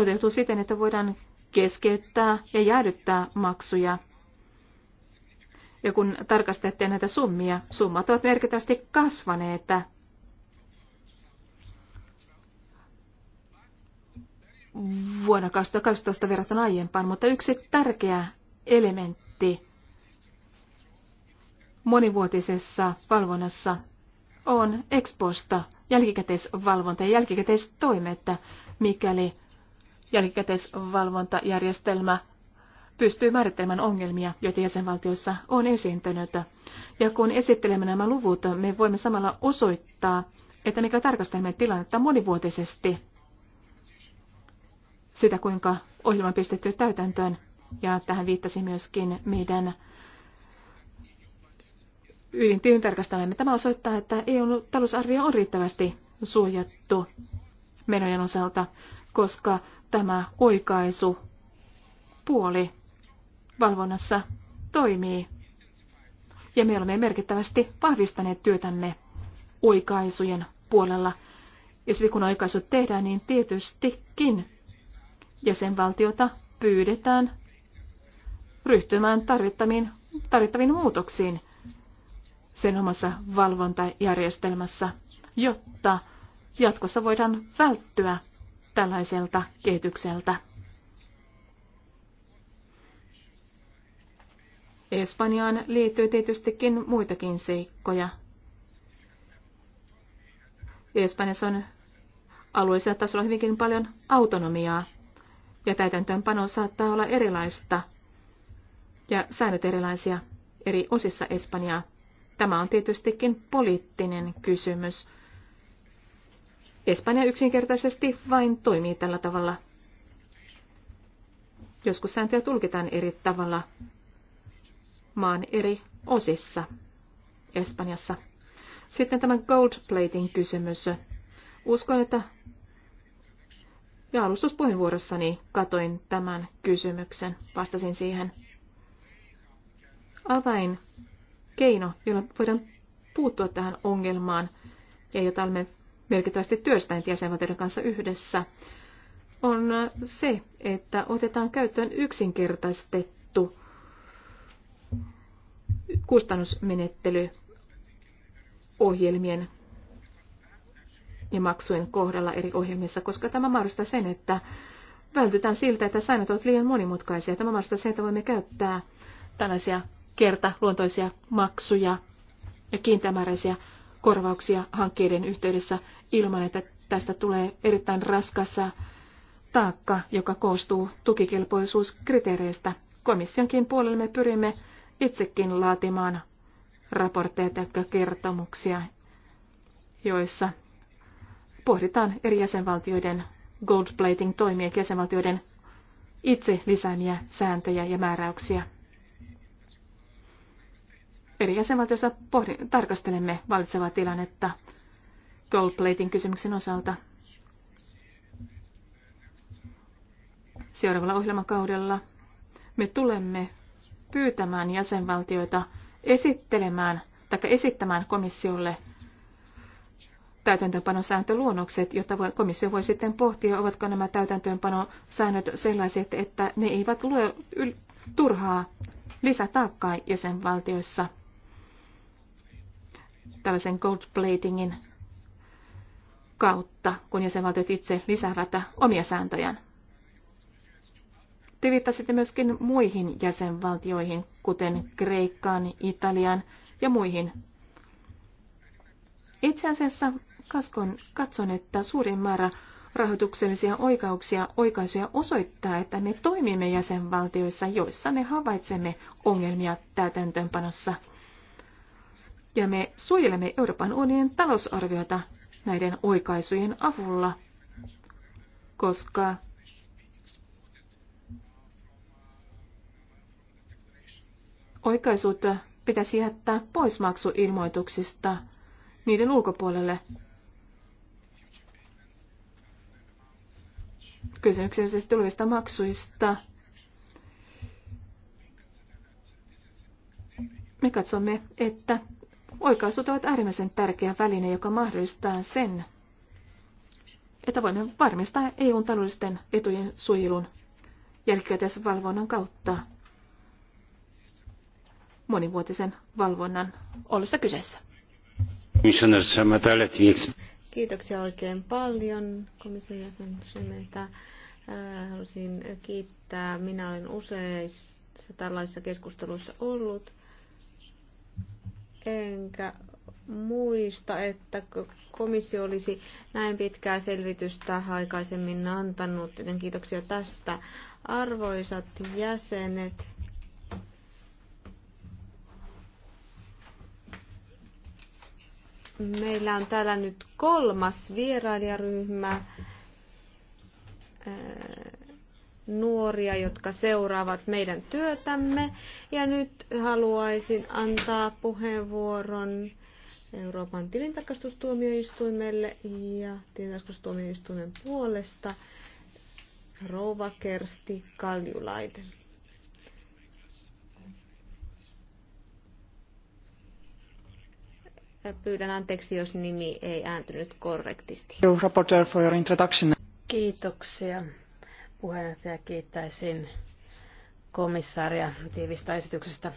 toteutuu siten, että voidaan keskeyttää ja jäädyttää maksuja. Ja kun tarkastatte näitä summia, summat ovat merkittävästi kasvaneet. vuonna 2012 verrattuna aiempaan, mutta yksi tärkeä elementti monivuotisessa valvonnassa on exposta, jälkikäteisvalvonta ja jälkikäteistoimet, mikäli jälkikäteisvalvontajärjestelmä pystyy määrittelemään ongelmia, joita jäsenvaltioissa on esiintynyt. Ja kun esittelemme nämä luvut, me voimme samalla osoittaa, että mikä tarkastelemme tilannetta monivuotisesti, sitä kuinka ohjelma pistetty täytäntöön, ja tähän viittasi myöskin meidän ydintiin tarkastelemme. Tämä osoittaa, että eu talousarvio on riittävästi suojattu menojen osalta koska tämä oikaisu puoli valvonnassa toimii. Ja me olemme merkittävästi vahvistaneet työtämme oikaisujen puolella. Ja sitten kun oikaisut tehdään, niin tietystikin jäsenvaltiota pyydetään ryhtymään tarvittaviin, tarvittaviin muutoksiin sen omassa valvontajärjestelmässä, jotta jatkossa voidaan välttyä tällaiselta kehitykseltä. Espanjaan liittyy tietystikin muitakin seikkoja. Espanjassa on alueellisella tasolla hyvinkin paljon autonomiaa, ja täytäntöönpano saattaa olla erilaista, ja säännöt erilaisia eri osissa Espanjaa. Tämä on tietystikin poliittinen kysymys, Espanja yksinkertaisesti vain toimii tällä tavalla. Joskus sääntöjä tulkitaan eri tavalla maan eri osissa Espanjassa. Sitten tämä gold plating kysymys. Uskon, että ja alustuspuheenvuorossani katoin tämän kysymyksen. Vastasin siihen. Avain keino, jolla voidaan puuttua tähän ongelmaan ja jota olemme merkittävästi työstänyt jäsenvaltioiden kanssa yhdessä, on se, että otetaan käyttöön yksinkertaistettu kustannusmenettely ohjelmien ja maksujen kohdalla eri ohjelmissa, koska tämä mahdollistaa sen, että vältytään siltä, että säännöt ovat liian monimutkaisia. Tämä mahdollistaa sen, että voimme käyttää tällaisia kertaluontoisia maksuja ja kiintämääräisiä korvauksia hankkeiden yhteydessä ilman, että tästä tulee erittäin raskassa taakka, joka koostuu tukikelpoisuuskriteereistä. Komissionkin puolelle me pyrimme itsekin laatimaan raportteja tai kertomuksia, joissa pohditaan eri jäsenvaltioiden gold plating jäsenvaltioiden itse lisäämiä sääntöjä ja määräyksiä eri jäsenvaltioissa pohdi- tarkastelemme valitsevaa tilannetta goldplating kysymyksen osalta. Seuraavalla ohjelmakaudella me tulemme pyytämään jäsenvaltioita esittelemään tai esittämään komissiolle täytäntöönpanosääntöluonnokset, jotta komissio voi sitten pohtia, ovatko nämä täytäntöönpanosäännöt sellaiset, että ne eivät lue turhaa lisätaakkaa jäsenvaltioissa tällaisen gold platingin kautta, kun jäsenvaltiot itse lisäävät omia sääntöjään. Te viittasitte myöskin muihin jäsenvaltioihin, kuten Kreikkaan, Italiaan ja muihin. Itse asiassa kaskon, katson, että suurin määrä rahoituksellisia oikauksia oikaisuja osoittaa, että me toimimme jäsenvaltioissa, joissa me havaitsemme ongelmia täytäntöönpanossa – ja me suojelemme Euroopan unionin talousarviota näiden oikaisujen avulla, koska oikaisut pitäisi jättää pois maksuilmoituksista niiden ulkopuolelle. Kysymyksessä tulevista maksuista. Me katsomme, että Oikaisut ovat äärimmäisen tärkeä väline, joka mahdollistaa sen, että voimme varmistaa EUn taloudellisten etujen suojelun valvonnan kautta monivuotisen valvonnan ollessa kyseessä. Kiitoksia oikein paljon komission jäsen Shemetä. Äh, Haluaisin kiittää. Minä olen useissa tällaisissa keskusteluissa ollut enkä muista, että komissio olisi näin pitkää selvitystä aikaisemmin antanut, joten kiitoksia tästä. Arvoisat jäsenet, meillä on täällä nyt kolmas vierailijaryhmä nuoria, jotka seuraavat meidän työtämme. Ja nyt haluaisin antaa puheenvuoron Euroopan tilintarkastustuomioistuimelle ja tilintarkastustuomioistuimen puolesta Rouva Kersti Kaljulaiden. Pyydän anteeksi, jos nimi ei ääntynyt korrektisti. Kiitoksia puheenjohtaja, kiittäisin komissaaria tiivistä esityksestä.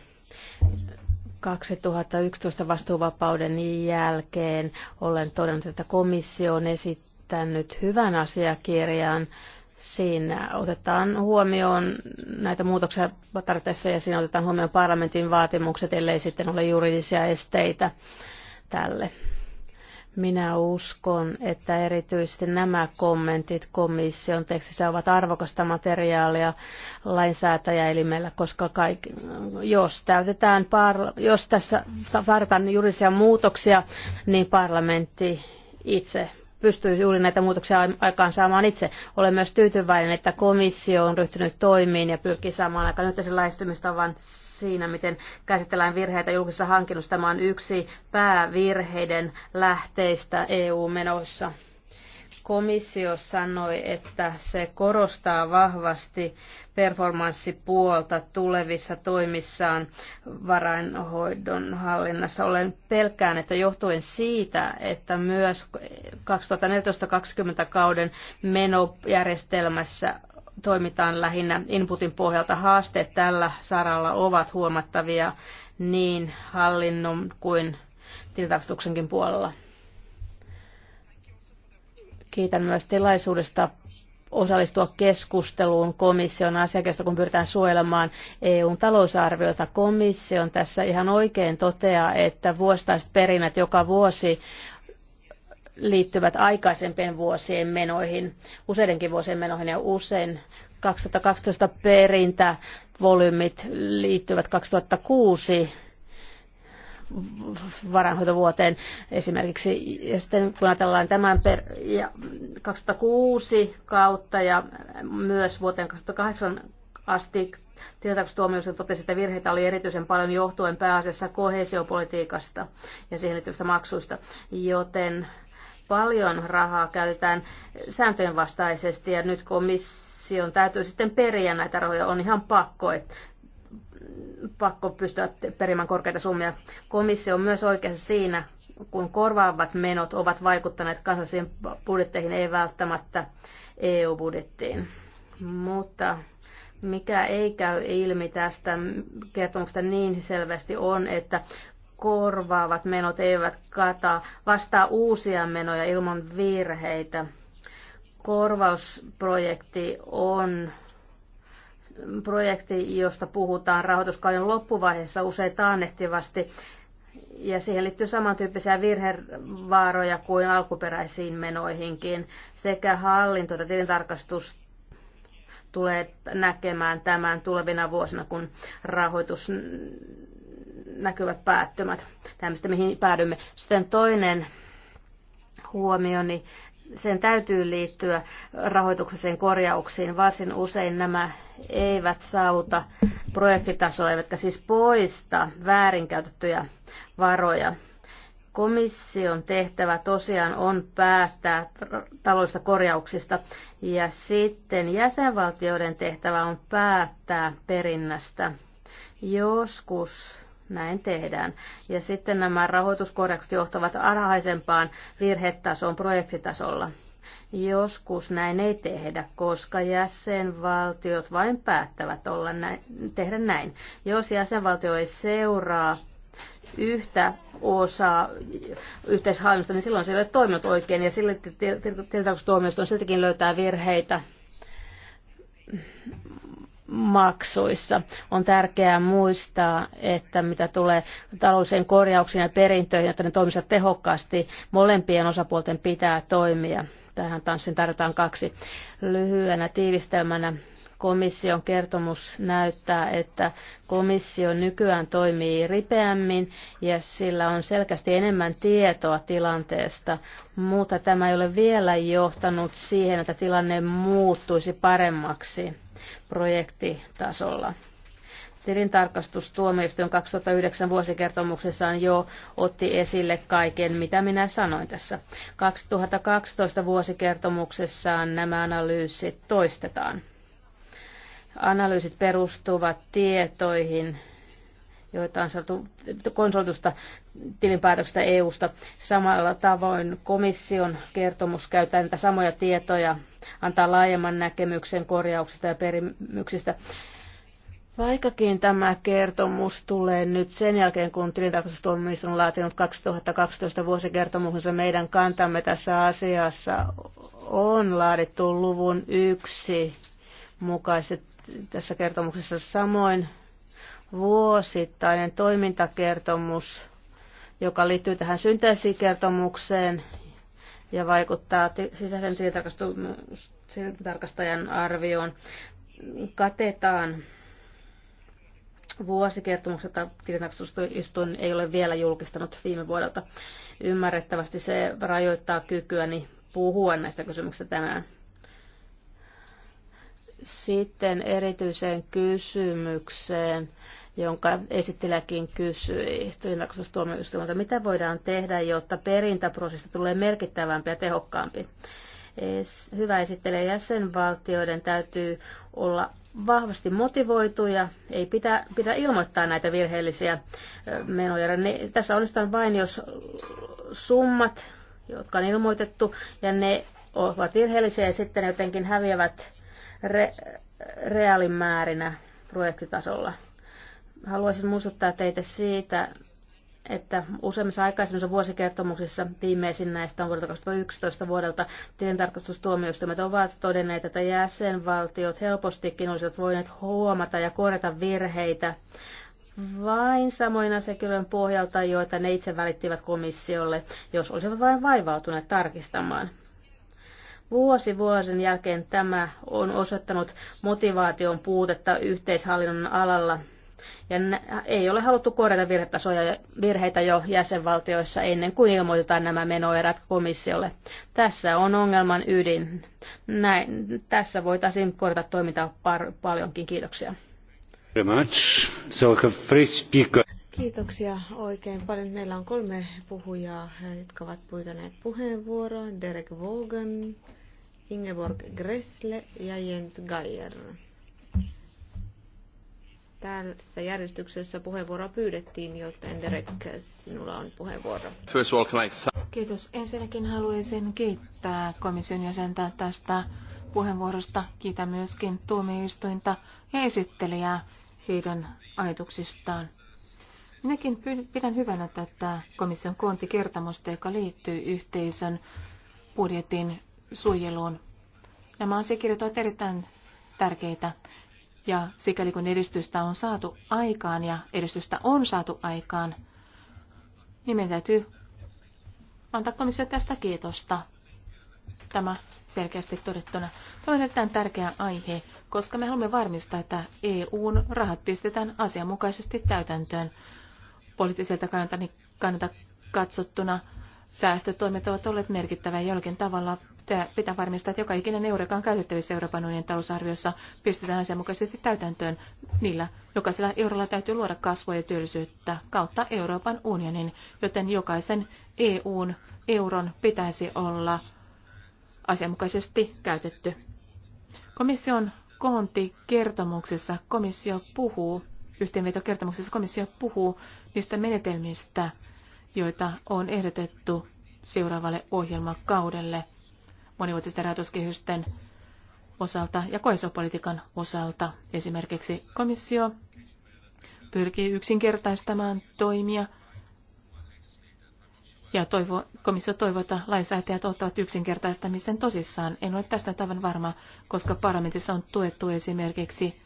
2011 vastuuvapauden jälkeen olen todennut, että komissio on esittänyt hyvän asiakirjan. Siinä otetaan huomioon näitä muutoksia tarvitessa ja siinä otetaan huomioon parlamentin vaatimukset, ellei sitten ole juridisia esteitä tälle minä uskon, että erityisesti nämä kommentit komission tekstissä ovat arvokasta materiaalia lainsäätäjäelimellä, koska kaikki, jos, täytetään parla- jos tässä tarvitaan juridisia muutoksia, niin parlamentti itse pystyy juuri näitä muutoksia aikaan saamaan itse. Olen myös tyytyväinen, että komissio on ryhtynyt toimiin ja pyrkii saamaan aika nyt lähestymistavan siinä, miten käsitellään virheitä julkisessa hankinnossa. Tämä on yksi päävirheiden lähteistä EU-menoissa. Komissio sanoi, että se korostaa vahvasti performanssipuolta tulevissa toimissaan varainhoidon hallinnassa. Olen pelkään, että johtuen siitä, että myös 2014-2020 kauden menojärjestelmässä toimitaan lähinnä inputin pohjalta. Haasteet tällä saralla ovat huomattavia niin hallinnon kuin tilintarkastuksenkin puolella. Kiitän myös tilaisuudesta osallistua keskusteluun komission asiakirjasta, kun pyritään suojelemaan EUn talousarviota. Komissio on tässä ihan oikein toteaa, että vuostaiset perinnät joka vuosi liittyvät aikaisempien vuosien menoihin, useidenkin vuosien menoihin ja usein 2012 perintävolyymit liittyvät 2006 varainhoitovuoteen esimerkiksi. Ja sitten kun ajatellaan tämän per, ja 2006 kautta ja myös vuoteen 2008 asti tilintarkastustuomioistuin totesi, että virheitä oli erityisen paljon johtuen pääasiassa kohesiopolitiikasta ja siihen liittyvistä maksuista, joten paljon rahaa käytetään sääntöjen vastaisesti ja nyt komission täytyy sitten periä näitä rahoja, on ihan pakko. Että pakko pystyä perimään korkeita summia. Komissio on myös oikeassa siinä, kun korvaavat menot ovat vaikuttaneet kansallisiin budjetteihin, ei välttämättä EU-budjettiin. Mutta mikä ei käy ilmi tästä kertomuksesta niin selvästi on, että korvaavat menot eivät kata vastaa uusia menoja ilman virheitä. Korvausprojekti on projekti, josta puhutaan rahoituskauden loppuvaiheessa usein taannehtivasti, ja siihen liittyy samantyyppisiä virhevaaroja kuin alkuperäisiin menoihinkin. Sekä hallinto että tilintarkastus tulee näkemään tämän tulevina vuosina, kun rahoitus näkyvät päättymät, tämmöistä mihin päädymme. Sitten toinen huomioni sen täytyy liittyä rahoituksellisiin korjauksiin. Varsin usein nämä eivät saavuta projektitasoa, eivätkä siis poista väärinkäytettyjä varoja. Komission tehtävä tosiaan on päättää taloudellisista korjauksista ja sitten jäsenvaltioiden tehtävä on päättää perinnästä. Joskus näin tehdään. Ja sitten nämä rahoituskorjaukset johtavat alhaisempaan virhetasoon projektitasolla. Joskus näin ei tehdä, koska jäsenvaltiot vain päättävät olla näin, tehdä näin. Jos jäsenvaltio ei seuraa yhtä osaa yhteishallinnosta, niin silloin se ei ole toiminut oikein, ja silti tiltaustuomioistuin siltikin löytää virheitä maksuissa. On tärkeää muistaa, että mitä tulee taloudelliseen korjauksiin ja perintöihin, että ne toimisivat tehokkaasti, molempien osapuolten pitää toimia. Tähän tanssin tarjotaan kaksi lyhyenä tiivistelmänä. Komission kertomus näyttää, että komissio nykyään toimii ripeämmin ja sillä on selkeästi enemmän tietoa tilanteesta, mutta tämä ei ole vielä johtanut siihen, että tilanne muuttuisi paremmaksi projektitasolla. Tilintarkastustuomioistuin 2009 vuosikertomuksessaan jo otti esille kaiken, mitä minä sanoin tässä. 2012 vuosikertomuksessaan nämä analyysit toistetaan. Analyysit perustuvat tietoihin, joita on saatu konsultusta tilinpäätöksestä EU-sta. Samalla tavoin komission kertomus käyttää niitä samoja tietoja, antaa laajemman näkemyksen korjauksista ja perimyksistä. Vaikkakin tämä kertomus tulee nyt sen jälkeen, kun tilintarkastustuomioistuin on laatinut 2012 vuosikertomuksensa, meidän kantamme tässä asiassa on laadittu luvun yksi mukaiset tässä kertomuksessa samoin vuosittainen toimintakertomus, joka liittyy tähän synteesikertomukseen ja vaikuttaa sisäisen tilintarkastajan arvioon. Katetaan vuosikertomuksesta tilintarkastustuistuin ei ole vielä julkistanut viime vuodelta. Ymmärrettävästi se rajoittaa kykyäni puhua näistä kysymyksistä tänään. Sitten erityiseen kysymykseen jonka esittelijäkin kysyi tuomioistuimelta, mitä voidaan tehdä, jotta perintäprosessi tulee merkittävämpi ja tehokkaampi. Hyvä esittelee jäsenvaltioiden täytyy olla vahvasti motivoituja, ei pitä, pidä ilmoittaa näitä virheellisiä menoja. Ne, tässä onnistutaan vain, jos summat, jotka on ilmoitettu, ja ne ovat virheellisiä ja sitten jotenkin häviävät re, reaalimäärinä projektitasolla. Haluaisin muistuttaa teitä siitä, että useimmissa aikaisemmissa vuosikertomuksissa viimeisin näistä on vuodelta 2011 vuodelta tilintarkastustuomioistuimet ovat todenneet, että jäsenvaltiot helpostikin olisivat voineet huomata ja korjata virheitä vain samoin asiakirjojen pohjalta, joita ne itse välittivät komissiolle, jos olisivat vain vaivautuneet tarkistamaan. Vuosi vuosien jälkeen tämä on osoittanut motivaation puutetta yhteishallinnon alalla ja ei ole haluttu korjata virhetasoja, virheitä jo jäsenvaltioissa ennen kuin ilmoitetaan nämä menoerät komissiolle. Tässä on ongelman ydin. Näin, tässä voitaisiin korjata toimintaa par- paljonkin. Kiitoksia. Kiitoksia oikein paljon. Meillä on kolme puhujaa, jotka ovat pyytäneet puheenvuoron. Derek Vaughan, Ingeborg Gressle ja Jens Geier. Tässä järjestyksessä puheenvuoroa pyydettiin, joten Derek, sinulla on puheenvuoro. First of all, Kiitos. Ensinnäkin haluaisin kiittää komission jäsentä tästä puheenvuorosta. Kiitän myöskin tuomioistuinta ja esittelijää heidän ajatuksistaan. Minäkin pidän hyvänä tätä komission koontikertomusta, joka liittyy yhteisön budjetin suojeluun. Nämä asiakirjat ovat erittäin tärkeitä. Ja sikäli kun edistystä on saatu aikaan ja edistystä on saatu aikaan, niin meidän täytyy antaa komissio tästä kiitosta. Tämä selkeästi todettuna. Tämä on erittäin tärkeä aihe, koska me haluamme varmistaa, että EUn rahat pistetään asianmukaisesti täytäntöön. Poliittiselta kannalta, niin kannalta katsottuna säästötoimet ovat olleet merkittäviä jollakin tavalla pitää, pitää varmistaa, että joka ikinen euro, joka on käytettävissä Euroopan unionin talousarviossa, pistetään asianmukaisesti täytäntöön. Niillä jokaisella eurolla täytyy luoda kasvua ja työllisyyttä kautta Euroopan unionin, joten jokaisen EUn euron pitäisi olla asianmukaisesti käytetty. Komission koontikertomuksessa komissio puhuu, yhteenvetokertomuksessa komissio puhuu niistä menetelmistä, joita on ehdotettu seuraavalle ohjelmakaudelle – monivuotisten rahoituskehysten osalta ja koesopolitiikan osalta. Esimerkiksi komissio pyrkii yksinkertaistamaan toimia ja toivo, komissio toivoo, että lainsäätäjät ottavat yksinkertaistamisen tosissaan. En ole tästä tavan varma, koska parlamentissa on tuettu esimerkiksi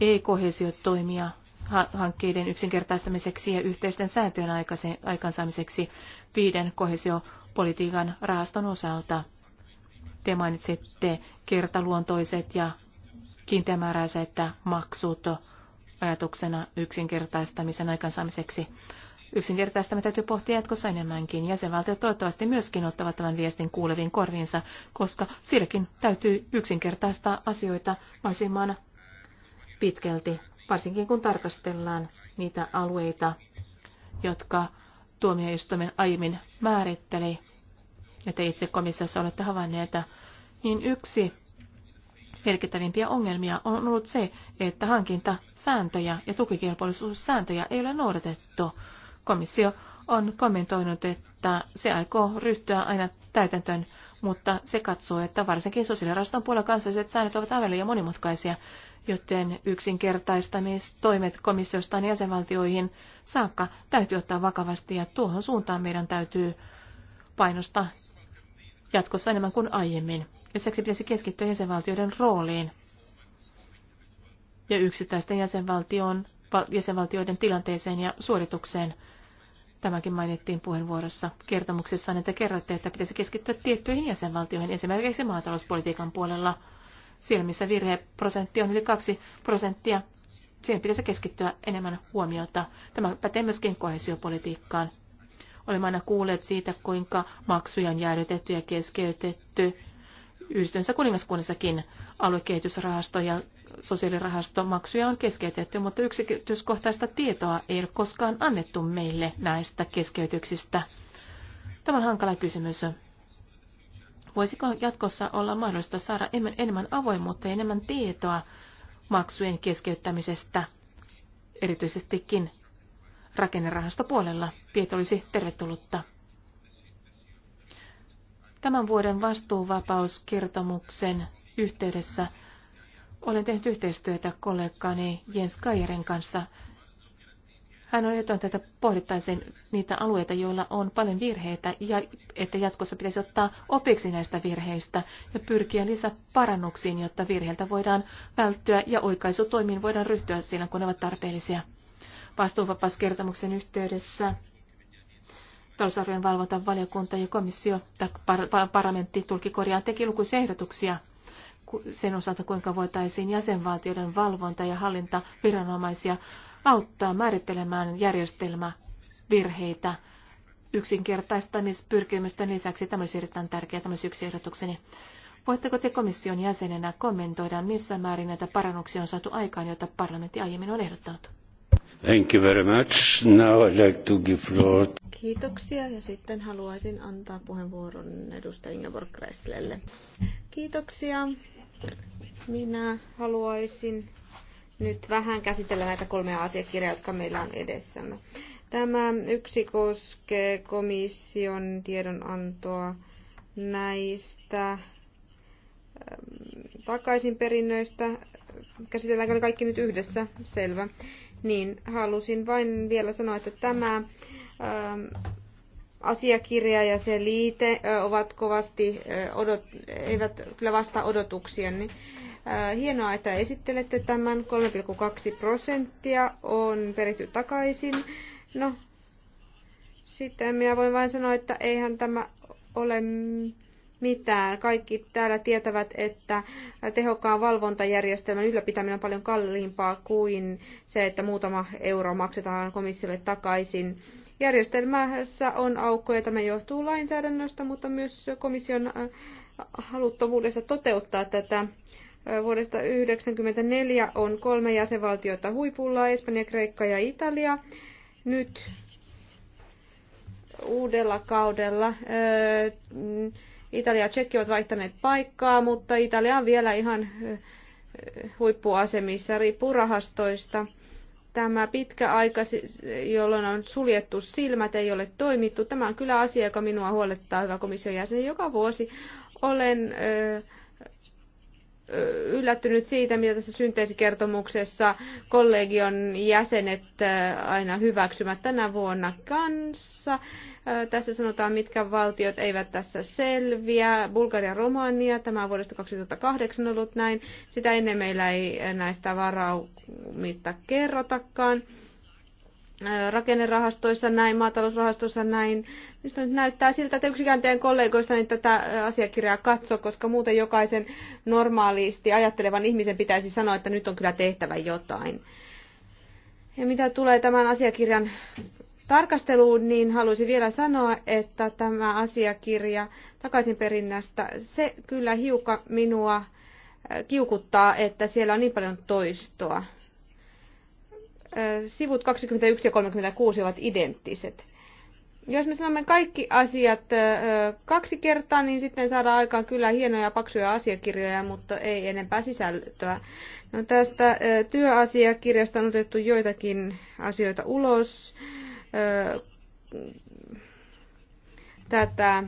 e-kohesiotoimia hankkeiden yksinkertaistamiseksi ja yhteisten sääntöjen aikaansaamiseksi viiden kohesio politiikan rahaston osalta. Te mainitsitte kertaluontoiset ja kiinteämääräiset maksut ajatuksena yksinkertaistamisen aikaansaamiseksi. Yksinkertaistamme täytyy pohtia jatkossa enemmänkin. Jäsenvaltiot toivottavasti myöskin ottavat tämän viestin kuuleviin korviinsa, koska silläkin täytyy yksinkertaistaa asioita mahdollisimman pitkälti, varsinkin kun tarkastellaan niitä alueita, jotka tuomioistuimen aiemmin määritteli ja te itse komissiossa olette havainneet, niin yksi merkittävimpiä ongelmia on ollut se, että hankintasääntöjä ja tukikelpoisuussääntöjä ei ole noudatettu. Komissio on kommentoinut, että se aikoo ryhtyä aina täytäntöön, mutta se katsoo, että varsinkin sosiaaliraston puolella kansalliset säännöt ovat aivan liian monimutkaisia, joten yksinkertaistamistoimet ja jäsenvaltioihin saakka täytyy ottaa vakavasti ja tuohon suuntaan meidän täytyy painosta jatkossa enemmän kuin aiemmin. Lisäksi pitäisi keskittyä jäsenvaltioiden rooliin ja yksittäisten jäsenvaltioiden tilanteeseen ja suoritukseen. Tämäkin mainittiin puheenvuorossa kertomuksessa, että kerrotte, että pitäisi keskittyä tiettyihin jäsenvaltioihin, esimerkiksi maatalouspolitiikan puolella. Siellä, missä virheprosentti on yli 2 prosenttia, siihen pitäisi keskittyä enemmän huomiota. Tämä pätee myöskin kohesiopolitiikkaan. Olemme aina kuulleet siitä, kuinka maksuja on jäädytetty ja keskeytetty. Yhdistönsä kuningaskunnassakin aluekehitysrahasto ja sosiaalirahastomaksuja on keskeytetty, mutta yksityiskohtaista tietoa ei ole koskaan annettu meille näistä keskeytyksistä. Tämä on hankala kysymys. Voisiko jatkossa olla mahdollista saada enemmän avoimuutta ja enemmän tietoa maksujen keskeyttämisestä, erityisestikin rakennerahastopuolella. Tieto olisi tervetullutta. Tämän vuoden vastuuvapauskertomuksen yhteydessä olen tehnyt yhteistyötä kollegani Jens Kajeren kanssa. Hän on ehdottanut, että pohdittaisiin niitä alueita, joilla on paljon virheitä ja että jatkossa pitäisi ottaa opiksi näistä virheistä ja pyrkiä lisäparannuksiin, jotta virheiltä voidaan välttyä ja oikaisutoimiin voidaan ryhtyä siinä, kun ne ovat tarpeellisia vastuuvapauskertomuksen yhteydessä talousarvion valvontavaliokunta ja komissio tai par- parlamentti korjaan teki lukuisia ehdotuksia sen osalta, kuinka voitaisiin jäsenvaltioiden valvonta- ja hallintaviranomaisia auttaa määrittelemään järjestelmä virheitä yksinkertaistamispyrkimysten lisäksi. Tämä olisi erittäin tärkeä tämä yksi ehdotukseni. Voitteko te komission jäsenenä kommentoida, missä määrin näitä parannuksia on saatu aikaan, joita parlamentti aiemmin on ehdottanut? Thank you very much. Now I'd like to give floor. Kiitoksia ja sitten haluaisin antaa puheenvuoron edustaja Ingeborg Kresslelle. Kiitoksia. Minä haluaisin nyt vähän käsitellä näitä kolmea asiakirjaa, jotka meillä on edessämme. Tämä yksi koskee komission tiedonantoa näistä ähm, takaisinperinnöistä. Käsitelläänkö ne kaikki nyt yhdessä? Selvä niin halusin vain vielä sanoa, että tämä ähm, asiakirja ja se liite ovat kovasti odot, eivät kyllä vastaa odotuksia. Niin Hienoa, että esittelette tämän. 3,2 prosenttia on peritty takaisin. No, sitten minä voin vain sanoa, että eihän tämä ole mitään. Kaikki täällä tietävät, että tehokkaan valvontajärjestelmän ylläpitäminen on paljon kalliimpaa kuin se, että muutama euro maksetaan komissiolle takaisin. Järjestelmässä on aukkoja, tämä johtuu lainsäädännöstä, mutta myös komission äh, haluttomuudessa toteuttaa tätä. Äh, vuodesta 1994 on kolme jäsenvaltiota huipulla, Espanja, Kreikka ja Italia. Nyt uudella kaudella äh, Italia ja Tsekki ovat vaihtaneet paikkaa, mutta Italia on vielä ihan huippuasemissa, riippuu rahastoista. Tämä pitkä aika, jolloin on suljettu silmät, ei ole toimittu. Tämä on kyllä asia, joka minua huolettaa, hyvä komission jäsen. Joka vuosi olen Ö, yllättynyt siitä, mitä tässä synteesikertomuksessa kollegion jäsenet aina hyväksymät tänä vuonna kanssa. Tässä sanotaan, mitkä valtiot eivät tässä selviä. Bulgaria, Romania, tämä on vuodesta 2008 ollut näin. Sitä ennen meillä ei näistä varaumista kerrotakaan rakennerahastoissa näin, maatalousrahastoissa näin. Minusta nyt näyttää siltä, että yksikään teidän kollegoista niin tätä asiakirjaa katso, koska muuten jokaisen normaalisti ajattelevan ihmisen pitäisi sanoa, että nyt on kyllä tehtävä jotain. Ja mitä tulee tämän asiakirjan tarkasteluun, niin haluaisin vielä sanoa, että tämä asiakirja takaisinperinnästä, se kyllä hiukan minua kiukuttaa, että siellä on niin paljon toistoa sivut 21 ja 36 ovat identtiset. Jos me sanomme kaikki asiat kaksi kertaa, niin sitten saadaan aikaan kyllä hienoja paksuja asiakirjoja, mutta ei enempää sisältöä. No tästä työasiakirjasta on otettu joitakin asioita ulos. Tätä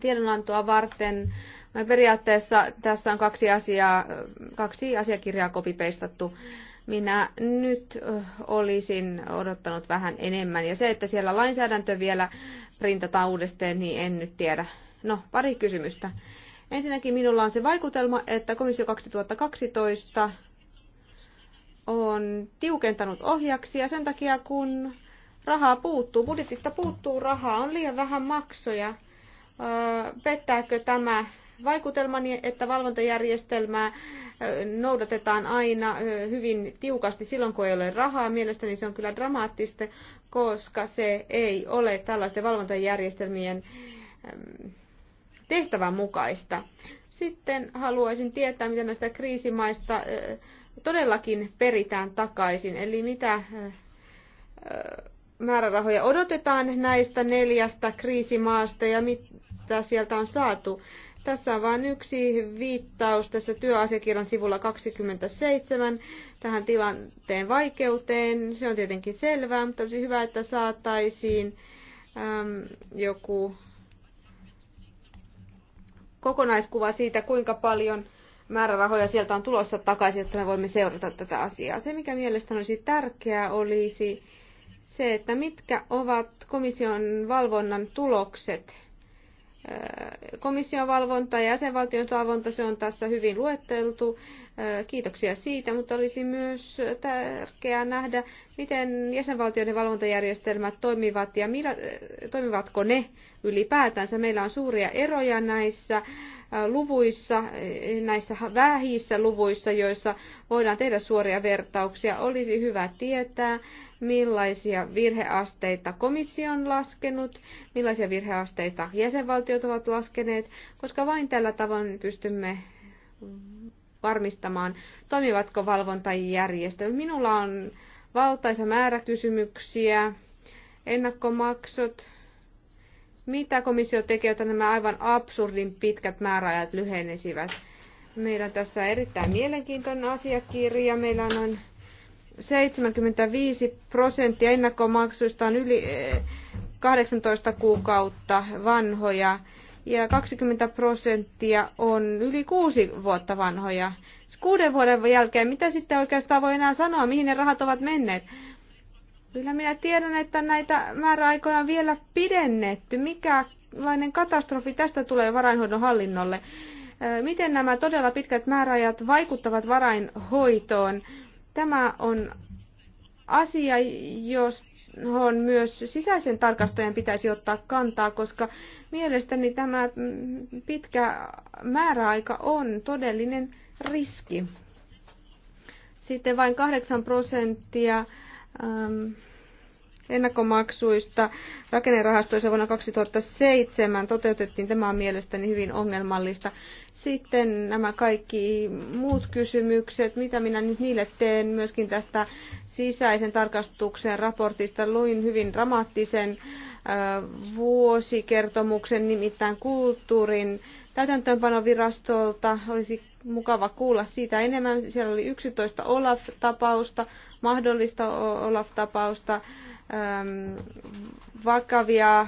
tiedonantoa varten no, periaatteessa tässä on kaksi, asiaa, kaksi asiakirjaa kopipeistattu. Minä nyt olisin odottanut vähän enemmän. Ja se, että siellä lainsäädäntö vielä printataan uudestaan, niin en nyt tiedä. No, pari kysymystä. Ensinnäkin minulla on se vaikutelma, että komissio 2012 on tiukentanut ohjaksi ja sen takia kun rahaa puuttuu, budjetista puuttuu rahaa, on liian vähän maksoja. Öö, pettääkö tämä vaikutelmani, että valvontajärjestelmää noudatetaan aina hyvin tiukasti silloin, kun ei ole rahaa. Mielestäni se on kyllä dramaattista, koska se ei ole tällaisten valvontajärjestelmien tehtävän mukaista. Sitten haluaisin tietää, mitä näistä kriisimaista todellakin peritään takaisin, eli mitä määrärahoja odotetaan näistä neljästä kriisimaasta ja mitä sieltä on saatu. Tässä on vain yksi viittaus tässä työasiakirjan sivulla 27 tähän tilanteen vaikeuteen. Se on tietenkin selvää, mutta olisi hyvä, että saataisiin äm, joku kokonaiskuva siitä, kuinka paljon määrärahoja sieltä on tulossa takaisin, että me voimme seurata tätä asiaa. Se, mikä mielestäni olisi tärkeää, olisi se, että mitkä ovat komission valvonnan tulokset komission valvonta ja jäsenvaltion valvonta, se on tässä hyvin luetteltu. Kiitoksia siitä, mutta olisi myös tärkeää nähdä, miten jäsenvaltioiden valvontajärjestelmät toimivat ja millä, toimivatko ne ylipäätänsä. Meillä on suuria eroja näissä luvuissa, näissä vähissä luvuissa, joissa voidaan tehdä suoria vertauksia. Olisi hyvä tietää, millaisia virheasteita komissio on laskenut, millaisia virheasteita jäsenvaltiot ovat laskeneet, koska vain tällä tavoin pystymme varmistamaan, toimivatko valvontajärjestelmät. Minulla on valtaisa määrä kysymyksiä, ennakkomaksut, mitä komissio tekee, jotta nämä aivan absurdin pitkät määräajat lyhenisivät. Meillä on tässä erittäin mielenkiintoinen asiakirja. Meillä on noin 75 prosenttia ennakkomaksuista on yli 18 eh, kuukautta vanhoja ja 20 prosenttia on yli kuusi vuotta vanhoja. Kuuden vuoden jälkeen, mitä sitten oikeastaan voi enää sanoa, mihin ne rahat ovat menneet? Kyllä minä tiedän, että näitä määräaikoja on vielä pidennetty. Mikälainen katastrofi tästä tulee varainhoidon hallinnolle? Miten nämä todella pitkät määräajat vaikuttavat varainhoitoon? Tämä on asia, josta johon myös sisäisen tarkastajan pitäisi ottaa kantaa, koska mielestäni tämä pitkä määräaika on todellinen riski. Sitten vain 8 prosenttia ähm, ennakkomaksuista rakennerahastoissa vuonna 2007 toteutettiin. Tämä on mielestäni hyvin ongelmallista. Sitten nämä kaikki muut kysymykset, mitä minä nyt niille teen, myöskin tästä sisäisen tarkastuksen raportista luin hyvin dramaattisen vuosikertomuksen, nimittäin kulttuurin täytäntöönpanovirastolta olisi mukava kuulla siitä enemmän. Siellä oli 11 Olaf-tapausta, mahdollista Olaf-tapausta, ähm, vakavia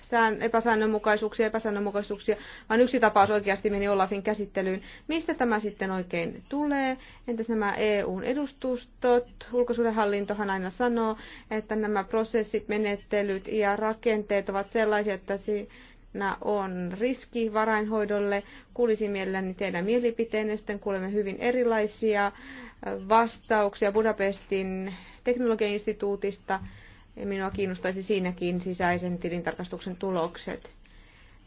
sään, epäsäännönmukaisuuksia, epäsäännönmukaisuuksia, vaan yksi tapaus oikeasti meni Olafin käsittelyyn. Mistä tämä sitten oikein tulee? Entäs nämä EUn edustustot? Ulkosuudenhallintohan aina sanoo, että nämä prosessit, menettelyt ja rakenteet ovat sellaisia, että si- on riski varainhoidolle. Kuulisin mielelläni teidän mielipiteenne, sitten kuulemme hyvin erilaisia vastauksia Budapestin teknologiainstituutista. Ja minua kiinnostaisi siinäkin sisäisen tilintarkastuksen tulokset.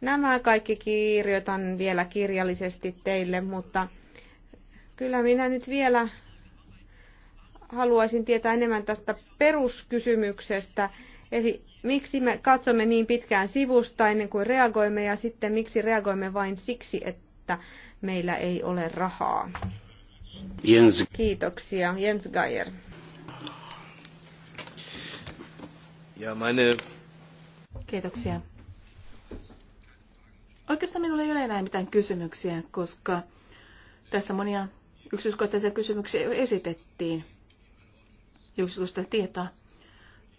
Nämä kaikki kirjoitan vielä kirjallisesti teille, mutta kyllä minä nyt vielä haluaisin tietää enemmän tästä peruskysymyksestä, eli Miksi me katsomme niin pitkään sivusta ennen kuin reagoimme ja sitten miksi reagoimme vain siksi, että meillä ei ole rahaa? Jens. Kiitoksia. Jens Geier. Ja meine... Kiitoksia. Oikeastaan minulla ei ole enää mitään kysymyksiä, koska tässä monia yksityiskohtaisia kysymyksiä jo esitettiin. Yksityiskohtaisia tietoa.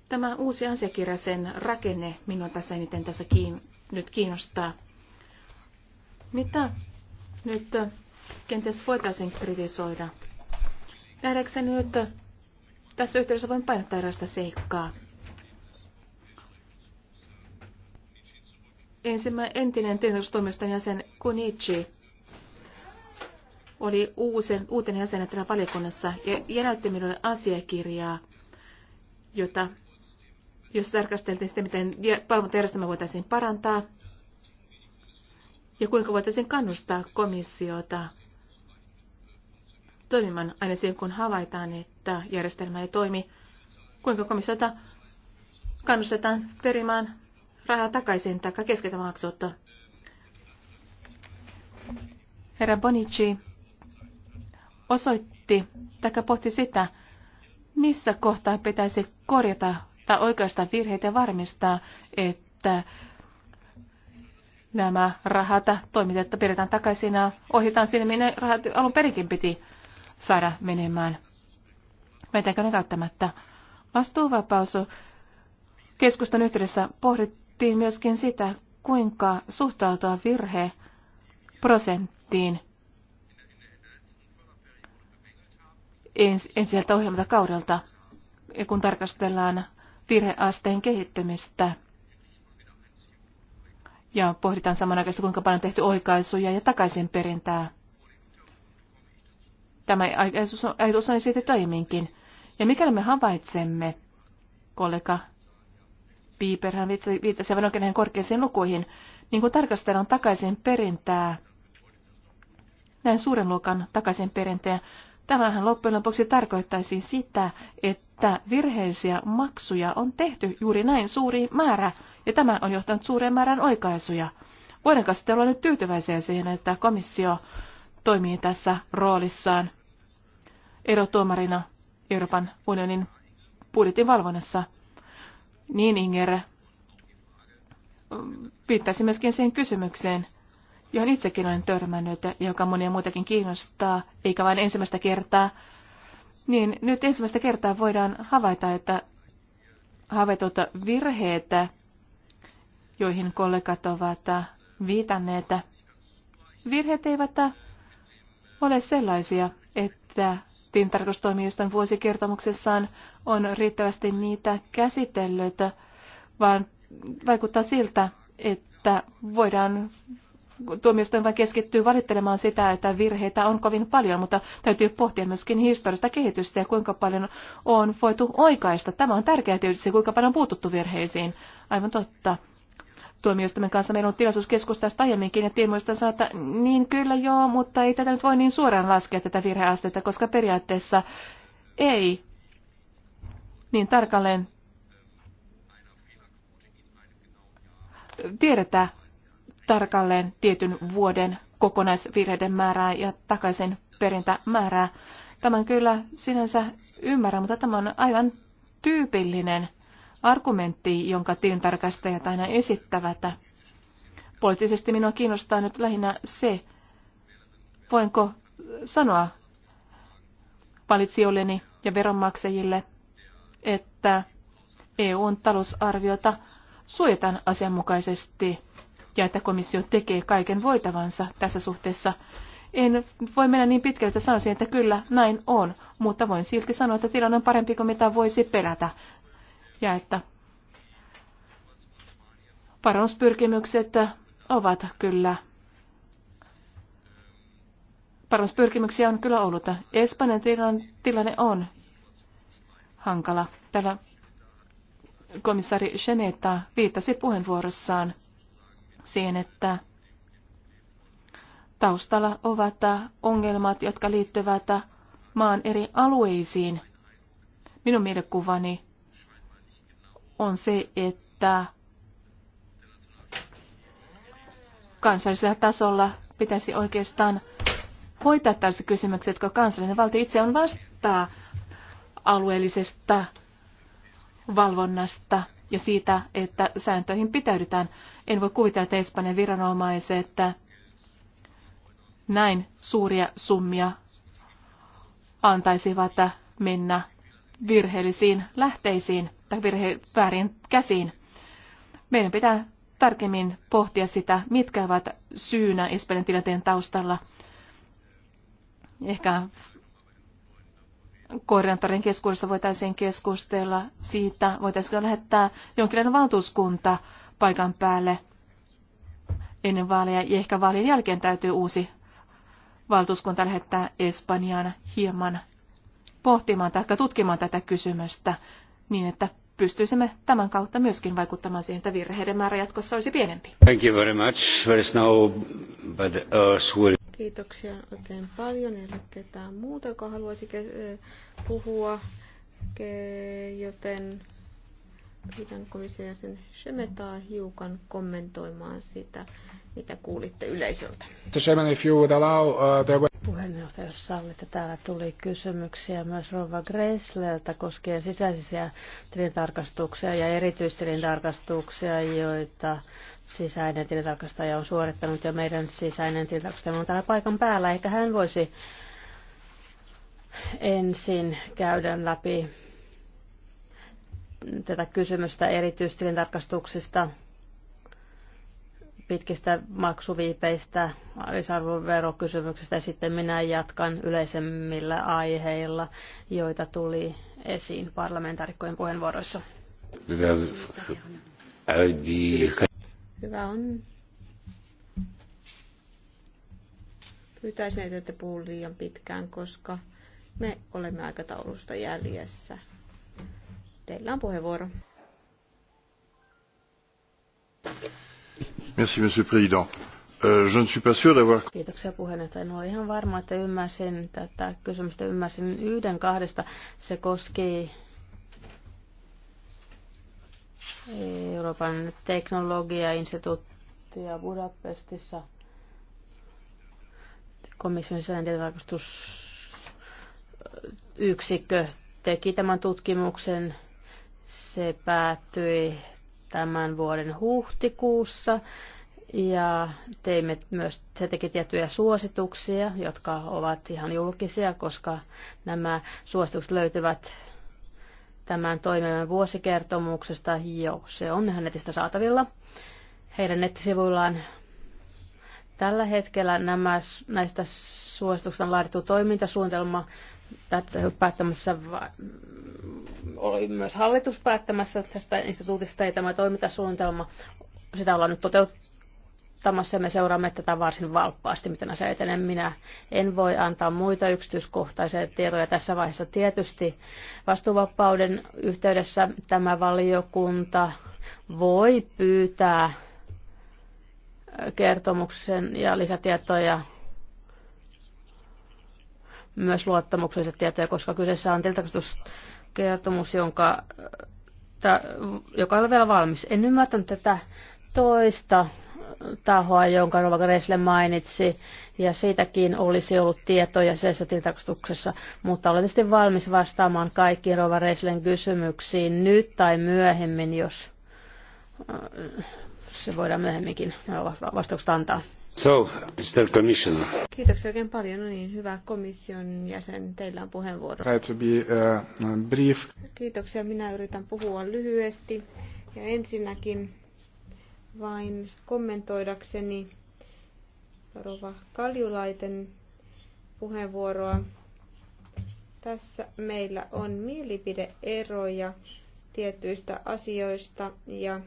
Tämä uusi asiakirja, sen rakenne, minua tässä eniten tässä kiin, nyt kiinnostaa. Mitä nyt äh, kenties voitaisiin kritisoida? Nähdäkseni nyt äh, tässä yhteydessä voin painottaa erästä seikkaa. Ensimmäinen entinen tilintarkastustoimiston jäsen Kunichi oli uusen, uuten jäsenenä täällä valiokunnassa ja, ja näytti minulle asiakirjaa, jota jos tarkasteltiin sitä, miten valvontajärjestelmä voitaisiin parantaa ja kuinka voitaisiin kannustaa komissiota toimimaan aina siihen, kun havaitaan, että järjestelmä ei toimi. Kuinka komissiota kannustetaan perimään rahaa takaisin tai keskeytä maksuutta. Herra Bonici osoitti tai pohti sitä, missä kohtaa pitäisi korjata tai oikeastaan virheitä ja varmistaa, että nämä rahat toimitetta pidetään takaisin ja ohjataan sinne, minne rahat alun perikin piti saada menemään. Meitäkö ne käyttämättä? Vastuuvapaus keskustan yhteydessä pohdittiin myöskin sitä, kuinka suhtautua virhe prosenttiin ensi sieltä ohjelmalta kaudelta, kun tarkastellaan virheasteen kehittymistä. Ja pohditaan samanaikaisesti, kuinka paljon on tehty oikaisuja ja takaisin perintää. Tämä ajatus on esitetty aiemminkin. Ja mikäli me havaitsemme, kollega Piiperhän viittasi aivan oikein korkeisiin lukuihin, niin kun tarkastellaan takaisin perintää, näin suuren luokan takaisin perintää, Tämähän loppujen lopuksi tarkoittaisi sitä, että virheellisiä maksuja on tehty juuri näin suuri määrä, ja tämä on johtanut suureen määrän oikaisuja. Voidaanko sitten olla nyt tyytyväisiä siihen, että komissio toimii tässä roolissaan erotuomarina Euroopan unionin budjetin valvonnassa? Niin Inger viittasi myöskin siihen kysymykseen, johon itsekin olen törmännyt ja joka monia muitakin kiinnostaa, eikä vain ensimmäistä kertaa, niin nyt ensimmäistä kertaa voidaan havaita, että havaitut virheet, joihin kollegat ovat viitanneet, virheet eivät ole sellaisia, että tintarkastustoimijoiston vuosikertomuksessaan on riittävästi niitä käsitellyt, vaan vaikuttaa siltä, että voidaan tuomioistuin vain keskittyy valittelemaan sitä, että virheitä on kovin paljon, mutta täytyy pohtia myöskin historiallista kehitystä ja kuinka paljon on voitu oikaista. Tämä on tärkeää tietysti, kuinka paljon on puututtu virheisiin. Aivan totta. Tuomioistuimen kanssa meillä on tilaisuus keskustella tästä aiemminkin, ja tiimoista sanoi, että niin kyllä joo, mutta ei tätä nyt voi niin suoraan laskea tätä virheastetta, koska periaatteessa ei niin tarkalleen tiedetä, tarkalleen tietyn vuoden kokonaisvirheiden määrää ja takaisin perintämäärää. Tämän kyllä sinänsä ymmärrän, mutta tämä on aivan tyypillinen argumentti, jonka tilintarkastajat aina esittävät. Poliittisesti minua kiinnostaa nyt lähinnä se, voinko sanoa valitsijoilleni ja veronmaksajille, että EUn talousarviota suojataan asianmukaisesti ja että komissio tekee kaiken voitavansa tässä suhteessa. En voi mennä niin pitkälle, että sanoisin, että kyllä, näin on, mutta voin silti sanoa, että tilanne on parempi kuin mitä voisi pelätä. Ja että parannuspyrkimykset ovat kyllä parannuspyrkimyksiä on kyllä ollut. Espanjan tilanne on hankala. Täällä komissaari Geneta viittasi puheenvuorossaan – siihen, että taustalla ovat ongelmat, jotka liittyvät maan eri alueisiin. Minun mielikuvani on se, että kansallisella tasolla pitäisi oikeastaan hoitaa tällaiset kysymykset, jotka kansallinen valtio itse on vastaa alueellisesta valvonnasta – ja siitä, että sääntöihin pitäydytään. En voi kuvitella, että Espanjan viranomaiset näin suuria summia antaisivat mennä virheellisiin lähteisiin tai virhe, väärin käsiin. Meidän pitää tarkemmin pohtia sitä, mitkä ovat syynä Espanjan tilanteen taustalla. Ehkä koordinaattorin keskuudessa voitaisiin keskustella siitä, voitaisiinko lähettää jonkinlainen valtuuskunta paikan päälle ennen vaaleja ja ehkä vaalien jälkeen täytyy uusi valtuuskunta lähettää Espanjaan hieman pohtimaan tai tutkimaan tätä kysymystä niin, että pystyisimme tämän kautta myöskin vaikuttamaan siihen, että virheiden määrä jatkossa olisi pienempi. Thank you very much. There no but uh, Kiitoksia oikein paljon. Ei ole ketään muuta, joka haluaisi puhua, joten pyydän komission jäsen Shemetaa hiukan kommentoimaan sitä, mitä kuulitte yleisöltä. Uh, Puheenjohtaja, jos sallitte, täällä tuli kysymyksiä myös Rova Gressleltä koskien sisäisiä tilintarkastuksia ja erityistilintarkastuksia, joita sisäinen tilintarkastaja on suorittanut ja meidän sisäinen tilintarkastaja on täällä paikan päällä. Ehkä hän voisi ensin käydä läpi tätä kysymystä erityistilintarkastuksista. tarkastuksista pitkistä maksuviipeistä, lisäarvoverokysymyksestä ja sitten minä jatkan yleisemmillä aiheilla, joita tuli esiin parlamentaarikkojen puheenvuoroissa. Hyvä on. Pyytäisin, että ette puhu liian pitkään, koska me olemme aikataulusta jäljessä. Teillä on puheenvuoro. Thank you. Merci, monsieur président. Euh, je ne suis pas sûr d'avoir... Kiitoksia puheenjohtaja. En ole ihan varma, että ymmärsin tätä kysymystä. Ymmärsin yhden kahdesta. Se koski Euroopan teknologiainstituuttia Budapestissa. Komission sisäinen tietotarkastusyksikkö äh, teki tämän tutkimuksen. Se päättyi tämän vuoden huhtikuussa ja teimme myös, se teki tiettyjä suosituksia, jotka ovat ihan julkisia, koska nämä suositukset löytyvät tämän toiminnan vuosikertomuksesta. Joo, se on ihan netistä saatavilla heidän nettisivuillaan. Tällä hetkellä nämä, näistä suosituksista on laadittu toimintasuunnitelma päättämässä, oli myös hallitus päättämässä tästä instituutista, ja tämä toimintasuunnitelma, sitä ollaan nyt toteuttamassa ja me seuraamme tätä varsin valppaasti, miten asia etenee. Minä en voi antaa muita yksityiskohtaisia tietoja tässä vaiheessa. Tietysti vastuuvapauden yhteydessä tämä valiokunta voi pyytää kertomuksen ja lisätietoja myös luottamuksellisia tietoja, koska kyseessä on tilintarkastuskertomus, jonka, ta, joka on vielä valmis. En ymmärtänyt tätä toista tahoa, jonka Rova Gressle mainitsi, ja siitäkin olisi ollut tietoja seessä tiltakustuksessa, mutta olen tietysti valmis vastaamaan kaikkiin Rova Gresslen kysymyksiin nyt tai myöhemmin, jos äh, se voidaan myöhemminkin vastaukset antaa. So, Mr. Commissioner. Kiitoksia oikein paljon. No niin, hyvä komission jäsen, teillä on puheenvuoro. Try to be uh, brief. Kiitoksia, minä yritän puhua lyhyesti. Ja ensinnäkin vain kommentoidakseni Rova Kaljulaiten puheenvuoroa. Tässä meillä on mielipideeroja tietyistä asioista ja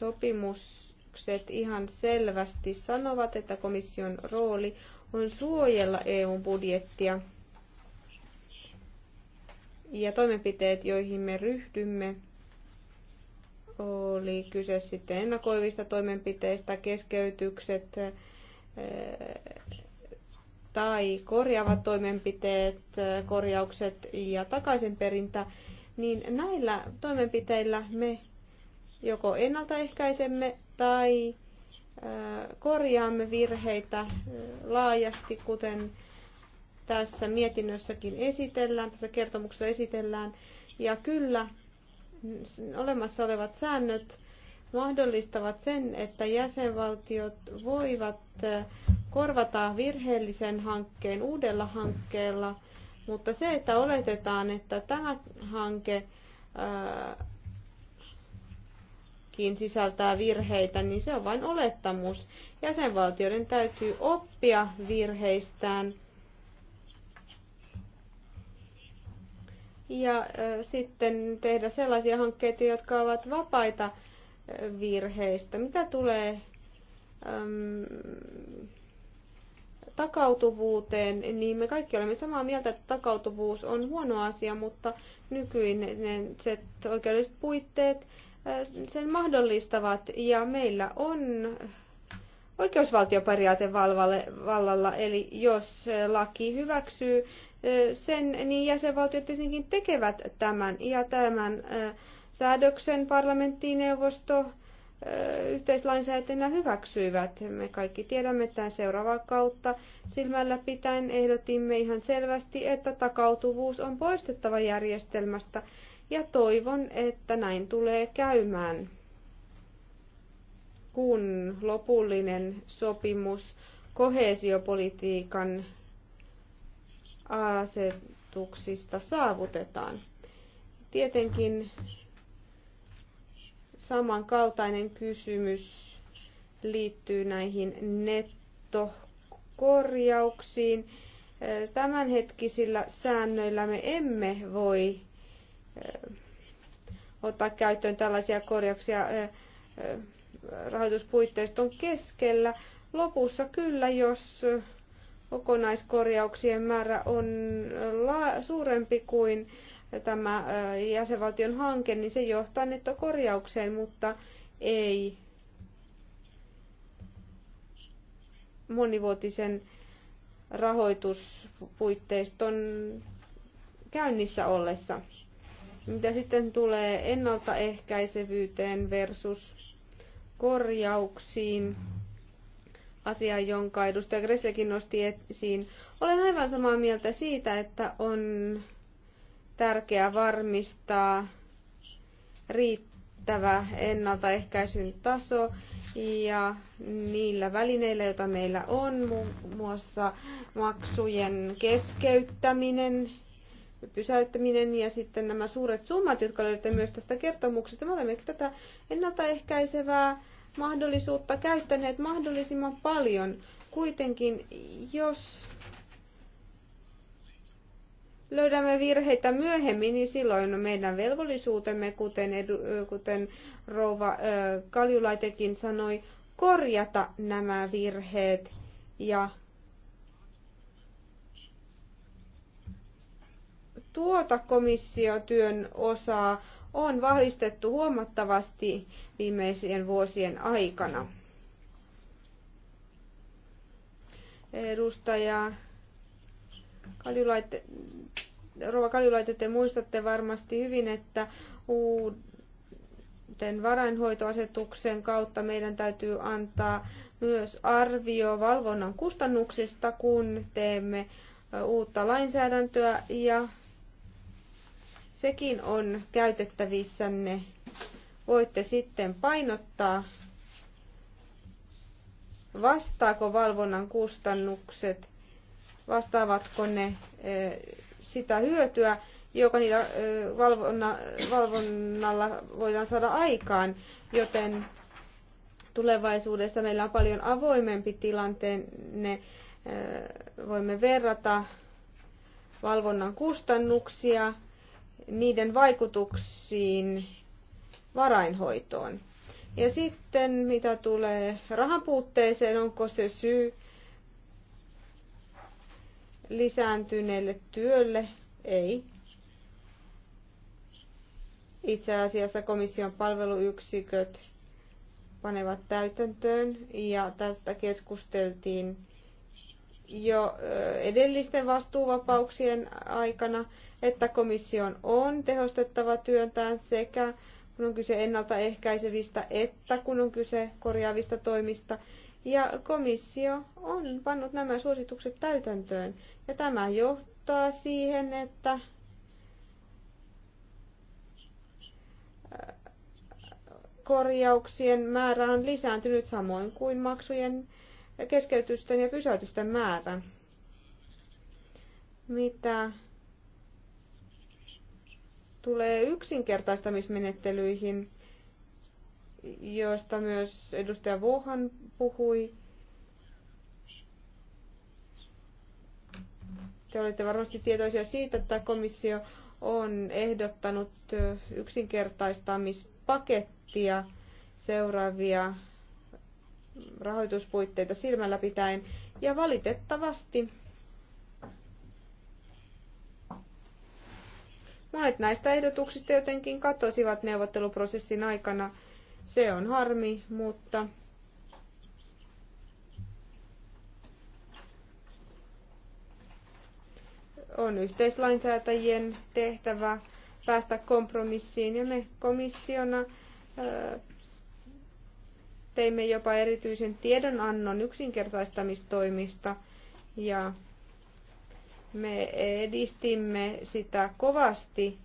Sopimukset ihan selvästi sanovat, että komission rooli on suojella EUn budjettia ja toimenpiteet, joihin me ryhdymme, oli kyse sitten ennakoivista toimenpiteistä, keskeytykset eh, tai korjaavat toimenpiteet, eh, korjaukset ja takaisinperintä, niin näillä toimenpiteillä me joko ennaltaehkäisemme tai korjaamme virheitä laajasti, kuten tässä mietinnössäkin esitellään, tässä kertomuksessa esitellään. Ja kyllä, olemassa olevat säännöt mahdollistavat sen, että jäsenvaltiot voivat korvata virheellisen hankkeen uudella hankkeella, mutta se, että oletetaan, että tämä hanke kuitenkin sisältää virheitä, niin se on vain olettamus. Jäsenvaltioiden täytyy oppia virheistään. Ja sitten tehdä sellaisia hankkeita, jotka ovat vapaita virheistä. Mitä tulee äm, takautuvuuteen, niin me kaikki olemme samaa mieltä, että takautuvuus on huono asia, mutta nykyinen se oikeudelliset puitteet sen mahdollistavat ja meillä on oikeusvaltioperiaate vallalla, eli jos laki hyväksyy eh, sen, niin jäsenvaltiot tietenkin tekevät tämän ja tämän eh, säädöksen parlamenttineuvosto eh, yhteislainsäätäjänä hyväksyivät. Me kaikki tiedämme tämän seuraavaa kautta. Silmällä pitäen ehdotimme ihan selvästi, että takautuvuus on poistettava järjestelmästä ja toivon, että näin tulee käymään, kun lopullinen sopimus kohesiopolitiikan asetuksista saavutetaan. Tietenkin samankaltainen kysymys liittyy näihin nettokorjauksiin. Tämänhetkisillä säännöillä me emme voi Eh, ottaa käyttöön tällaisia korjauksia eh, eh, rahoituspuitteiston keskellä. Lopussa kyllä, jos kokonaiskorjauksien määrä on suurempi kuin tämä jäsenvaltion hanke, niin se johtaa nettokorjaukseen, mutta ei monivuotisen rahoituspuitteiston käynnissä ollessa. Mitä sitten tulee ennaltaehkäisevyyteen versus korjauksiin, asia, jonka edustaja Greslekin nosti esiin. Olen aivan samaa mieltä siitä, että on tärkeää varmistaa riittävä ennaltaehkäisyn taso ja niillä välineillä, joita meillä on, muun muassa maksujen keskeyttäminen pysäyttäminen ja sitten nämä suuret summat, jotka löydätte myös tästä kertomuksesta. Me olemme tätä ennaltaehkäisevää mahdollisuutta käyttäneet mahdollisimman paljon. Kuitenkin, jos löydämme virheitä myöhemmin, niin silloin meidän velvollisuutemme, kuten, edu, kuten rouva Kaljulaitekin sanoi, korjata nämä virheet ja tuota komissiotyön osaa on vahvistettu huomattavasti viimeisien vuosien aikana. Edustaja Kaljulaite, Rova Kaljulaite, te muistatte varmasti hyvin, että uuden varainhoitoasetuksen kautta meidän täytyy antaa myös arvio valvonnan kustannuksista, kun teemme uutta lainsäädäntöä ja Sekin on käytettävissänne. Voitte sitten painottaa, vastaako valvonnan kustannukset, vastaavatko ne sitä hyötyä, joka niillä valvonna, valvonnalla voidaan saada aikaan, joten tulevaisuudessa meillä on paljon avoimempi tilanteenne. Voimme verrata valvonnan kustannuksia niiden vaikutuksiin varainhoitoon. Ja sitten mitä tulee rahanpuutteeseen, onko se syy lisääntyneelle työlle? Ei. Itse asiassa komission palveluyksiköt panevat täytäntöön ja tästä keskusteltiin jo edellisten vastuuvapauksien aikana että komission on tehostettava työntään sekä kun on kyse ennaltaehkäisevistä että kun on kyse korjaavista toimista. Ja komissio on pannut nämä suositukset täytäntöön. Ja tämä johtaa siihen, että äh, korjauksien määrä on lisääntynyt samoin kuin maksujen äh, keskeytysten ja pysäytysten määrä. Mitä tulee yksinkertaistamismenettelyihin, joista myös edustaja Vohan puhui. Te olette varmasti tietoisia siitä, että komissio on ehdottanut yksinkertaistamispakettia seuraavia rahoituspuitteita silmällä pitäen. Ja valitettavasti Monet näistä ehdotuksista jotenkin katosivat neuvotteluprosessin aikana. Se on harmi, mutta on yhteislainsäätäjien tehtävä päästä kompromissiin ja me komissiona teimme jopa erityisen tiedonannon yksinkertaistamistoimista ja me edistimme sitä kovasti.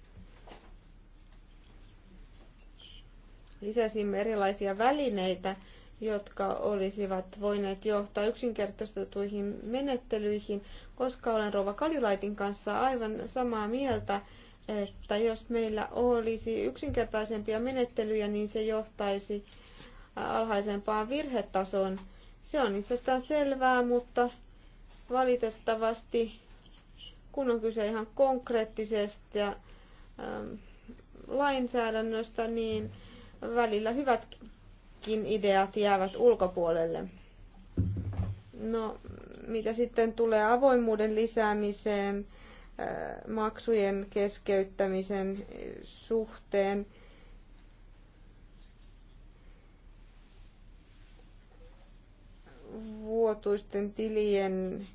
Lisäsimme erilaisia välineitä, jotka olisivat voineet johtaa yksinkertaistetuihin menettelyihin, koska olen Rova Kalilaitin kanssa aivan samaa mieltä, että jos meillä olisi yksinkertaisempia menettelyjä, niin se johtaisi alhaisempaan virhetasoon. Se on itsestään selvää, mutta valitettavasti kun on kyse ihan konkreettisesti ja, ähm, lainsäädännöstä, niin välillä hyvätkin ideat jäävät ulkopuolelle. No, mitä sitten tulee avoimuuden lisäämiseen, äh, maksujen keskeyttämisen suhteen, vuotuisten tilien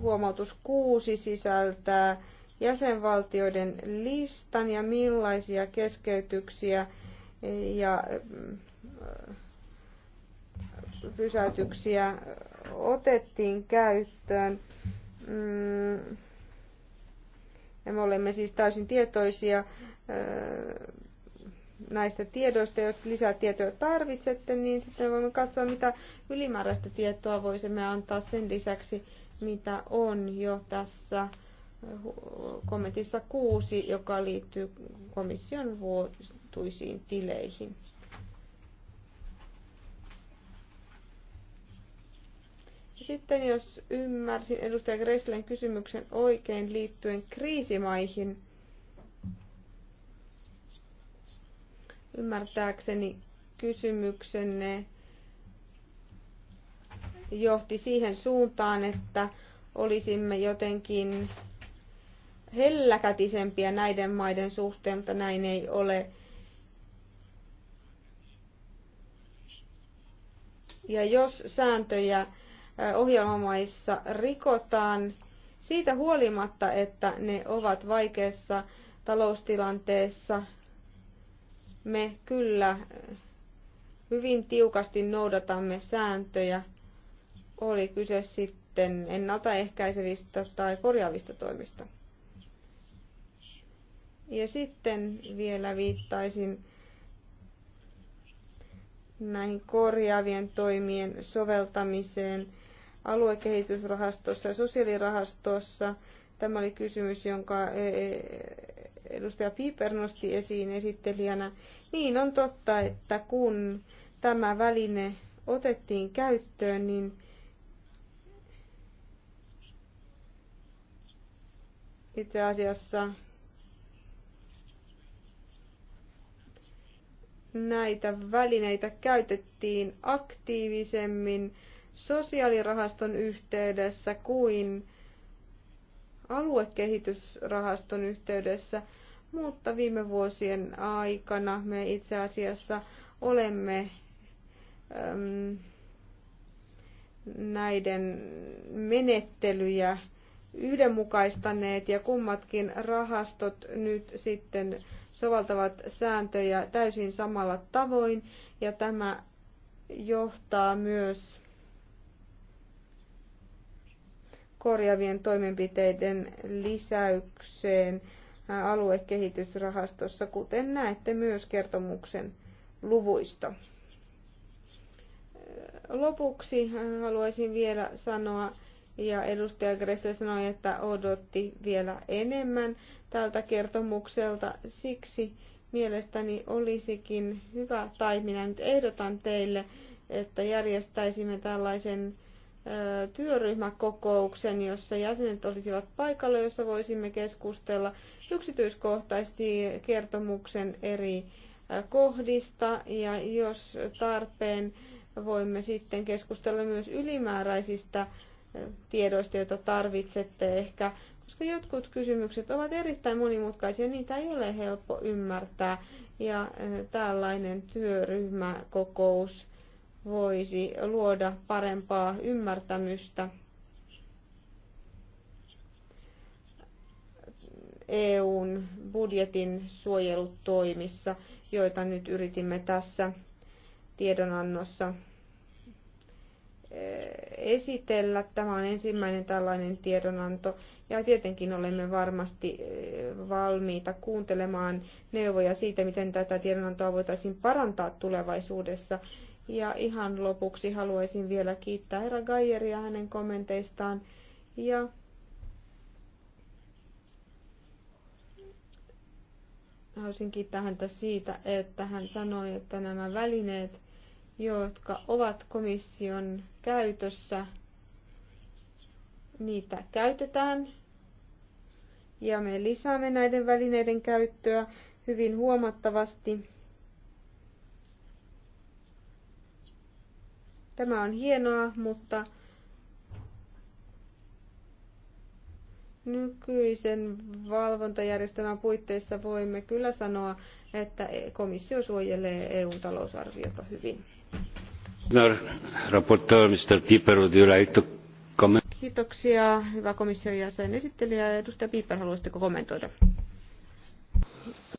huomautus 6 sisältää jäsenvaltioiden listan ja millaisia keskeytyksiä ja mm, pysäytyksiä otettiin käyttöön. Mm, ja me olemme siis täysin tietoisia mm, näistä tiedoista. Jos lisää tietoja tarvitsette, niin sitten voimme katsoa, mitä ylimääräistä tietoa voisimme antaa sen lisäksi, mitä on jo tässä kommentissa kuusi, joka liittyy komission vuotuisiin tileihin. Sitten jos ymmärsin edustaja Gresslen kysymyksen oikein liittyen kriisimaihin, ymmärtääkseni kysymyksenne johti siihen suuntaan, että olisimme jotenkin helläkätisempiä näiden maiden suhteen, mutta näin ei ole. Ja jos sääntöjä ohjelmamaissa rikotaan, siitä huolimatta, että ne ovat vaikeassa taloustilanteessa, me kyllä hyvin tiukasti noudatamme sääntöjä oli kyse sitten ennaltaehkäisevistä tai korjaavista toimista. Ja sitten vielä viittaisin näihin korjaavien toimien soveltamiseen aluekehitysrahastossa ja sosiaalirahastossa. Tämä oli kysymys, jonka e, e, edustaja Piper nosti esiin esittelijänä. Niin on totta, että kun tämä väline otettiin käyttöön, niin Itse asiassa näitä välineitä käytettiin aktiivisemmin sosiaalirahaston yhteydessä kuin aluekehitysrahaston yhteydessä, mutta viime vuosien aikana me itse asiassa olemme äm, näiden menettelyjä yhdenmukaistaneet ja kummatkin rahastot nyt sitten soveltavat sääntöjä täysin samalla tavoin ja tämä johtaa myös korjaavien toimenpiteiden lisäykseen aluekehitysrahastossa, kuten näette myös kertomuksen luvuista. Lopuksi haluaisin vielä sanoa, ja edustaja Gressel sanoi, että odotti vielä enemmän tältä kertomukselta. Siksi mielestäni olisikin hyvä, tai minä nyt ehdotan teille, että järjestäisimme tällaisen työryhmäkokouksen, jossa jäsenet olisivat paikalla, jossa voisimme keskustella yksityiskohtaisesti kertomuksen eri kohdista ja jos tarpeen voimme sitten keskustella myös ylimääräisistä tiedoista, joita tarvitsette ehkä, koska jotkut kysymykset ovat erittäin monimutkaisia, niitä ei ole helppo ymmärtää. Ja e, tällainen työryhmäkokous voisi luoda parempaa ymmärtämystä EUn budjetin suojelutoimissa, joita nyt yritimme tässä tiedonannossa Eh, esitellä. Tämä on ensimmäinen tällainen tiedonanto ja tietenkin olemme varmasti eh, valmiita kuuntelemaan neuvoja siitä, miten tätä tiedonantoa voitaisiin parantaa tulevaisuudessa. Ja ihan lopuksi haluaisin vielä kiittää herra Gaieria hänen kommenteistaan ja haluaisin kiittää häntä siitä, että hän sanoi, että nämä välineet – jotka ovat komission käytössä, niitä käytetään ja me lisäämme näiden välineiden käyttöä hyvin huomattavasti. Tämä on hienoa, mutta nykyisen valvontajärjestelmän puitteissa voimme kyllä sanoa, että komissio suojelee EU talousarviota hyvin. Mr. Kiitoksia, hyvä komission jäsen esittelijä. Edustaja Piper, haluaisitteko kommentoida?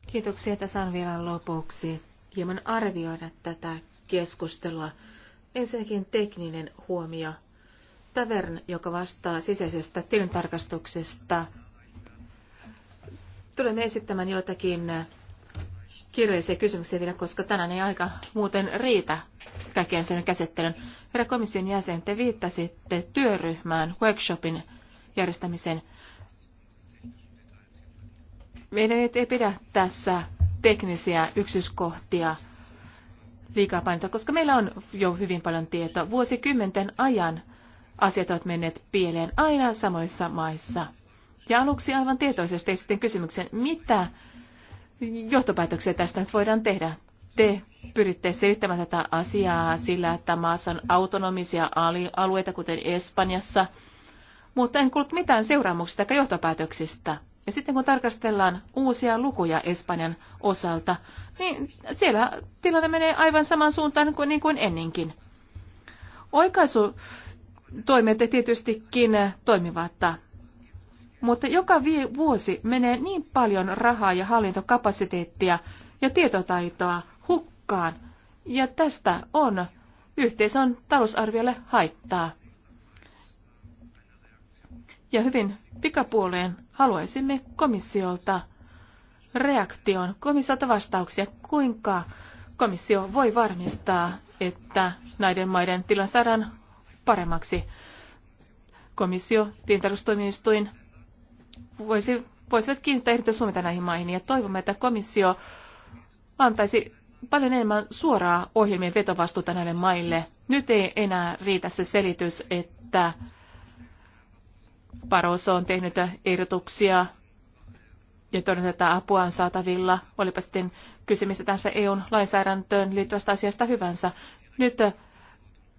Kiitoksia. että saan vielä lopuksi hieman arvioida tätä keskustelua. Ensinnäkin tekninen huomio. Tavern, joka vastaa sisäisestä tilintarkastuksesta, tulemme esittämään joitakin kirjallisia kysymyksiä vielä, koska tänään ei aika muuten riitä kaikkien sen käsittelyn. Herra komission jäsen, te viittasitte työryhmään, workshopin järjestämisen. Meidän ei pidä tässä teknisiä yksityiskohtia liikaa painota, koska meillä on jo hyvin paljon tietoa. Vuosikymmenten ajan asiat ovat menneet pieleen aina samoissa maissa. Ja aluksi aivan tietoisesti sitten kysymyksen, mitä johtopäätöksiä tästä voidaan tehdä? Te pyritte selittämään tätä asiaa sillä, että maassa on autonomisia alueita, kuten Espanjassa, mutta en kuullut mitään seuraamuksista tai johtopäätöksistä. Ja sitten kun tarkastellaan uusia lukuja Espanjan osalta, niin siellä tilanne menee aivan saman suuntaan kuin, niin kuin ennenkin. Oikaisutoimet tietystikin toimivat mutta joka vuosi menee niin paljon rahaa ja hallintokapasiteettia ja tietotaitoa hukkaan, ja tästä on yhteisön talousarviolle haittaa. Ja hyvin pikapuoleen haluaisimme komissiolta reaktion, komissiolta vastauksia, kuinka komissio voi varmistaa, että näiden maiden tilan saadaan paremmaksi. Komissio, tilintarkastustoimistuin voisi, voisivat kiinnittää erityishuomiota näihin maihin ja toivomme, että komissio antaisi paljon enemmän suoraa ohjelmien vetovastuuta näille maille. Nyt ei enää riitä se selitys, että Paroso on tehnyt ehdotuksia ja todennut, että apua on saatavilla. Olipa sitten kysymys tässä EUn lainsäädäntöön liittyvästä asiasta hyvänsä. Nyt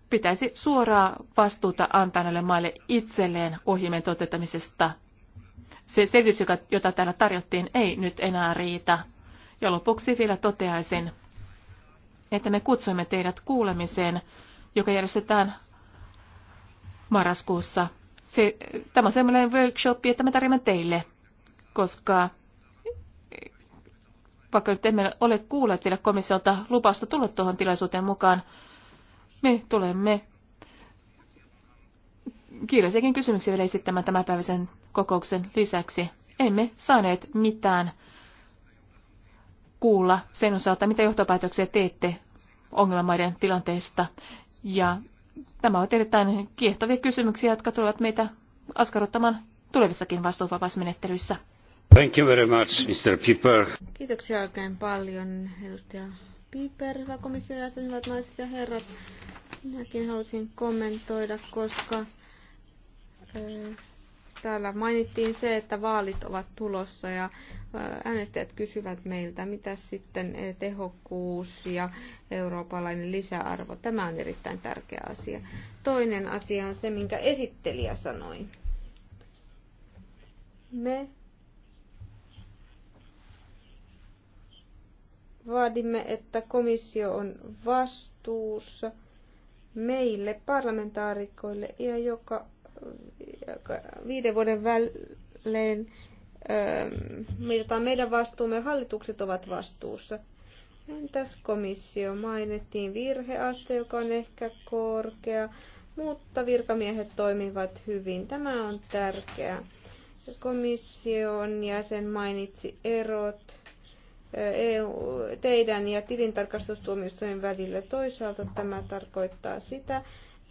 pitäisi suoraa vastuuta antaa näille maille itselleen ohjelmien toteuttamisesta se selvitys, joka, jota täällä tarjottiin, ei nyt enää riitä. Ja lopuksi vielä toteaisin, että me kutsuimme teidät kuulemiseen, joka järjestetään marraskuussa. Se, tämä on sellainen workshop, että me tarjoamme teille, koska vaikka nyt emme ole kuulleet vielä komissiolta lupausta tulla tuohon tilaisuuteen mukaan, me tulemme kirjallisiakin kysymyksiä vielä esittämään tämänpäiväisen kokouksen lisäksi. Emme saaneet mitään kuulla sen osalta, mitä johtopäätöksiä teette ongelmamaiden tilanteesta. Ja tämä on erittäin kiehtovia kysymyksiä, jotka tulevat meitä askarruttamaan tulevissakin vastuuvapausmenettelyissä. Thank you very much, Mr. Piper. Kiitoksia oikein paljon, edustaja Piper, hyvä komission jäsen, hyvät naiset ja herrat. Minäkin halusin kommentoida, koska Täällä mainittiin se, että vaalit ovat tulossa ja äänestäjät kysyvät meiltä, mitä sitten e, tehokkuus ja eurooppalainen lisäarvo. Tämä on erittäin tärkeä asia. Toinen asia on se, minkä esittelijä sanoi. Me vaadimme, että komissio on vastuussa meille parlamentaarikoille ja joka viiden vuoden välein ähm, mitataan meidän vastuumme, hallitukset ovat vastuussa. Entäs komissio? Mainittiin virheaste, joka on ehkä korkea, mutta virkamiehet toimivat hyvin. Tämä on tärkeää. Komission jäsen mainitsi erot äh, EU, teidän ja tilintarkastustuomioistuimen välillä. Toisaalta tämä tarkoittaa sitä,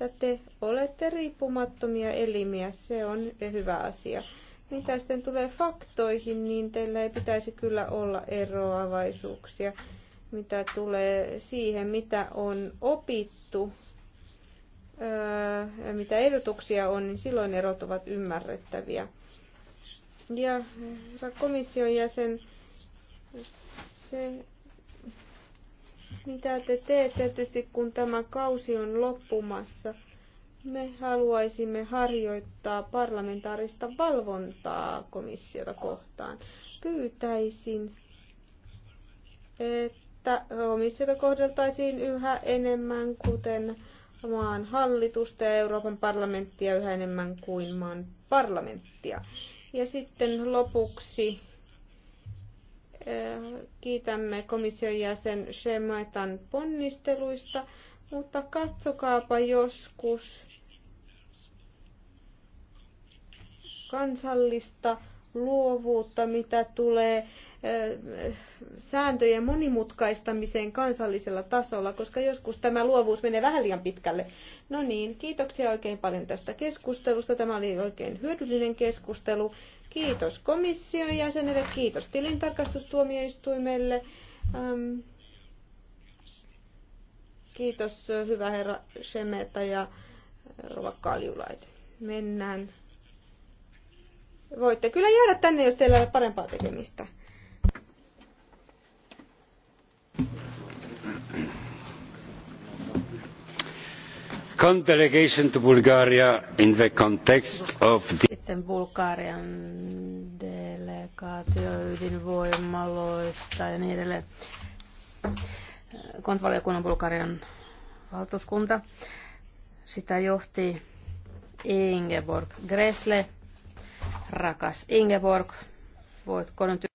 että te olette riippumattomia elimiä. Se on hyvä asia. Mitä sitten tulee faktoihin, niin teillä ei pitäisi kyllä olla eroavaisuuksia, mitä tulee siihen, mitä on opittu öö, ja mitä ehdotuksia on, niin silloin erot ovat ymmärrettäviä. Ja komission jäsen, se mitä te teette tietysti, kun tämä kausi on loppumassa? Me haluaisimme harjoittaa parlamentaarista valvontaa komissiota kohtaan. Pyytäisin, että komissiota kohdeltaisiin yhä enemmän, kuten maan hallitusta ja Euroopan parlamenttia yhä enemmän kuin maan parlamenttia. Ja sitten lopuksi Kiitämme komission jäsen Shemaitan ponnisteluista, mutta katsokaapa joskus kansallista luovuutta, mitä tulee sääntöjen monimutkaistamiseen kansallisella tasolla, koska joskus tämä luovuus menee vähän liian pitkälle. No niin, kiitoksia oikein paljon tästä keskustelusta. Tämä oli oikein hyödyllinen keskustelu. Kiitos komission jäsenelle, kiitos tilintarkastustuomioistuimelle. Ähm, kiitos hyvä herra Shemeta ja rouva Kaljulait. Mennään. Voitte kyllä jäädä tänne, jos teillä ei ole parempaa tekemistä. Sitten Bulgarian delegaatio ydinvoimaloista ja niin edelleen. Kontvaliokunnan Bulgarian valtuuskunta. Sitä johti Ingeborg Gresle. Rakas Ingeborg, voitko nyt